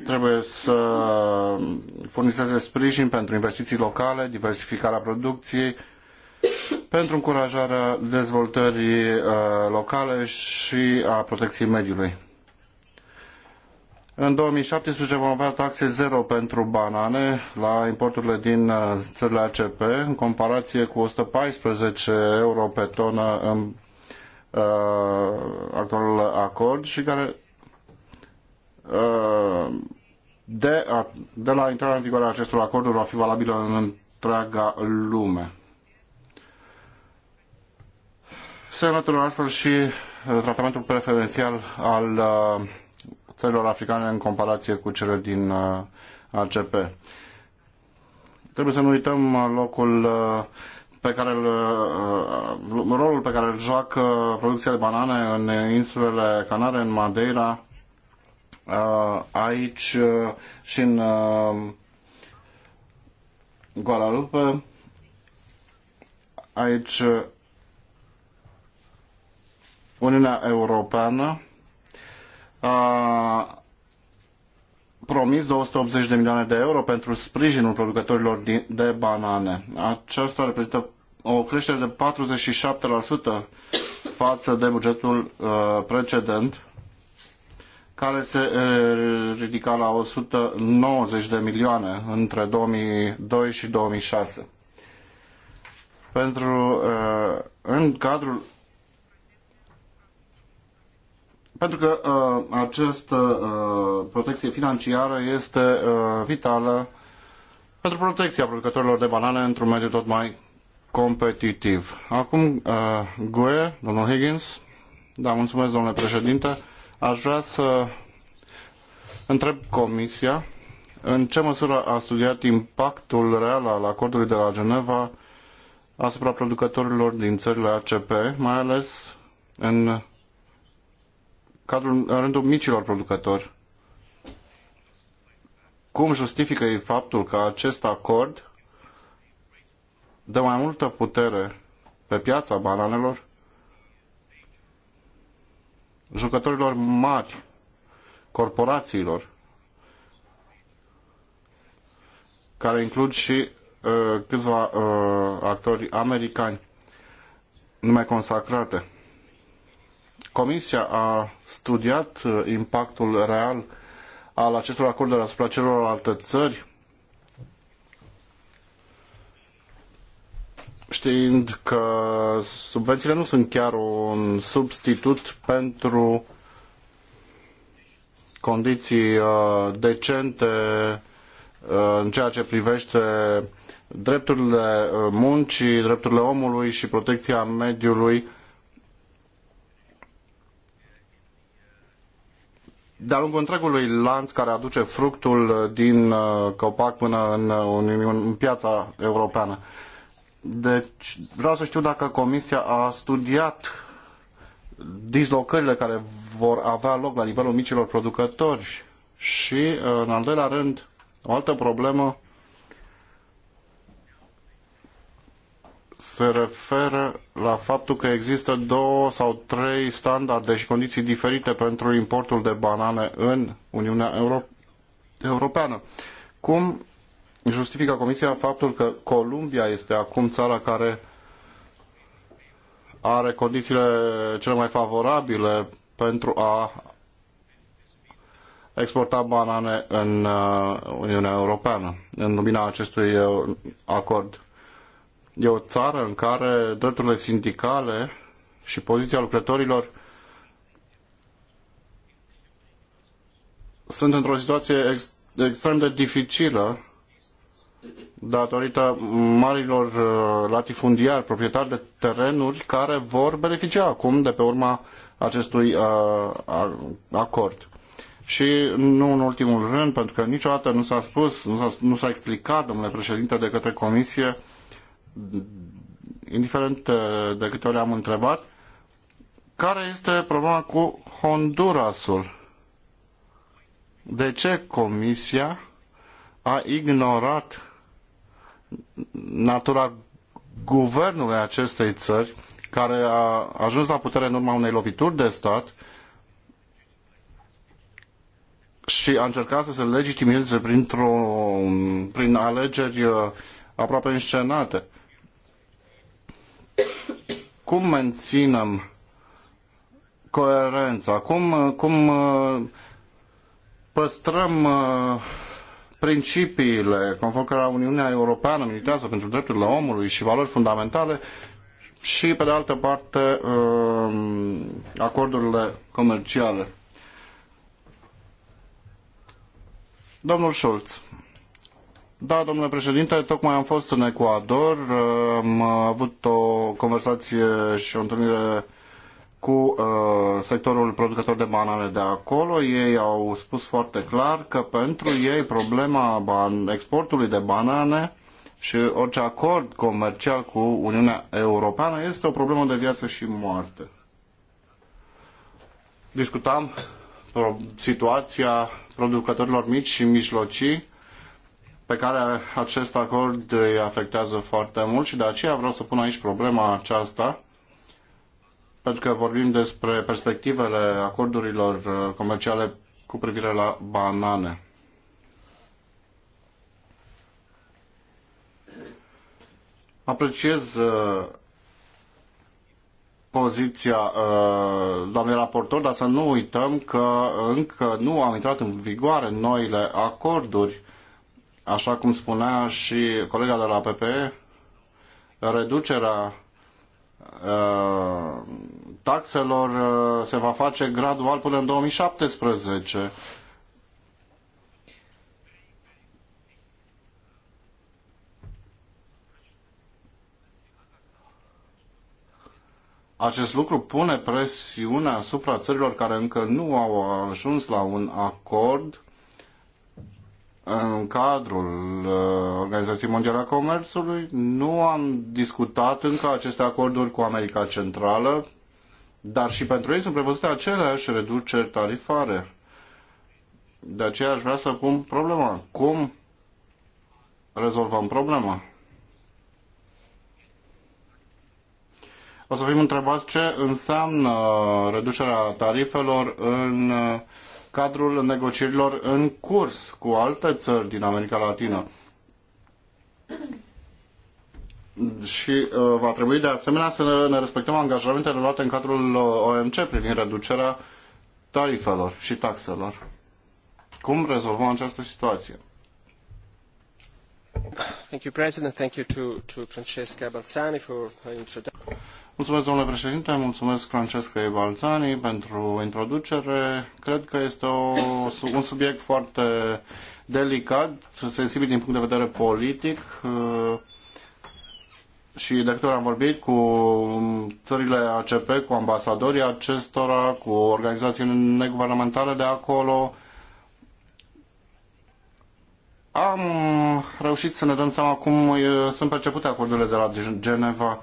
trebuie să furnizeze sprijin pentru investiții locale, diversificarea producției, pentru încurajarea dezvoltării locale și a protecției mediului. În 2017 vom avea taxe zero pentru banane la importurile din uh, țările ACP, în comparație cu 114 euro pe tonă în uh, actualul acord și care uh, de, a, de la intrarea în vigoare a acestor acorduri va fi valabilă în întreaga lume. Se înlătură astfel și uh, tratamentul preferențial al uh, țărilor africane în comparație cu cele din uh, ACP. Trebuie să nu uităm uh, locul uh, pe care îl, rolul pe care îl joacă producția de banane în insulele Canare, în Madeira, aici și în Guadalupe. Aici Uniunea Europeană a promis 280 de milioane de euro pentru sprijinul producătorilor de banane. Aceasta reprezintă o creștere de 47% față de bugetul precedent, care se ridica la 190 de milioane între 2002 și 2006. Pentru, în cadrul pentru că uh, această uh, protecție financiară este uh, vitală pentru protecția producătorilor de banane într-un mediu tot mai competitiv. Acum, uh, GUE, domnul Higgins. Da, mulțumesc, domnule președinte. Aș vrea să întreb Comisia în ce măsură a studiat impactul real al acordului de la Geneva asupra producătorilor din țările ACP, mai ales în cadrul, în rândul micilor producători. Cum justifică ei faptul că acest acord dă mai multă putere pe piața bananelor jucătorilor mari, corporațiilor, care includ și uh, câțiva uh, actori americani numai consacrate. Comisia a studiat uh, impactul real al acestor acorduri asupra celorlalte țări, știind că subvențiile nu sunt chiar un substitut pentru condiții uh, decente uh, în ceea ce privește drepturile muncii, drepturile omului și protecția mediului de-a lungul întregului lanț care aduce fructul uh, din uh, copac până în, în, uh, în piața europeană. Deci vreau să știu dacă Comisia a studiat dislocările care vor avea loc la nivelul micilor producători și, în al doilea rând, o altă problemă se referă la faptul că există două sau trei standarde și condiții diferite pentru importul de banane în Uniunea Euro Europeană. Cum justifică Comisia faptul că Columbia este acum țara care are condițiile cele mai favorabile pentru a exporta banane în uh, Uniunea Europeană, în lumina acestui uh, acord? E o țară în care drepturile sindicale și poziția lucrătorilor sunt într-o situație ex- extrem de dificilă datorită marilor uh, latifundiari, proprietari de terenuri care vor beneficia acum de pe urma acestui uh, acord. Și nu în ultimul rând, pentru că niciodată nu s-a spus, nu s-a, explicat, domnule președinte, de către Comisie indiferent uh, de câte ori am întrebat, care este problema cu Hondurasul? De ce Comisia a ignorat natura guvernului acestei țări, care a ajuns la putere în urma unei lovituri de stat și a încercat să se legitimeze printr-o, prin alegeri uh, aproape înscenate cum menținem coerența, cum, cum uh, păstrăm uh, principiile conform cărora Uniunea Europeană militează pentru drepturile omului și valori fundamentale și, pe de altă parte, uh, acordurile comerciale. Domnul Schulz. Da, domnule președinte, tocmai am fost în Ecuador, uh, am avut o conversație și o întâlnire cu uh, sectorul producător de banane de acolo. Ei au spus foarte clar că pentru ei problema ban- exportului de banane și orice acord comercial cu Uniunea Europeană este o problemă de viață și moarte. Discutam situația producătorilor mici și mijlocii pe care acest acord îi afectează foarte mult și de aceea vreau să pun aici problema aceasta, pentru că vorbim despre perspectivele acordurilor uh, comerciale cu privire la banane. Apreciez uh, poziția uh, doamnei raportor, dar să nu uităm că încă nu au intrat în vigoare noile acorduri așa cum spunea și colega de la PP, reducerea uh, taxelor uh, se va face gradual până în 2017. Acest lucru pune presiune asupra țărilor care încă nu au ajuns la un acord în cadrul uh, Organizației Mondiale a Comerțului. Nu am discutat încă aceste acorduri cu America Centrală, dar și pentru ei sunt prevăzute aceleași reduceri tarifare. De aceea aș vrea să pun problema. Cum rezolvăm problema? O să fim întrebați ce înseamnă reducerea tarifelor în uh, cadrul negocierilor în curs cu alte țări din America Latină. Și uh, va trebui de asemenea să ne respectăm angajamentele luate în cadrul uh, OMC privind reducerea tarifelor și taxelor. Cum rezolvăm această situație? Thank you, President. Thank you to, to Francesca Balzani for her introduction. Mulțumesc, domnule președinte, mulțumesc Francesca Balzani pentru introducere. Cred că este o, un subiect foarte delicat, sensibil din punct de vedere politic uh, și de câte ori am vorbit cu țările ACP, cu ambasadorii acestora, cu organizațiile neguvernamentale de acolo, am reușit să ne dăm seama cum uh, sunt percepute acordurile de la Geneva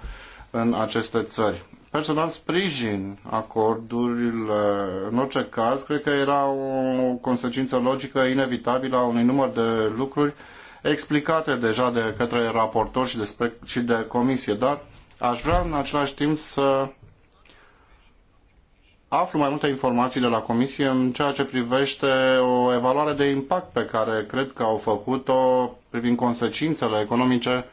în aceste țări. Personal sprijin acordurile, în orice caz, cred că era o consecință logică inevitabilă a unui număr de lucruri explicate deja de către raportor și de, și de comisie, dar aș vrea în același timp să aflu mai multe informații de la comisie în ceea ce privește o evaluare de impact pe care cred că au făcut-o privind consecințele economice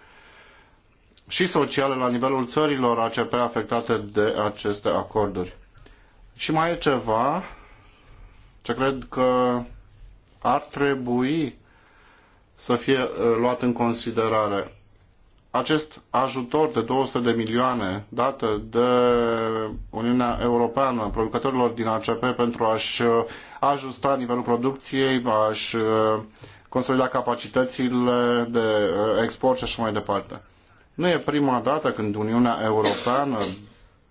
și sociale la nivelul țărilor ACP afectate de aceste acorduri. Și mai e ceva ce cred că ar trebui să fie uh, luat în considerare. Acest ajutor de 200 de milioane date de Uniunea Europeană producătorilor din ACP pentru a-și uh, ajusta nivelul producției, a-și uh, consolida capacitățile de export și așa mai departe. Nu e prima dată când Uniunea Europeană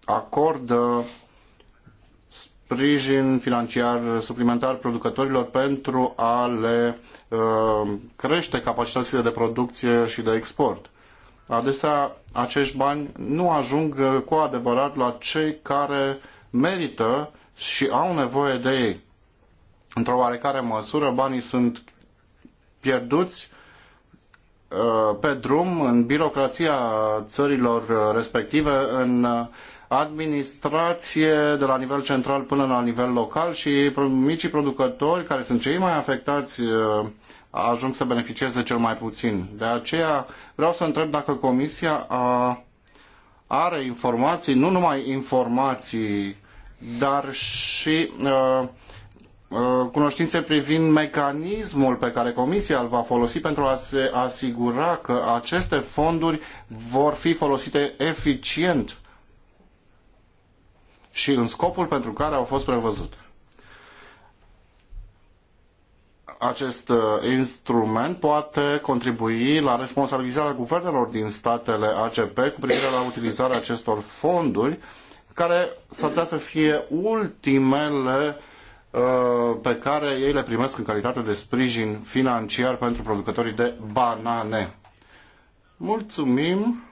acordă sprijin financiar suplimentar producătorilor pentru a le uh, crește capacitățile de producție și de export. Adesea acești bani nu ajung cu adevărat la cei care merită și au nevoie de ei. Într-o oarecare măsură, banii sunt pierduți Uh, pe drum în birocrația țărilor uh, respective, în uh, administrație de la nivel central până la nivel local și micii producători, care sunt cei mai afectați, ajung să beneficieze cel mai puțin. De aceea vreau să întreb dacă Comisia are informații, nu numai informații, dar și Uh, cunoștințe privind mecanismul pe care Comisia îl va folosi pentru a se asigura că aceste fonduri vor fi folosite eficient și în scopul pentru care au fost prevăzute. Acest uh, instrument poate contribui la responsabilizarea guvernelor din statele ACP cu privire la utilizarea acestor fonduri, care s-ar putea să fie ultimele Uh, pe care ei le primesc în calitate de sprijin financiar pentru producătorii de banane. Mulțumim!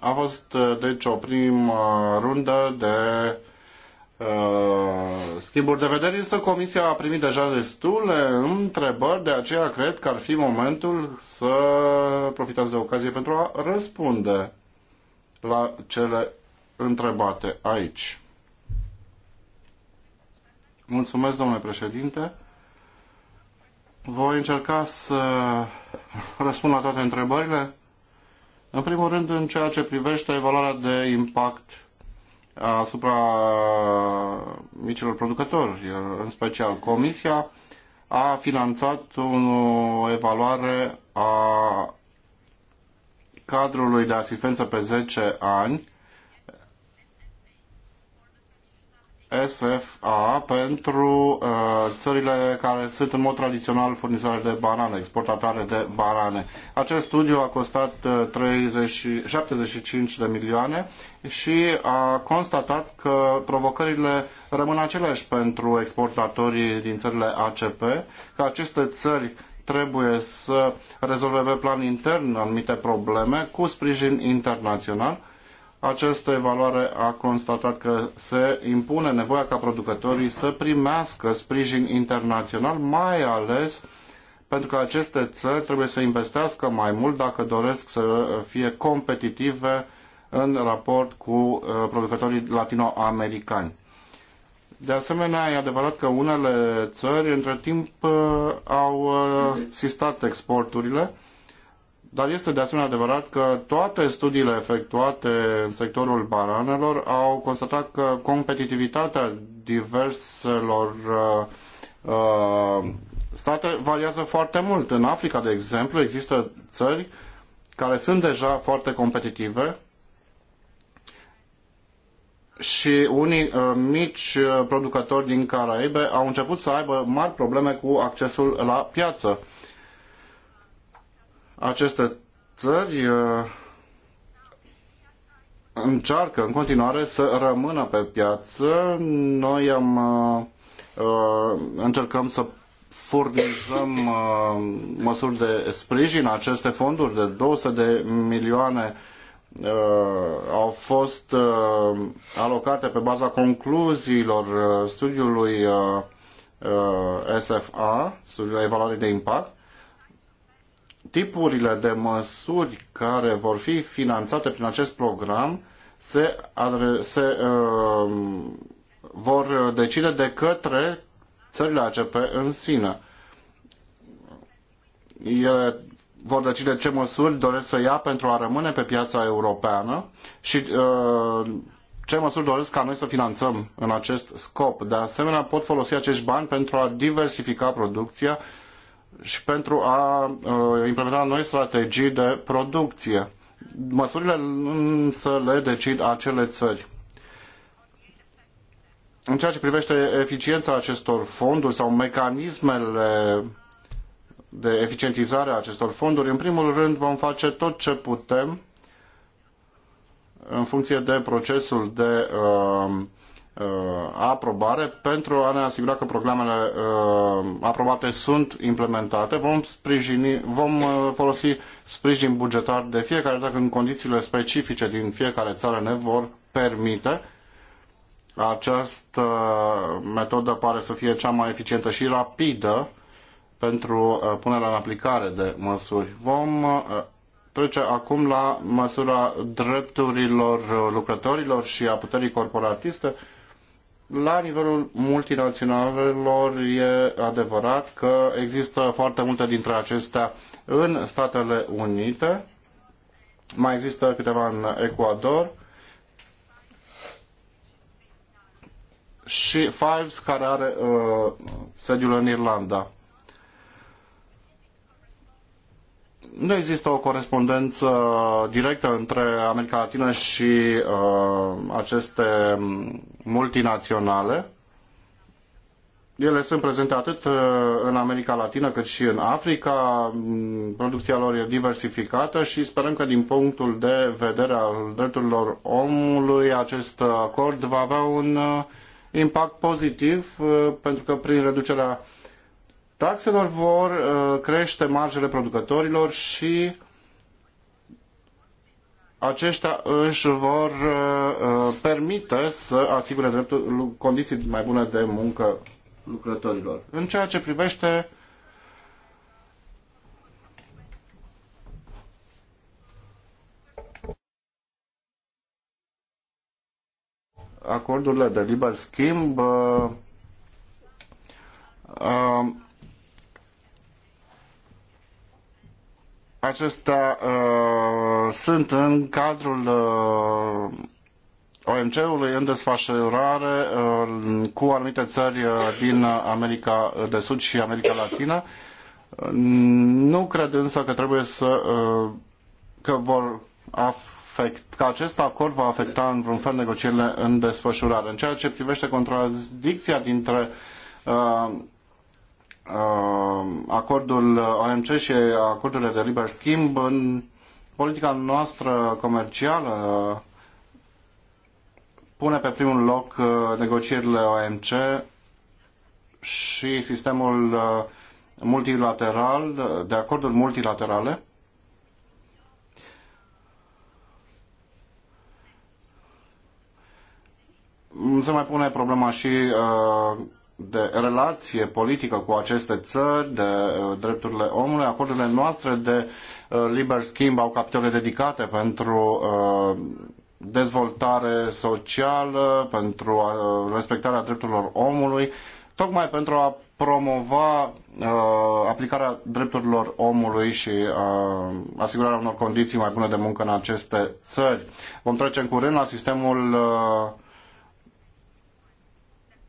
A fost uh, deci o primă rundă de uh, schimburi de vedere, însă Comisia a primit deja destule întrebări, de aceea cred că ar fi momentul să profitați de ocazie pentru a răspunde la cele întrebate aici. Mulțumesc, domnule președinte. Voi încerca să răspund la toate întrebările. În primul rând, în ceea ce privește evaluarea de impact asupra micilor producători, în special Comisia, a finanțat o evaluare a cadrului de asistență pe 10 ani SFA pentru uh, țările care sunt în mod tradițional furnizoare de banane, exportatoare de banane. Acest studiu a costat 30, uh, 75 de milioane și a constatat că provocările rămân aceleași pentru exportatorii din țările ACP, că aceste țări trebuie să rezolve pe plan intern anumite probleme cu sprijin internațional această evaluare a constatat că se impune nevoia ca producătorii să primească sprijin internațional, mai ales pentru că aceste țări trebuie să investească mai mult dacă doresc să fie competitive în raport cu uh, producătorii latinoamericani. De asemenea, e adevărat că unele țări între timp uh, au uh, sistat exporturile dar este de asemenea adevărat că toate studiile efectuate în sectorul bananelor au constatat că competitivitatea diverselor uh, uh, state variază foarte mult. În Africa, de exemplu, există țări care sunt deja foarte competitive și unii uh, mici uh, producători din Caraibe au început să aibă mari probleme cu accesul la piață. Uh, aceste țări uh, încearcă în continuare să rămână pe piață. Noi am, uh, uh, încercăm să furnizăm măsuri de sprijin. Aceste fonduri de 200 de milioane au fost alocate pe baza concluziilor studiului SFA, studiul evaluării de impact, tipurile de măsuri care vor fi finanțate prin acest program se, adre- se uh, vor decide de către țările ACP în sine. Ele vor decide ce măsuri doresc să ia pentru a rămâne pe piața europeană și uh, ce măsuri doresc ca noi să finanțăm în acest scop. De asemenea, pot folosi acești bani pentru a diversifica producția și pentru a uh, implementa noi strategii de producție. Măsurile însă le decid acele țări. În ceea ce privește eficiența acestor fonduri sau mecanismele de eficientizare a acestor fonduri, în primul rând vom face tot ce putem în funcție de procesul de uh, Uh, aprobare pentru a ne asigura că programele uh, aprobate sunt implementate. Vom, sprijini, vom uh, folosi sprijin bugetar de fiecare dată când condițiile specifice din fiecare țară ne vor permite. Această metodă pare să fie cea mai eficientă și rapidă pentru punerea în aplicare de măsuri. Vom trece acum la măsura drepturilor lucrătorilor și a puterii corporatiste la nivelul multinaționalelor e adevărat că există foarte multe dintre acestea în Statele Unite, mai există câteva în Ecuador și Fives care are uh, sediul în Irlanda. nu există o corespondență directă între America Latină și uh, aceste multinaționale. Ele sunt prezente atât uh, în America Latină cât și în Africa. Mm, producția lor e diversificată și sperăm că din punctul de vedere al drepturilor omului acest acord va avea un uh, impact pozitiv uh, pentru că prin reducerea taxelor vor crește marjele producătorilor și aceștia își vor uh, uh, permite să asigure dreptul, condiții mai bune de muncă lucrătorilor. În ceea ce privește acordurile de liber schimb, uh, uh, Acestea uh, sunt în cadrul uh, OMC-ului în desfășurare uh, cu anumite țări uh, din America de Sud și America Latină. Nu cred însă că trebuie să uh, că vor afect, că acest acord va afecta în vreun fel negocierile în desfășurare. În ceea ce privește contradicția dintre uh, Uh, acordul OMC și acordurile de liber schimb în politica noastră comercială pune pe primul loc uh, negocierile OMC și sistemul uh, multilateral, de acorduri multilaterale. Se mai pune problema și uh, de relație politică cu aceste țări, de uh, drepturile omului, acordurile noastre de uh, liber schimb au capitole dedicate pentru uh, dezvoltare socială, pentru respectarea drepturilor omului, tocmai pentru a promova aplicarea drepturilor omului și asigurarea unor condiții mai bune de muncă în aceste țări. Vom trece în curând la sistemul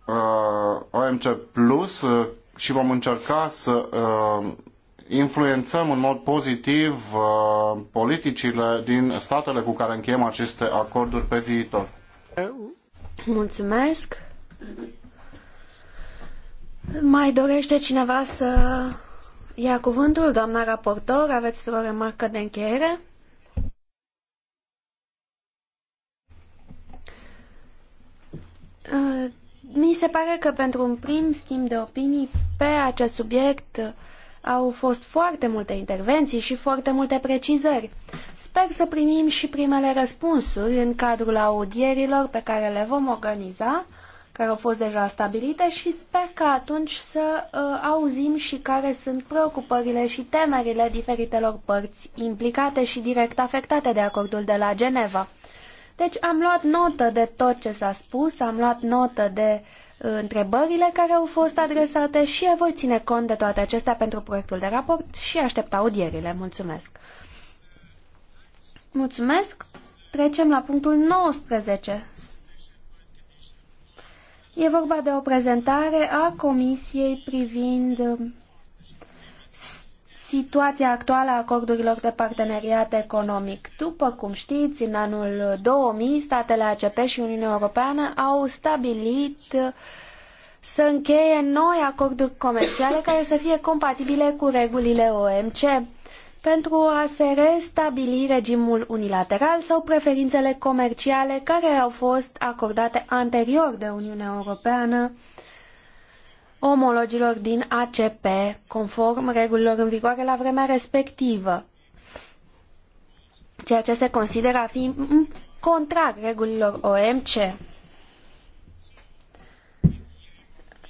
Uh, OMC Plus uh, și vom încerca să uh, influențăm în mod pozitiv politicile din statele cu care încheiem aceste acorduri pe viitor. Mulțumesc. Mai dorește cineva să ia cuvântul? Doamna raportor, aveți vreo remarcă de încheiere? Mi se pare că pentru un prim schimb de opinii pe acest subiect au fost foarte multe intervenții și foarte multe precizări. Sper să primim și primele răspunsuri în cadrul audierilor pe care le vom organiza, care au fost deja stabilite și sper că atunci să uh, auzim și care sunt preocupările și temerile diferitelor părți implicate și direct afectate de acordul de la Geneva. Deci am luat notă de tot ce s-a spus, am luat notă de uh, întrebările care au fost adresate și voi ține cont de toate acestea pentru proiectul de raport și aștept audierile. Mulțumesc! Mulțumesc! Trecem la punctul 19. E vorba de o prezentare a Comisiei privind situația actuală a acordurilor de parteneriat economic. După cum știți, în anul 2000, statele ACP și Uniunea Europeană au stabilit să încheie noi acorduri comerciale care să fie compatibile cu regulile OMC pentru a se restabili regimul unilateral sau preferințele comerciale care au fost acordate anterior de Uniunea Europeană omologilor din ACP, conform regulilor în vigoare la vremea respectivă, ceea ce se consideră a fi contrar regulilor OMC.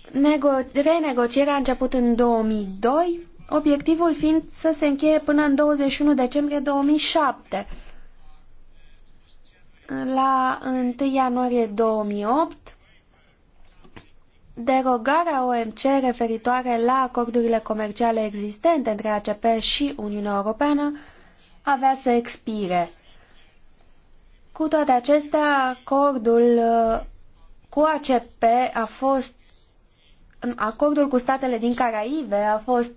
Nego- renegocierea a început în 2002, obiectivul fiind să se încheie până în 21 decembrie 2007. La 1 ianuarie 2008 derogarea OMC referitoare la acordurile comerciale existente între ACP și Uniunea Europeană avea să expire. Cu toate acestea, acordul uh, cu ACP a fost acordul cu statele din Caraibe a fost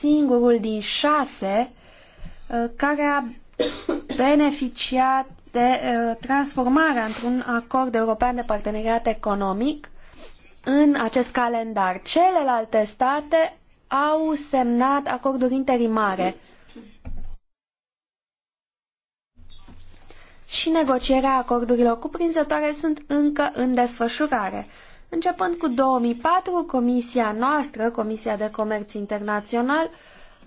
singurul din șase uh, care a beneficiat de uh, transformarea într-un acord european de parteneriat economic în acest calendar. Celelalte state au semnat acorduri interimare și negocierea acordurilor cuprinzătoare sunt încă în desfășurare. Începând cu 2004, Comisia noastră, Comisia de Comerț Internațional,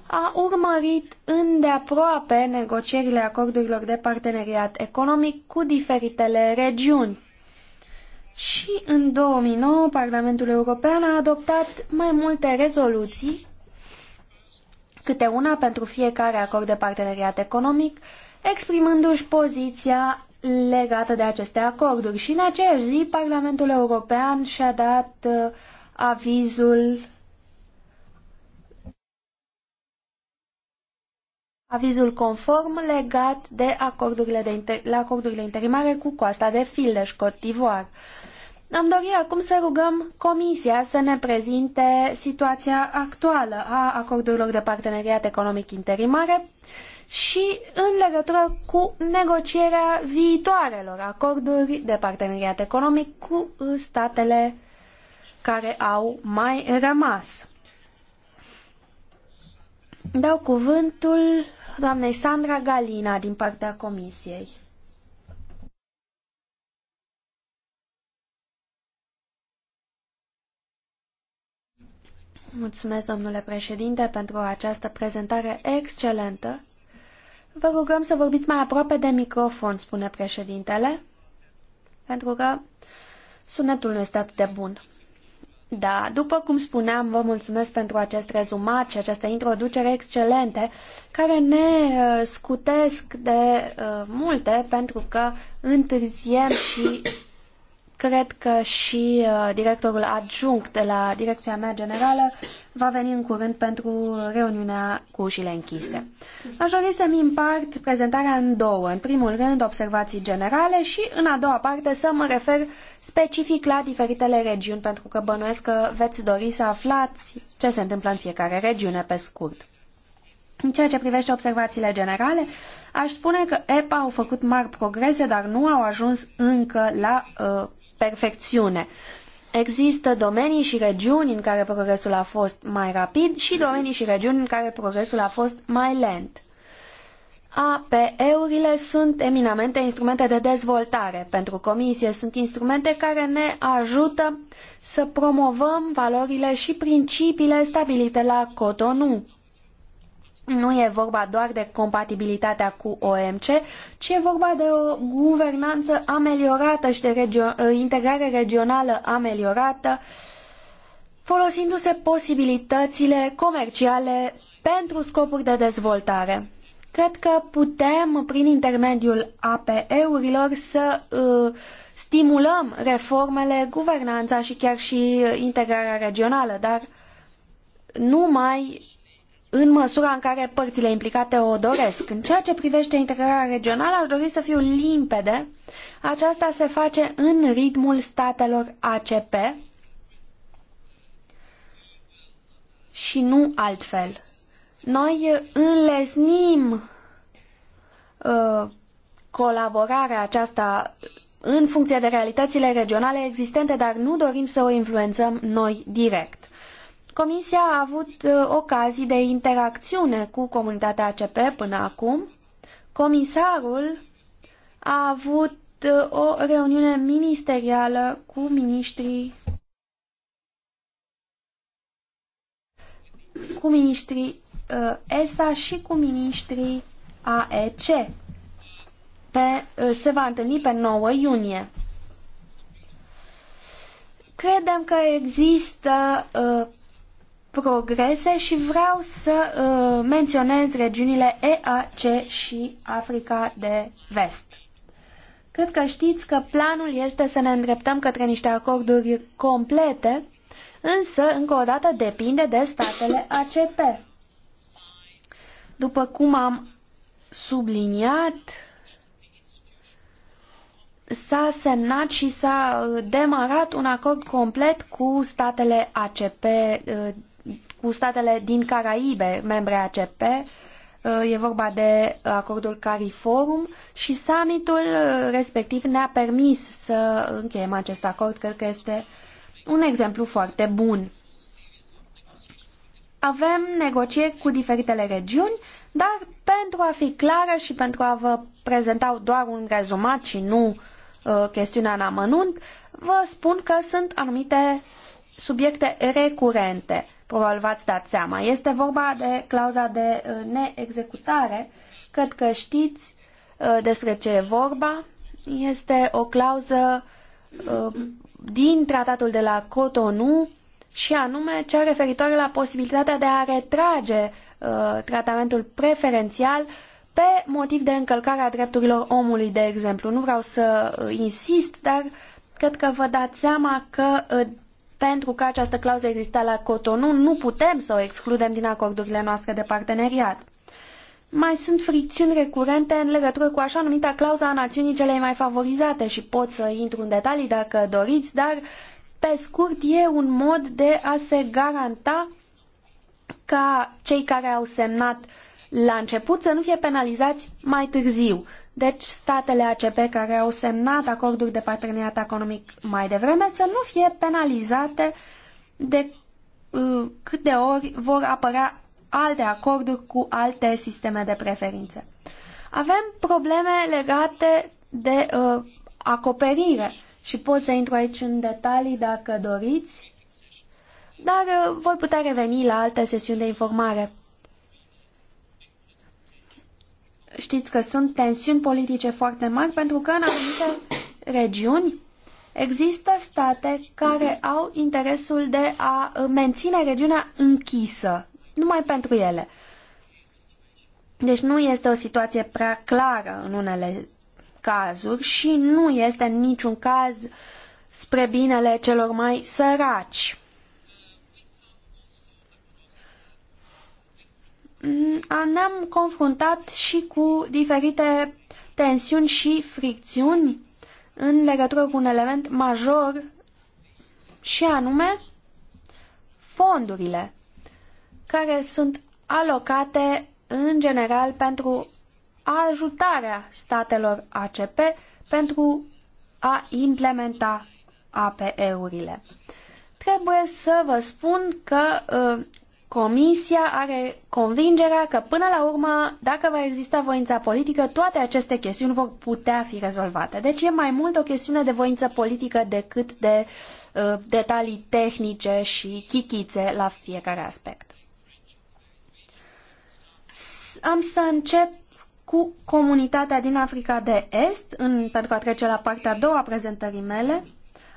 a urmărit îndeaproape negocierile acordurilor de parteneriat economic cu diferitele regiuni. Și în 2009, Parlamentul European a adoptat mai multe rezoluții, câte una pentru fiecare acord de parteneriat economic, exprimându-și poziția legată de aceste acorduri. Și în aceeași zi, Parlamentul European și-a dat uh, avizul avizul conform legat de acordurile de inter, la acordurile interimare cu coasta de Fildeș, Cotivoar. Am dori acum să rugăm Comisia să ne prezinte situația actuală a acordurilor de parteneriat economic interimare și în legătură cu negocierea viitoarelor acorduri de parteneriat economic cu statele care au mai rămas. Dau cuvântul doamnei Sandra Galina din partea Comisiei. Mulțumesc, domnule președinte, pentru această prezentare excelentă. Vă rugăm să vorbiți mai aproape de microfon, spune președintele, pentru că sunetul nu este atât de bun. Da, după cum spuneam, vă mulțumesc pentru acest rezumat și această introducere excelente care ne uh, scutesc de uh, multe pentru că întârziem și Cred că și uh, directorul adjunct de la direcția mea generală va veni în curând pentru reuniunea cu ușile închise. Aș dori să-mi împart prezentarea în două. În primul rând, observații generale și în a doua parte să mă refer specific la diferitele regiuni, pentru că bănuiesc că veți dori să aflați ce se întâmplă în fiecare regiune pe scurt. În ceea ce privește observațiile generale, aș spune că EPA au făcut mari progrese, dar nu au ajuns încă la uh, perfecțiune. Există domenii și regiuni în care progresul a fost mai rapid și domenii și regiuni în care progresul a fost mai lent. APE-urile sunt eminamente instrumente de dezvoltare pentru comisie, sunt instrumente care ne ajută să promovăm valorile și principiile stabilite la Cotonou nu e vorba doar de compatibilitatea cu OMC, ci e vorba de o guvernanță ameliorată și de regio- eh, integrare regională ameliorată, folosindu-se posibilitățile comerciale pentru scopuri de dezvoltare. Cred că putem, prin intermediul APE-urilor, să uh, stimulăm reformele, guvernanța și chiar și integrarea regională, dar numai în măsura în care părțile implicate o doresc. În ceea ce privește integrarea regională, aș dori să fiu limpede. Aceasta se face în ritmul statelor ACP și nu altfel. Noi înlesnim uh, colaborarea aceasta în funcție de realitățile regionale existente, dar nu dorim să o influențăm noi direct. Comisia a avut uh, ocazii de interacțiune cu comunitatea ACP până acum. Comisarul a avut uh, o reuniune ministerială cu miniștrii cu miniștrii uh, ESA și cu miniștrii AEC. Pe, se va întâlni pe 9 iunie. Credem că există uh, progrese și vreau să uh, menționez regiunile EAC și Africa de Vest. Cred că știți că planul este să ne îndreptăm către niște acorduri complete, însă, încă o dată, depinde de statele ACP. După cum am subliniat, s-a semnat și s-a uh, demarat un acord complet cu statele ACP uh, cu statele din Caraibe, membre ACP, e vorba de acordul CARIFORUM și summitul uh, respectiv ne-a permis să încheiem acest acord. Cred că este un exemplu foarte bun. Avem negocieri cu diferitele regiuni, dar pentru a fi clară și pentru a vă prezenta doar un rezumat și nu uh, chestiunea în amănunt, vă spun că sunt anumite subiecte recurente. Uh, Probabil v-ați dat seama. Este vorba de clauza de uh, neexecutare. Cred că știți uh, despre ce e vorba. Este o clauză uh, din tratatul de la Cotonou și anume cea referitoare la posibilitatea de a retrage tratamentul preferențial pe motiv de încălcare a drepturilor omului, de exemplu. Nu vreau să insist, dar cred că vă dați seama că pentru că această clauză exista la Cotonou, nu putem să o excludem din acordurile noastre de parteneriat. Mai sunt fricțiuni recurente în legătură cu așa numita clauza a națiunii celei mai favorizate și pot să intru în detalii dacă doriți, dar pe scurt e un mod de a se garanta ca cei care au semnat la început să nu fie penalizați mai târziu. Deci, statele ACP care au semnat acorduri de parteneriat economic mai devreme să nu fie penalizate de câte uh, cât de ori vor apărea alte acorduri cu alte sisteme de preferințe. Avem probleme legate de uh, acoperire și pot să intru aici în detalii dacă doriți, dar uh, voi putea reveni la alte sesiuni de informare. știți că sunt tensiuni politice foarte mari pentru că în anumite regiuni există state care au interesul de a menține regiunea închisă, numai pentru ele. Deci nu este o situație prea clară în unele cazuri și nu este în niciun caz spre binele celor mai săraci. Mm, ne-am confruntat și cu diferite tensiuni și fricțiuni în legătură cu un element major și anume fondurile care sunt alocate în general pentru ajutarea statelor ACP pentru a implementa APE-urile. Trebuie să vă spun că uh, Comisia are convingerea că până la urmă, dacă va exista voința politică, toate aceste chestiuni vor putea fi rezolvate. Deci e mai mult o chestiune de voință politică decât de uh, detalii tehnice și chichițe la fiecare aspect. Am să încep cu comunitatea din Africa de Est, în, pentru a trece la partea a doua a prezentării mele.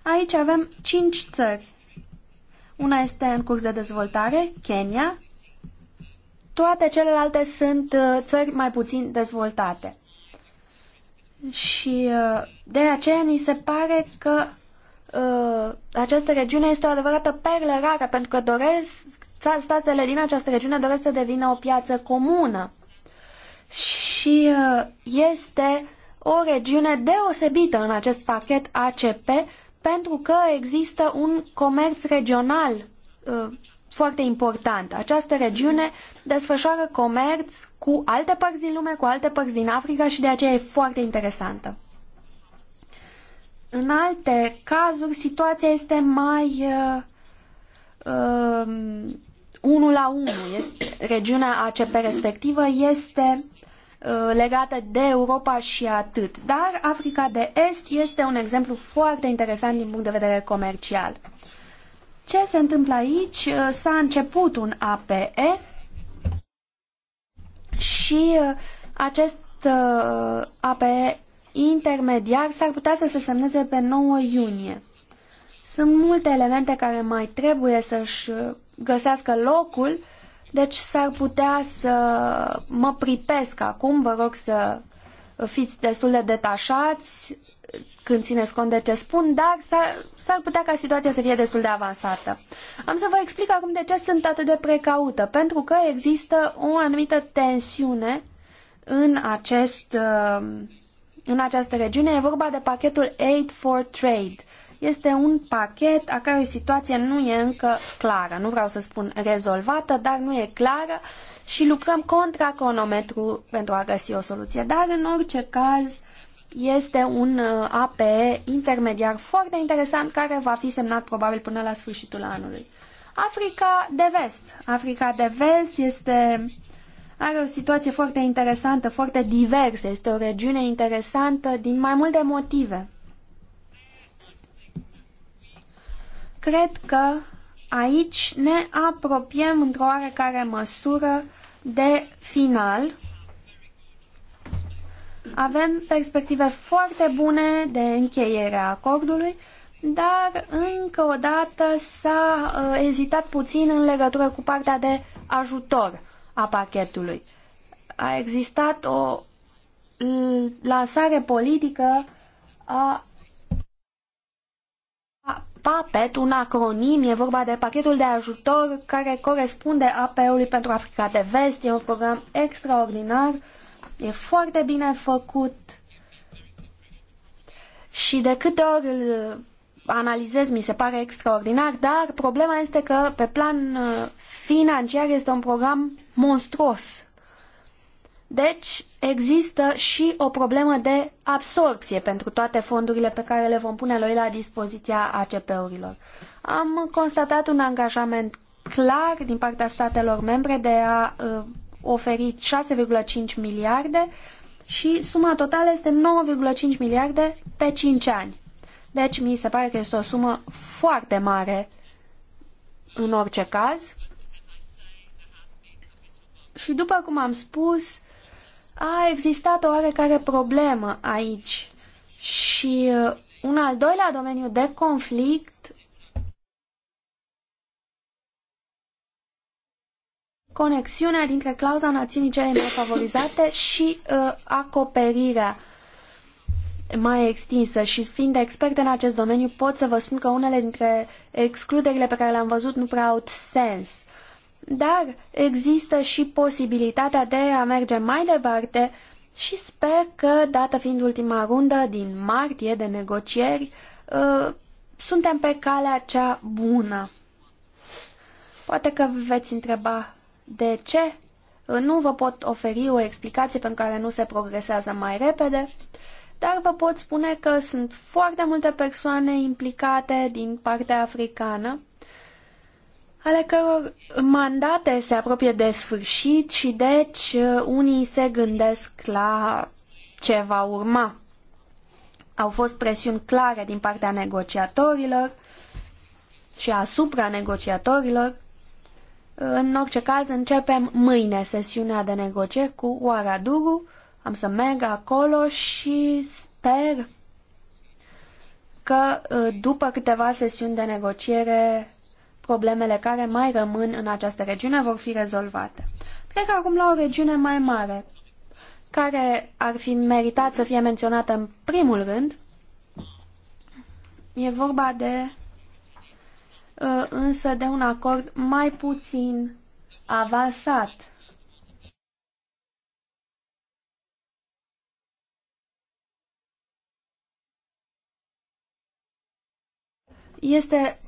Aici avem cinci țări una este în curs de dezvoltare, Kenya. Toate celelalte sunt uh, țări mai puțin dezvoltate. Și uh, de aceea ni se pare că uh, această regiune este o adevărată perlă rară, pentru că doresc, statele din această regiune doresc să devină o piață comună. Și uh, este o regiune deosebită în acest pachet ACP pentru că există un comerț regional uh, foarte important. Această regiune desfășoară comerț cu alte părți din lume, cu alte părți din Africa și de aceea e foarte interesantă. În alte cazuri, situația este mai uh, um, unul la unul. Este, regiunea ACP respectivă este Uh, legată de Europa și atât. Dar Africa de Est este un exemplu foarte interesant din punct de vedere comercial. Ce se întâmplă aici? Uh, s-a început un APE și uh, acest APE intermediar s-ar putea să se semneze pe 9 iunie. Sunt multe elemente care mai trebuie să-și găsească locul deci s-ar putea să mă pripesc acum, vă rog să fiți destul de detașați când țineți cont de ce spun, dar s-ar putea ca situația să fie destul de avansată. Am să vă explic acum de ce sunt atât de precaută, pentru că există o anumită tensiune în, acest, uh, în această regiune. E vorba de pachetul Aid for Trade, este un pachet a cărui situație nu e încă clară. Nu vreau să spun rezolvată, dar nu e clară și lucrăm contra cronometru pentru a găsi o soluție. Dar, în orice caz, este un uh, APE intermediar foarte interesant care va fi semnat probabil până la sfârșitul anului. Africa de vest. Africa de vest este are o situație foarte interesantă, foarte diversă. Este o regiune interesantă din mai multe motive. Cred că aici ne apropiem într-o oarecare măsură de final. Avem perspective foarte bune de încheiere a acordului, dar încă o dată s-a uh, ezitat puțin în legătură cu partea de ajutor a pachetului. A existat o lansare politică a PAPET, un acronim, e vorba de pachetul de ajutor care corespunde APE-ului pentru Africa de Vest. E un program extraordinar, e foarte bine făcut și de câte ori îl analizez mi se pare extraordinar, dar problema este că pe plan uh, financiar este un program monstruos. Deci, există și o problemă de absorpție pentru toate fondurile pe care le vom pune noi la dispoziția ACP-urilor. Am constatat un angajament clar din partea statelor membre de a uh, oferi 6,5 miliarde și suma totală este 9,5 miliarde pe 5 ani. Deci mi se pare că este o sumă foarte mare în orice caz. Și după cum am spus, a existat o oarecare problemă aici și uh, un al doilea domeniu de conflict conexiunea dintre clauza națiunii cele mai favorizate și uh, acoperirea mai extinsă și fiind expert în acest domeniu pot să vă spun că unele dintre excluderile pe care le-am văzut nu prea au sens dar există și posibilitatea de a merge mai departe și sper că, dată fiind ultima rundă din martie de negocieri, ă, suntem pe calea cea bună. Poate că veți întreba de ce. Nu vă pot oferi o explicație pentru care nu se progresează mai repede, dar vă pot spune că sunt foarte multe persoane implicate din partea africană ale căror mandate se apropie de sfârșit și deci unii se gândesc la ce va urma. Au fost presiuni clare din partea negociatorilor și asupra negociatorilor. În orice caz, începem mâine sesiunea de negocieri cu Oaraduru. Am să merg acolo și sper că după câteva sesiuni de negociere problemele care mai rămân în această regiune vor fi rezolvate. Plec acum la o regiune mai mare, care ar fi meritat să fie menționată în primul rând. E vorba de uh, însă de un acord mai puțin avansat. Este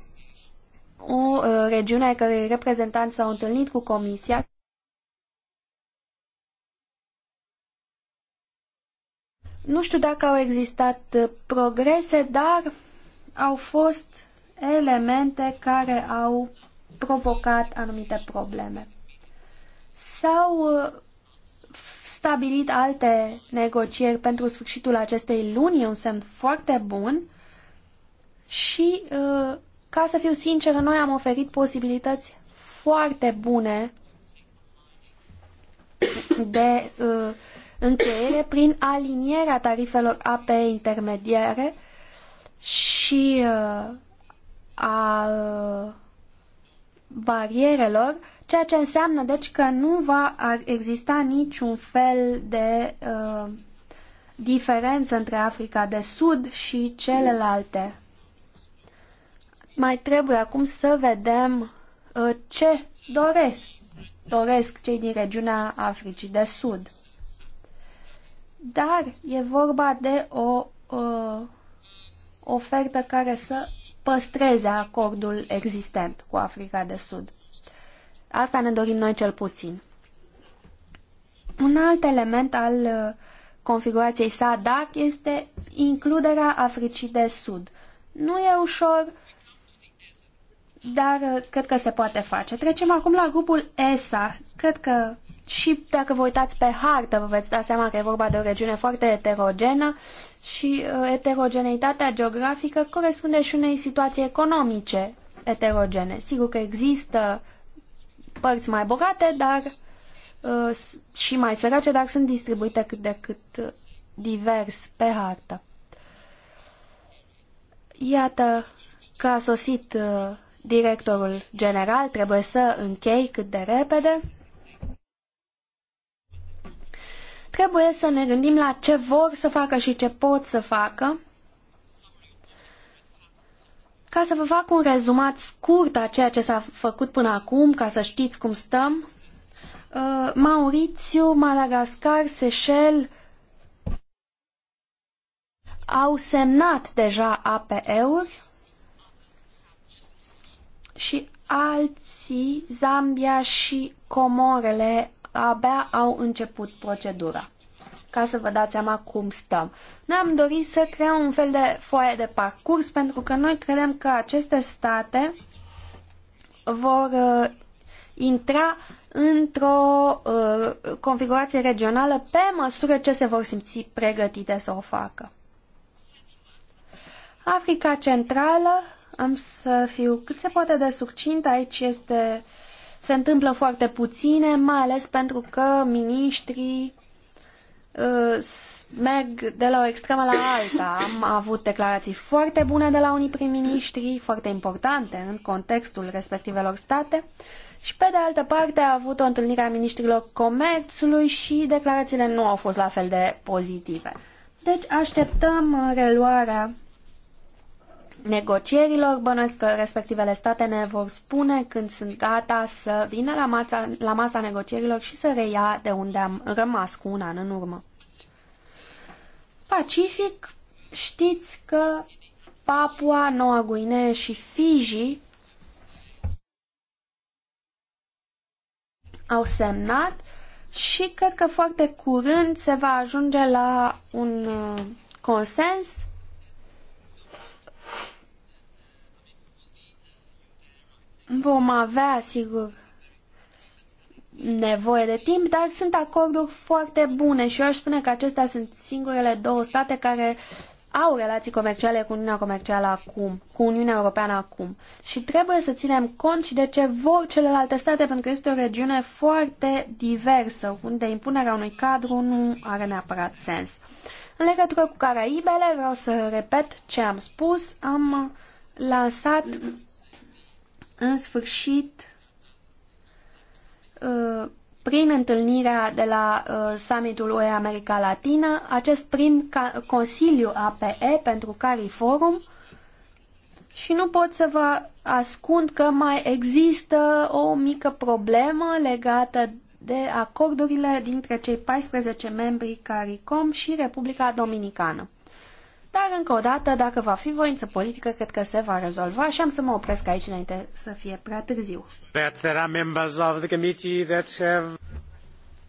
o uh, regiune ai cărei reprezentanți s-au întâlnit cu Comisia Nu știu dacă au existat uh, progrese, dar au fost elemente care au provocat anumite probleme. S-au uh, stabilit alte negocieri pentru sfârșitul acestei luni, e un semn foarte bun și uh, ca să fiu sinceră, noi am oferit posibilități foarte bune de uh, încheiere prin alinierea tarifelor APE intermediare și uh, a barierelor, ceea ce înseamnă deci că nu va exista niciun fel de uh, diferență între Africa de Sud și celelalte mai trebuie acum să vedem uh, ce doresc, doresc cei din regiunea Africii de Sud. Dar e vorba de o uh, ofertă care să păstreze acordul existent cu Africa de Sud. Asta ne dorim noi cel puțin. Un alt element al uh, configurației SADAC este includerea Africii de Sud. Nu e ușor, dar uh, cred că se poate face. Trecem acum la grupul ESA. Cred că și dacă vă uitați pe hartă, vă veți da seama că e vorba de o regiune foarte eterogenă și uh, eterogeneitatea geografică corespunde și unei situații economice eterogene. Sigur că există părți mai bogate dar uh, și mai sărace, dar sunt distribuite cât de cât divers pe hartă. Iată că a sosit directorul general, trebuie să închei cât de repede. Trebuie să ne gândim la ce vor să facă și ce pot să facă. Ca să vă fac un rezumat scurt a ceea ce s-a făcut până acum, ca să știți cum stăm, uh, Mauritiu, Madagascar, Seychelles au semnat deja APE-uri și alții, Zambia și Comorele, abia au început procedura. Ca să vă dați seama cum stăm. Noi am dorit să creăm un fel de foaie de parcurs pentru că noi credem că aceste state vor uh, intra într-o uh, configurație regională pe măsură ce se vor simți pregătite să o facă. Africa Centrală am să fiu cât se poate de succint. Aici este, se întâmplă foarte puține, mai ales pentru că miniștrii uh, merg de la o extremă la alta. Am avut declarații foarte bune de la unii prim-ministri, foarte importante în contextul respectivelor state. Și pe de altă parte a avut o întâlnire a ministrilor comerțului și declarațiile nu au fost la fel de pozitive. Deci așteptăm reluarea negocierilor. Bănuiesc că respectivele state ne vor spune când sunt gata să vină la masa, la masa negocierilor și să reia de unde am rămas cu un an în urmă. Pacific, știți că Papua, Noua Guinee și Fiji au semnat și cred că foarte curând se va ajunge la un uh, consens Vom avea, sigur, nevoie de timp, dar sunt acorduri foarte bune și eu aș spune că acestea sunt singurele două state care au relații comerciale cu Uniunea Comercială acum, cu Uniunea Europeană acum. Și trebuie să ținem cont și de ce vor celelalte state, pentru că este o regiune foarte diversă, unde impunerea unui cadru nu are neapărat sens. În legătură cu Caraibele, vreau să repet ce am spus, am lansat în sfârșit, uh, prin întâlnirea de la uh, summitul UE America Latină, acest prim consiliu APE pentru Forum și nu pot să vă ascund că mai există o mică problemă legată de acordurile dintre cei 14 membri CARICOM și Republica Dominicană. Dar, încă o dată, dacă va fi voință politică, cred că se va rezolva și am să mă opresc aici înainte să fie prea târziu.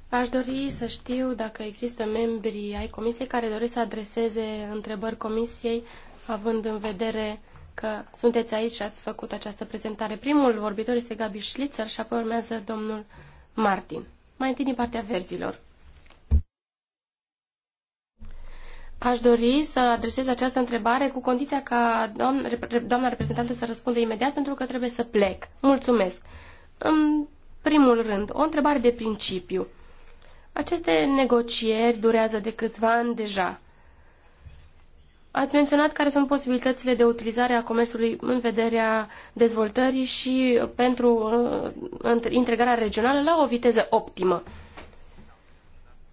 Aș dori să știu dacă există membri ai comisiei care doresc să adreseze întrebări comisiei, având în vedere că sunteți aici și ați făcut această prezentare. Primul vorbitor este Gabi Schlitzer și apoi urmează domnul Martin. Mai întâi din partea verzilor. Aș dori să adresez această întrebare cu condiția ca doamna reprezentantă să răspundă imediat pentru că trebuie să plec. Mulțumesc. În primul rând, o întrebare de principiu. Aceste negocieri durează de câțiva ani deja. Ați menționat care sunt posibilitățile de utilizare a comerțului în vederea dezvoltării și pentru uh, integrarea regională la o viteză optimă.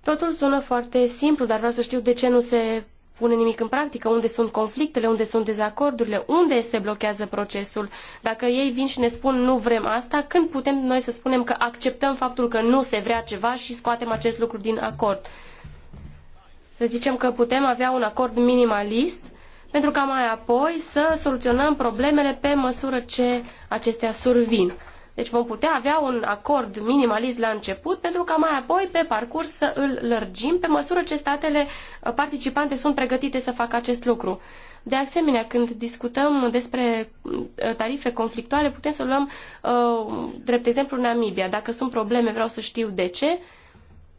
Totul sună foarte simplu, dar vreau să știu de ce nu se pune nimic în practică, unde sunt conflictele, unde sunt dezacordurile, unde se blochează procesul. Dacă ei vin și ne spun nu vrem asta, când putem noi să spunem că acceptăm faptul că nu se vrea ceva și scoatem acest lucru din acord? Să zicem că putem avea un acord minimalist pentru ca mai apoi să soluționăm problemele pe măsură ce acestea survin. Deci vom putea avea un acord minimalist la început, pentru ca mai apoi, pe parcurs, să îl lărgim pe măsură ce statele participante sunt pregătite să facă acest lucru. De asemenea, când discutăm despre uh, tarife conflictuale, putem să luăm uh, drept exemplu Namibia. Dacă sunt probleme, vreau să știu de ce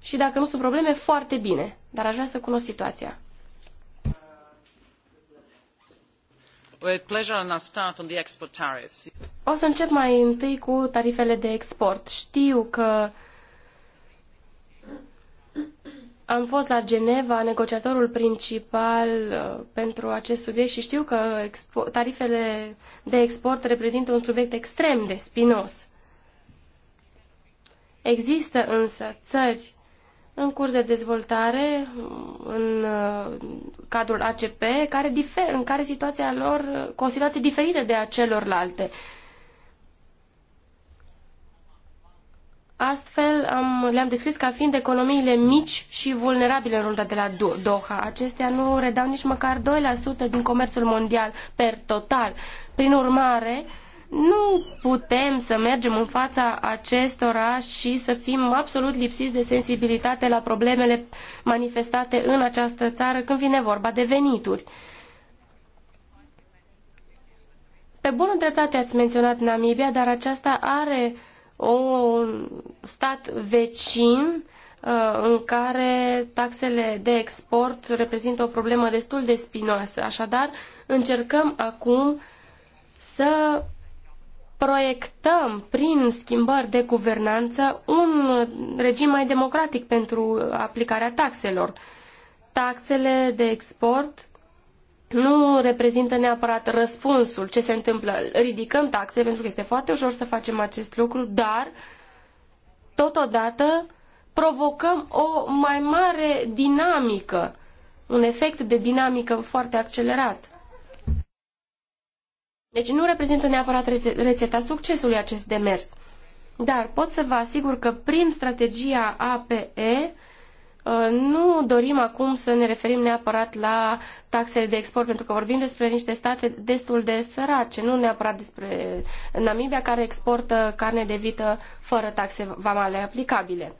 și dacă nu sunt probleme, foarte bine. Dar aș vrea să cunosc situația. O să încep mai întâi cu tarifele de export. Știu că am fost la Geneva, negociatorul principal uh, pentru acest subiect și știu că tarifele de export reprezintă un subiect extrem de spinos. Există însă țări în curs de dezvoltare în uh, cadrul ACP, care difer, în care situația lor, cu o situație diferită de a celorlalte. Astfel, am, le-am descris ca fiind economiile mici și vulnerabile în runda de la Doha. Acestea nu redau nici măcar 2% din comerțul mondial per total. Prin urmare, uh, nu putem să mergem în fața acestora și să fim absolut lipsiți de sensibilitate la problemele manifestate în această țară când vine vorba de venituri. Pe bună dreptate ați menționat Namibia, dar aceasta are un stat vecin uh, în care taxele de export reprezintă o problemă destul de spinoasă. Așadar, încercăm acum să proiectăm prin schimbări de guvernanță un regim mai democratic pentru aplicarea taxelor. Taxele de export nu reprezintă neapărat răspunsul ce se întâmplă. Ridicăm taxe pentru că este foarte ușor să facem acest lucru, dar totodată provocăm o mai mare dinamică, un efect de dinamică foarte accelerat. Deci nu reprezintă neapărat rețeta succesului acest demers. Dar pot să vă asigur că prin strategia APE uh, nu dorim acum să ne referim neapărat la taxele de export, pentru că vorbim despre niște state destul de sărace, nu neapărat despre Namibia, care exportă carne de vită fără taxe vamale aplicabile.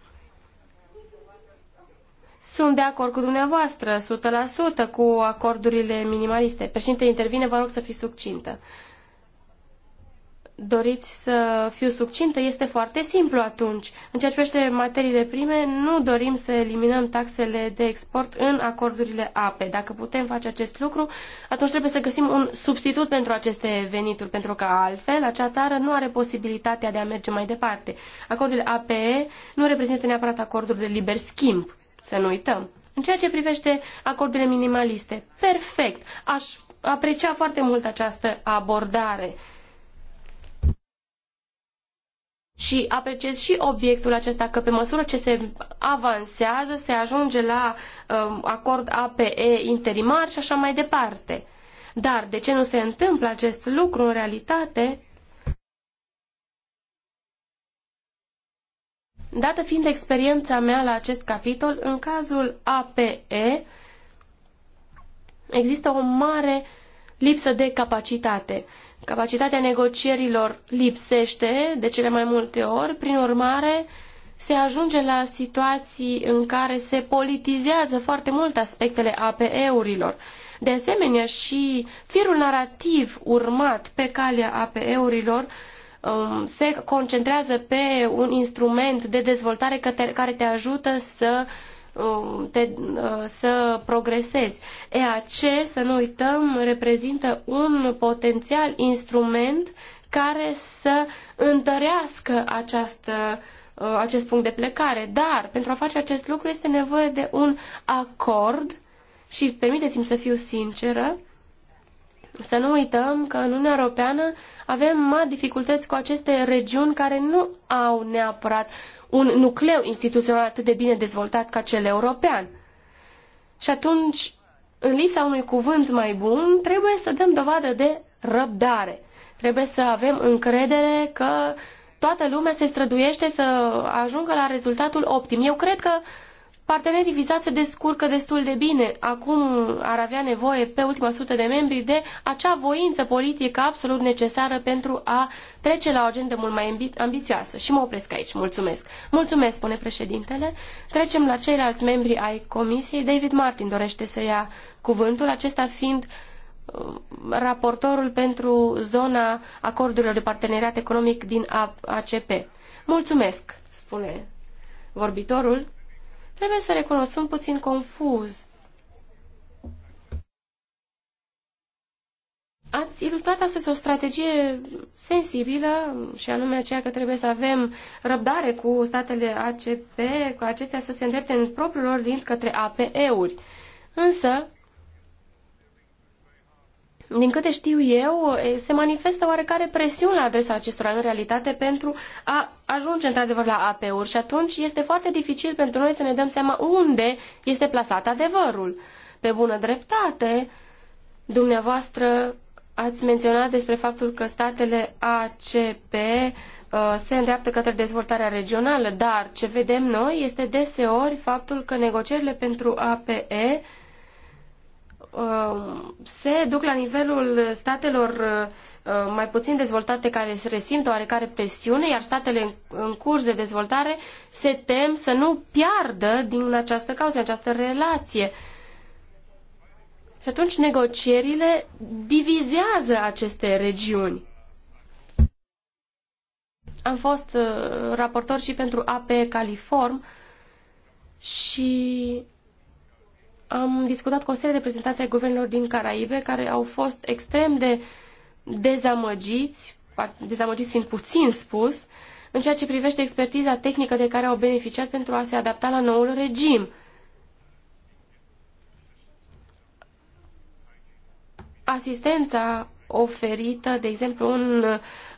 Sunt de acord cu dumneavoastră, 100% la cu acordurile minimaliste. Președinte, intervine, vă rog să fiți succintă doriți să fiu succintă, este foarte simplu atunci. În ceea ce privește materiile prime, nu dorim să eliminăm taxele de export în acordurile APE. Dacă putem face acest lucru, atunci trebuie să găsim un substitut pentru aceste venituri, pentru că altfel acea țară nu are posibilitatea de a merge mai departe. Acordurile APE nu reprezintă neapărat acorduri de liber schimb, să nu uităm. În ceea ce privește acordurile minimaliste, perfect, aș aprecia foarte mult această abordare și apreciez și obiectul acesta că pe măsură ce se avansează se ajunge la um, acord APE interimar și așa mai departe. Dar de ce nu se întâmplă acest lucru în realitate? Dată fiind experiența mea la acest capitol, în cazul APE există o mare lipsă de capacitate. Capacitatea negocierilor lipsește de cele mai multe ori, prin urmare se ajunge la situații în care se politizează foarte mult aspectele APE-urilor. De asemenea, și firul narativ urmat pe calea APE-urilor um, se concentrează pe un instrument de dezvoltare care te ajută să Uh, te, uh, să progresezi. E ce, să nu uităm, reprezintă un potențial instrument care să întărească această uh, acest punct de plecare, dar pentru a face acest lucru este nevoie de un acord și permiteți-mi să fiu sinceră, să nu uităm că în Uniunea Europeană avem mari dificultăți cu aceste regiuni care nu au neapărat un nucleu instituțional atât de bine dezvoltat ca cel european. Și atunci, în lipsa unui cuvânt mai bun, trebuie să dăm dovadă de răbdare. Trebuie să avem încredere că toată lumea se străduiește să ajungă la rezultatul optim. Eu cred că Partenerii vizați se descurcă destul de bine. Acum ar avea nevoie pe ultima sută de membri de acea voință politică absolut necesară pentru a trece la o agendă mult mai ambi- ambițioasă. Și mă opresc aici. Mulțumesc. Mulțumesc, spune președintele. Trecem la ceilalți membri ai comisiei. David Martin dorește să ia cuvântul, acesta fiind um, raportorul pentru zona acordurilor de parteneriat economic din ACP. Mulțumesc, spune vorbitorul. Trebuie să recunosc, sunt puțin confuz. Ați ilustrat astăzi o strategie sensibilă și anume aceea că trebuie să avem răbdare cu statele ACP, cu acestea să se îndrepte în propriul lor lind către APE-uri. Însă, din câte știu eu, se manifestă oarecare presiune la adresa acestora în realitate pentru a ajunge într-adevăr la AP-uri și atunci este foarte dificil pentru noi să ne dăm seama unde este plasat adevărul. Pe bună dreptate, dumneavoastră ați menționat despre faptul că statele ACP uh, se îndreaptă către dezvoltarea regională, dar ce vedem noi este deseori faptul că negocierile pentru APE Uh, se duc la nivelul statelor uh, mai puțin dezvoltate care se resimt oarecare presiune, iar statele în curs de dezvoltare se tem să nu piardă din această cauză, din această relație. Și atunci negocierile divizează aceste regiuni. Am fost uh, raportor și pentru AP Caliform și am discutat cu o serie de reprezentanți ai guvernelor din Caraibe care au fost extrem de dezamăgiți, dezamăgiți fiind puțin spus, în ceea ce privește expertiza tehnică de care au beneficiat pentru a se adapta la noul regim. Asistența oferită, de exemplu, în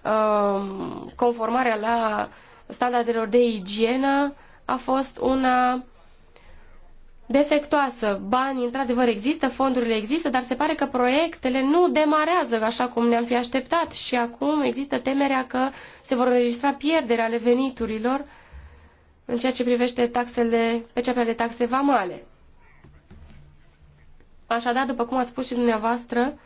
uh, conformarea la standardelor de igienă a fost una defectoasă. Banii, într-adevăr, există, fondurile există, dar se pare că proiectele nu demarează așa cum ne-am fi așteptat și acum există temerea că se vor înregistra pierderi ale veniturilor în ceea ce privește taxele, perceperea de taxe vamale. Așadar, după cum ați spus și dumneavoastră,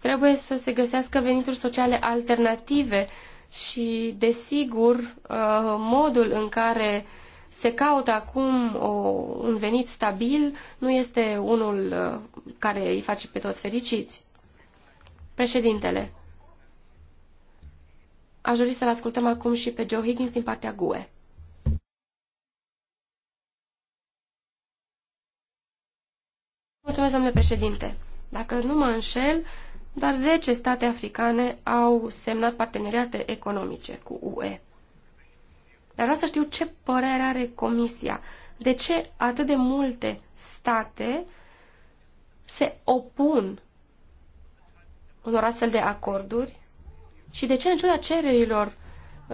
trebuie să se găsească venituri sociale alternative și, desigur, uh, modul în care se caută acum o, un venit stabil, nu este unul uh, care îi face pe toți fericiți. Președintele, aș dori să-l ascultăm acum și pe Joe Higgins din partea GUE. Mulțumesc, domnule președinte. Dacă nu mă înșel, doar 10 state africane au semnat parteneriate economice cu UE. Dar vreau să știu ce părere are Comisia. De ce atât de multe state se opun unor astfel de acorduri și de ce, în ciuda cererilor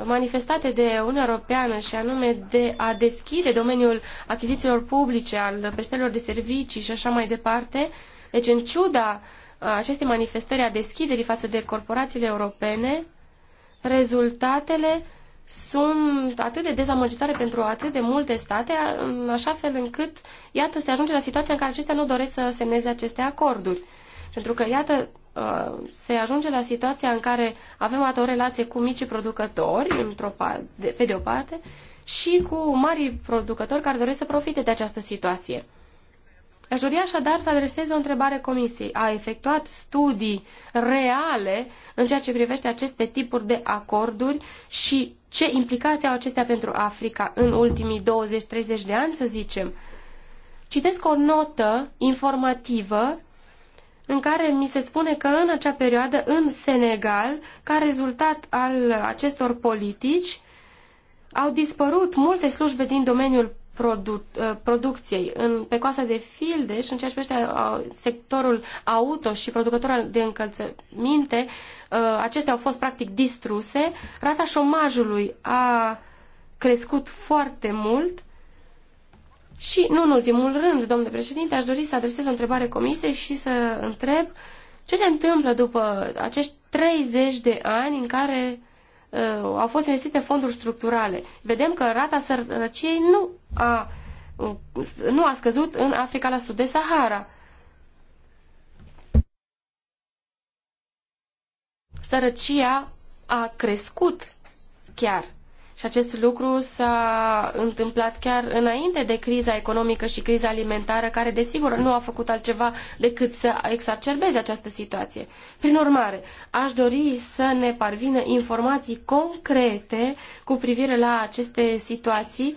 manifestate de Uniunea Europeană și anume de a deschide domeniul achizițiilor publice, al prestărilor de servicii și așa mai departe, deci în ciuda uh, acestei manifestări a deschiderii față de corporațiile europene, rezultatele sunt atât de dezamăgitoare pentru atât de multe state, în așa fel încât, iată, se ajunge la situația în care acestea nu doresc să semneze aceste acorduri. Pentru că, iată, uh, se ajunge la situația în care avem atât o relație cu micii producători, pe de o parte, și cu mari producători care doresc să profite de această situație. Aș dori așadar să adresez o întrebare comisiei. A efectuat studii reale în ceea ce privește aceste tipuri de acorduri și ce implicații au acestea pentru Africa în ultimii 20-30 de ani, să zicem? Citesc o notă informativă în care mi se spune că în acea perioadă, în Senegal, ca rezultat al acestor politici, au dispărut multe slujbe din domeniul produ- uh, producției. În, pe coasta de Fildeș, în ceea ce privește uh, sectorul auto și producătorul de încălțăminte, uh, acestea au fost practic distruse. Rata șomajului a crescut foarte mult și, nu în ultimul rând, domnule președinte, aș dori să adresez o întrebare comisiei și să întreb ce se întâmplă după acești 30 de ani în care Uh, au fost investite fonduri structurale. Vedem că rata sărăciei nu a, uh, nu a scăzut în Africa la sud de Sahara. Sărăcia a crescut chiar. Și acest lucru s-a întâmplat chiar înainte de criza economică și criza alimentară, care desigur nu a făcut altceva decât să exacerbeze această situație. Prin urmare, aș dori să ne parvină informații concrete cu privire la aceste situații.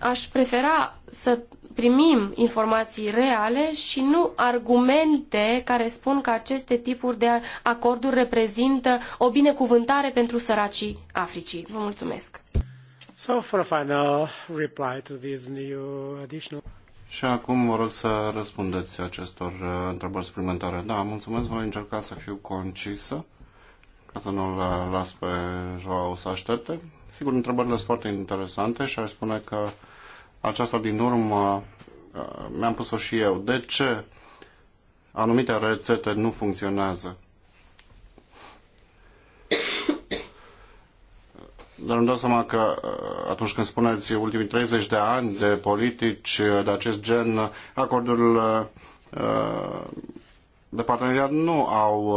Aș prefera să primim informații reale și nu argumente care spun că aceste tipuri de acorduri reprezintă o binecuvântare pentru săracii Africii. Vă mulțumesc! So for a final reply to these new additional... Și acum vă rog să răspundeți acestor uh, întrebări suplimentare. Da, mulțumesc, voi încerca să fiu concisă ca să nu l las pe Joao să aștepte. Sigur, întrebările sunt foarte interesante și aș spune că aceasta din urmă uh, mi-am pus-o și eu. De ce anumite rețete nu funcționează? Dar îmi dau seama că uh, atunci când spuneți ultimii 30 de ani de politici uh, de acest gen, acordurile de parteneriat nu au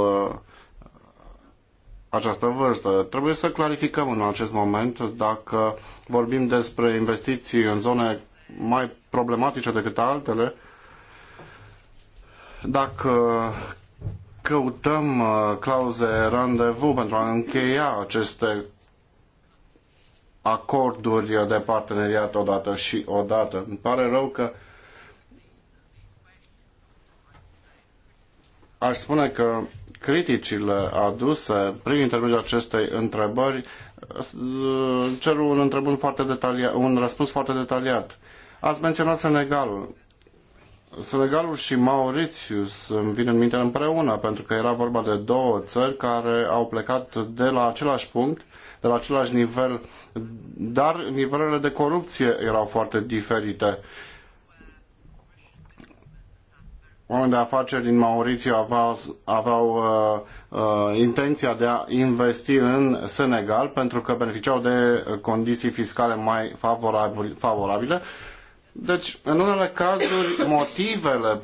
această vârstă. Trebuie să clarificăm în acest moment dacă vorbim despre investiții în zone mai problematice decât altele, dacă căutăm uh, clauze randevu pentru a încheia aceste acorduri de parteneriat odată și odată. Îmi pare rău că aș spune că criticile aduse prin intermediul acestei întrebări cer un, întrebun foarte detaliat, un răspuns foarte detaliat. Ați menționat Senegalul. Senegalul și Mauritius îmi vin în minte împreună, pentru că era vorba de două țări care au plecat de la același punct, de la același nivel, dar nivelele de corupție erau foarte diferite oameni de afaceri din Maurițiu aveau, aveau uh, uh, intenția de a investi în Senegal pentru că beneficiau de condiții fiscale mai favorabile. favorabile. Deci, în unele cazuri, motivele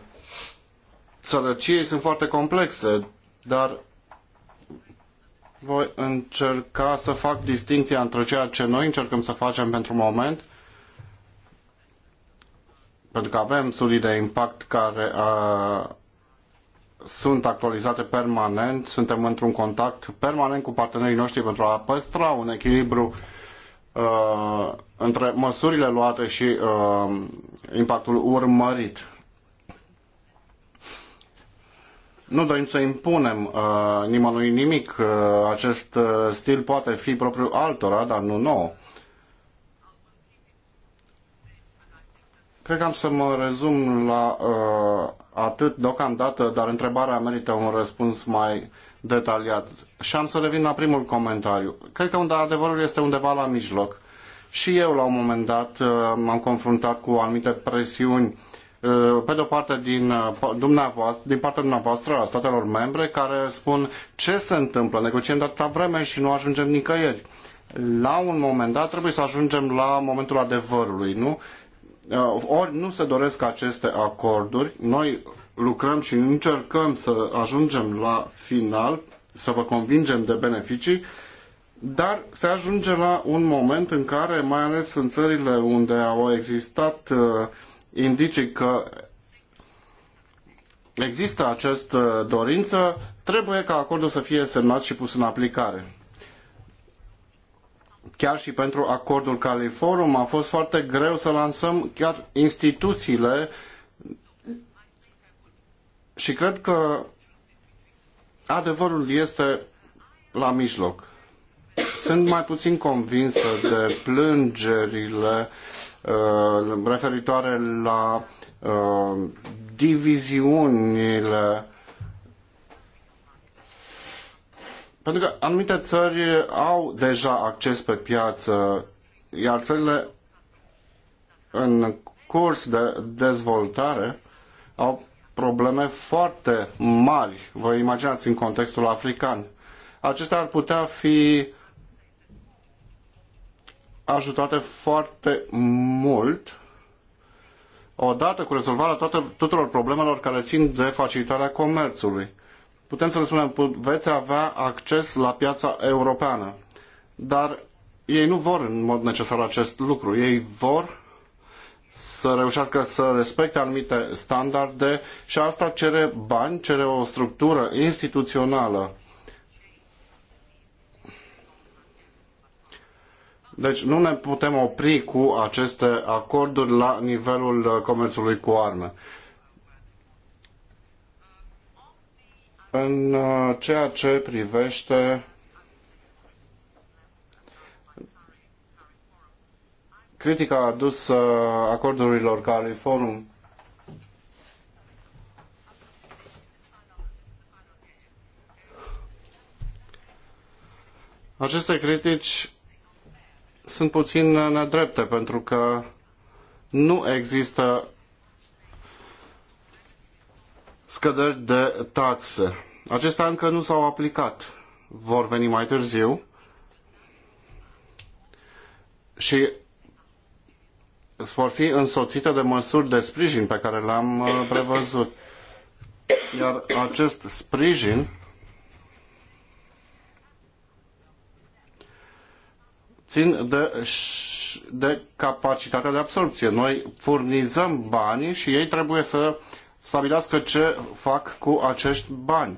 sărăciei sunt foarte complexe, dar voi încerca să fac distinția între ceea ce noi încercăm să facem pentru moment pentru că avem studii de impact care uh, sunt actualizate permanent, suntem într-un contact permanent cu partenerii noștri pentru a păstra un echilibru uh, între măsurile luate și uh, impactul urmărit. Nu dorim să impunem uh, nimănui nimic, acest stil poate fi propriu altora, dar nu nou. Cred că am să mă rezum la uh, atât deocamdată, dar întrebarea merită un răspuns mai detaliat. Și am să revin la primul comentariu. Cred că adevărul este undeva la mijloc. Și eu, la un moment dat, uh, m-am confruntat cu anumite presiuni, uh, pe de-o parte din, uh, dumneavoastră, din partea dumneavoastră a statelor membre, care spun ce se întâmplă, negociem de atâta vreme și nu ajungem nicăieri. La un moment dat trebuie să ajungem la momentul adevărului, nu? Uh, ori nu se doresc aceste acorduri, noi lucrăm și încercăm să ajungem la final, să vă convingem de beneficii, dar se ajunge la un moment în care, mai ales în țările unde au existat uh, indicii că există această dorință, trebuie ca acordul să fie semnat și pus în aplicare chiar și pentru acordul Califorum, a fost foarte greu să lansăm chiar instituțiile și cred că adevărul este la mijloc. Sunt mai puțin convinsă de plângerile uh, referitoare la uh, diviziunile Pentru că anumite țări au deja acces pe piață, iar țările în curs de dezvoltare au probleme foarte mari, vă imaginați în contextul african. Acestea ar putea fi ajutate foarte mult odată cu rezolvarea toate, tuturor problemelor care țin de facilitarea comerțului putem să le spunem, veți avea acces la piața europeană. Dar ei nu vor în mod necesar acest lucru. Ei vor să reușească să respecte anumite standarde și asta cere bani, cere o structură instituțională. Deci nu ne putem opri cu aceste acorduri la nivelul comerțului cu arme. în uh, ceea ce privește critica adusă acordurilor Californum Aceste critici sunt puțin nedrepte pentru că nu există scăderi de taxe. Acestea încă nu s-au aplicat. Vor veni mai târziu. Și vor fi însoțite de măsuri de sprijin pe care le-am uh, prevăzut. Iar acest sprijin țin de, de capacitatea de absorpție. Noi furnizăm banii și ei trebuie să stabilească ce fac cu acești bani.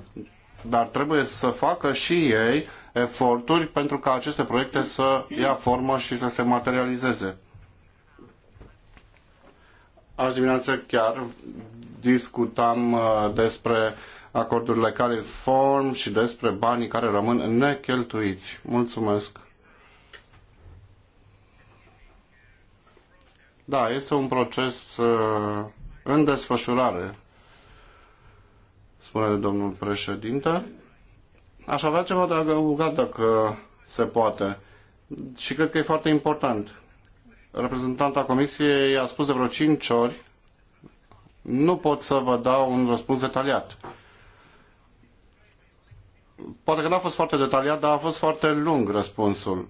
Dar trebuie să facă și ei eforturi pentru ca aceste proiecte să ia formă și să se materializeze. Azi dimineață chiar discutam uh, despre acordurile caliform și despre banii care rămân necheltuiți. Mulțumesc! Da, este un proces uh, în desfășurare, spune domnul președinte. Aș avea ceva de adăugat dacă se poate. Și cred că e foarte important. Reprezentanta Comisiei a spus de vreo 5 ori, nu pot să vă dau un răspuns detaliat. Poate că n-a fost foarte detaliat, dar a fost foarte lung răspunsul.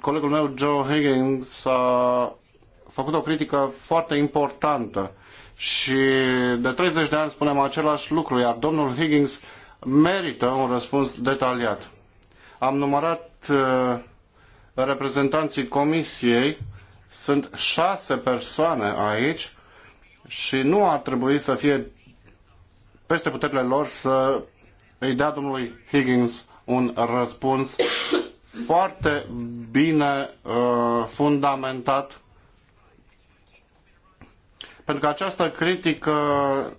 Colegul meu, Joe Higgins, a făcut o critică foarte importantă și de 30 de ani spunem același lucru, iar domnul Higgins merită un răspuns detaliat. Am numărat uh, reprezentanții comisiei, sunt șase persoane aici și nu ar trebui să fie peste puterile lor să îi dea domnului Higgins un răspuns foarte bine uh, fundamentat pentru că această critică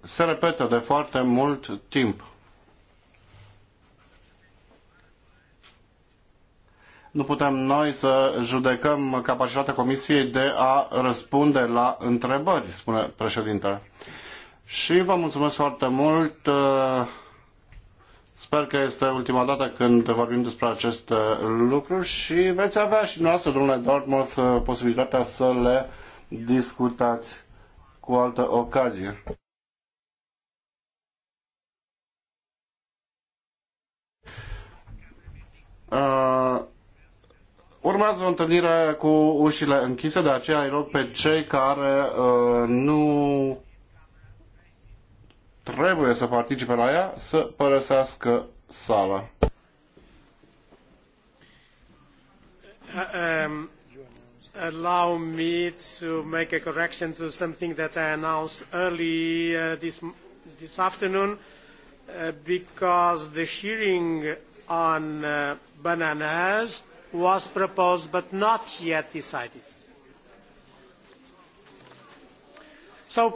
se repetă de foarte mult timp. Nu putem noi să judecăm capacitatea Comisiei de a răspunde la întrebări, spune președintele. Și vă mulțumesc foarte mult. Sper că este ultima dată când vorbim despre aceste lucruri și veți avea și noastră, domnule Dartmouth, posibilitatea să le discutați cu altă ocazie. Uh, urmează o întâlnire cu ușile închise, de aceea îi rog pe cei care uh, nu trebuie să participe la ea să părăsească sala. Uh, um allow me to make a correction to something that I announced early uh, this, this afternoon uh, because the hearing on uh, bananas was proposed but not yet decided. So please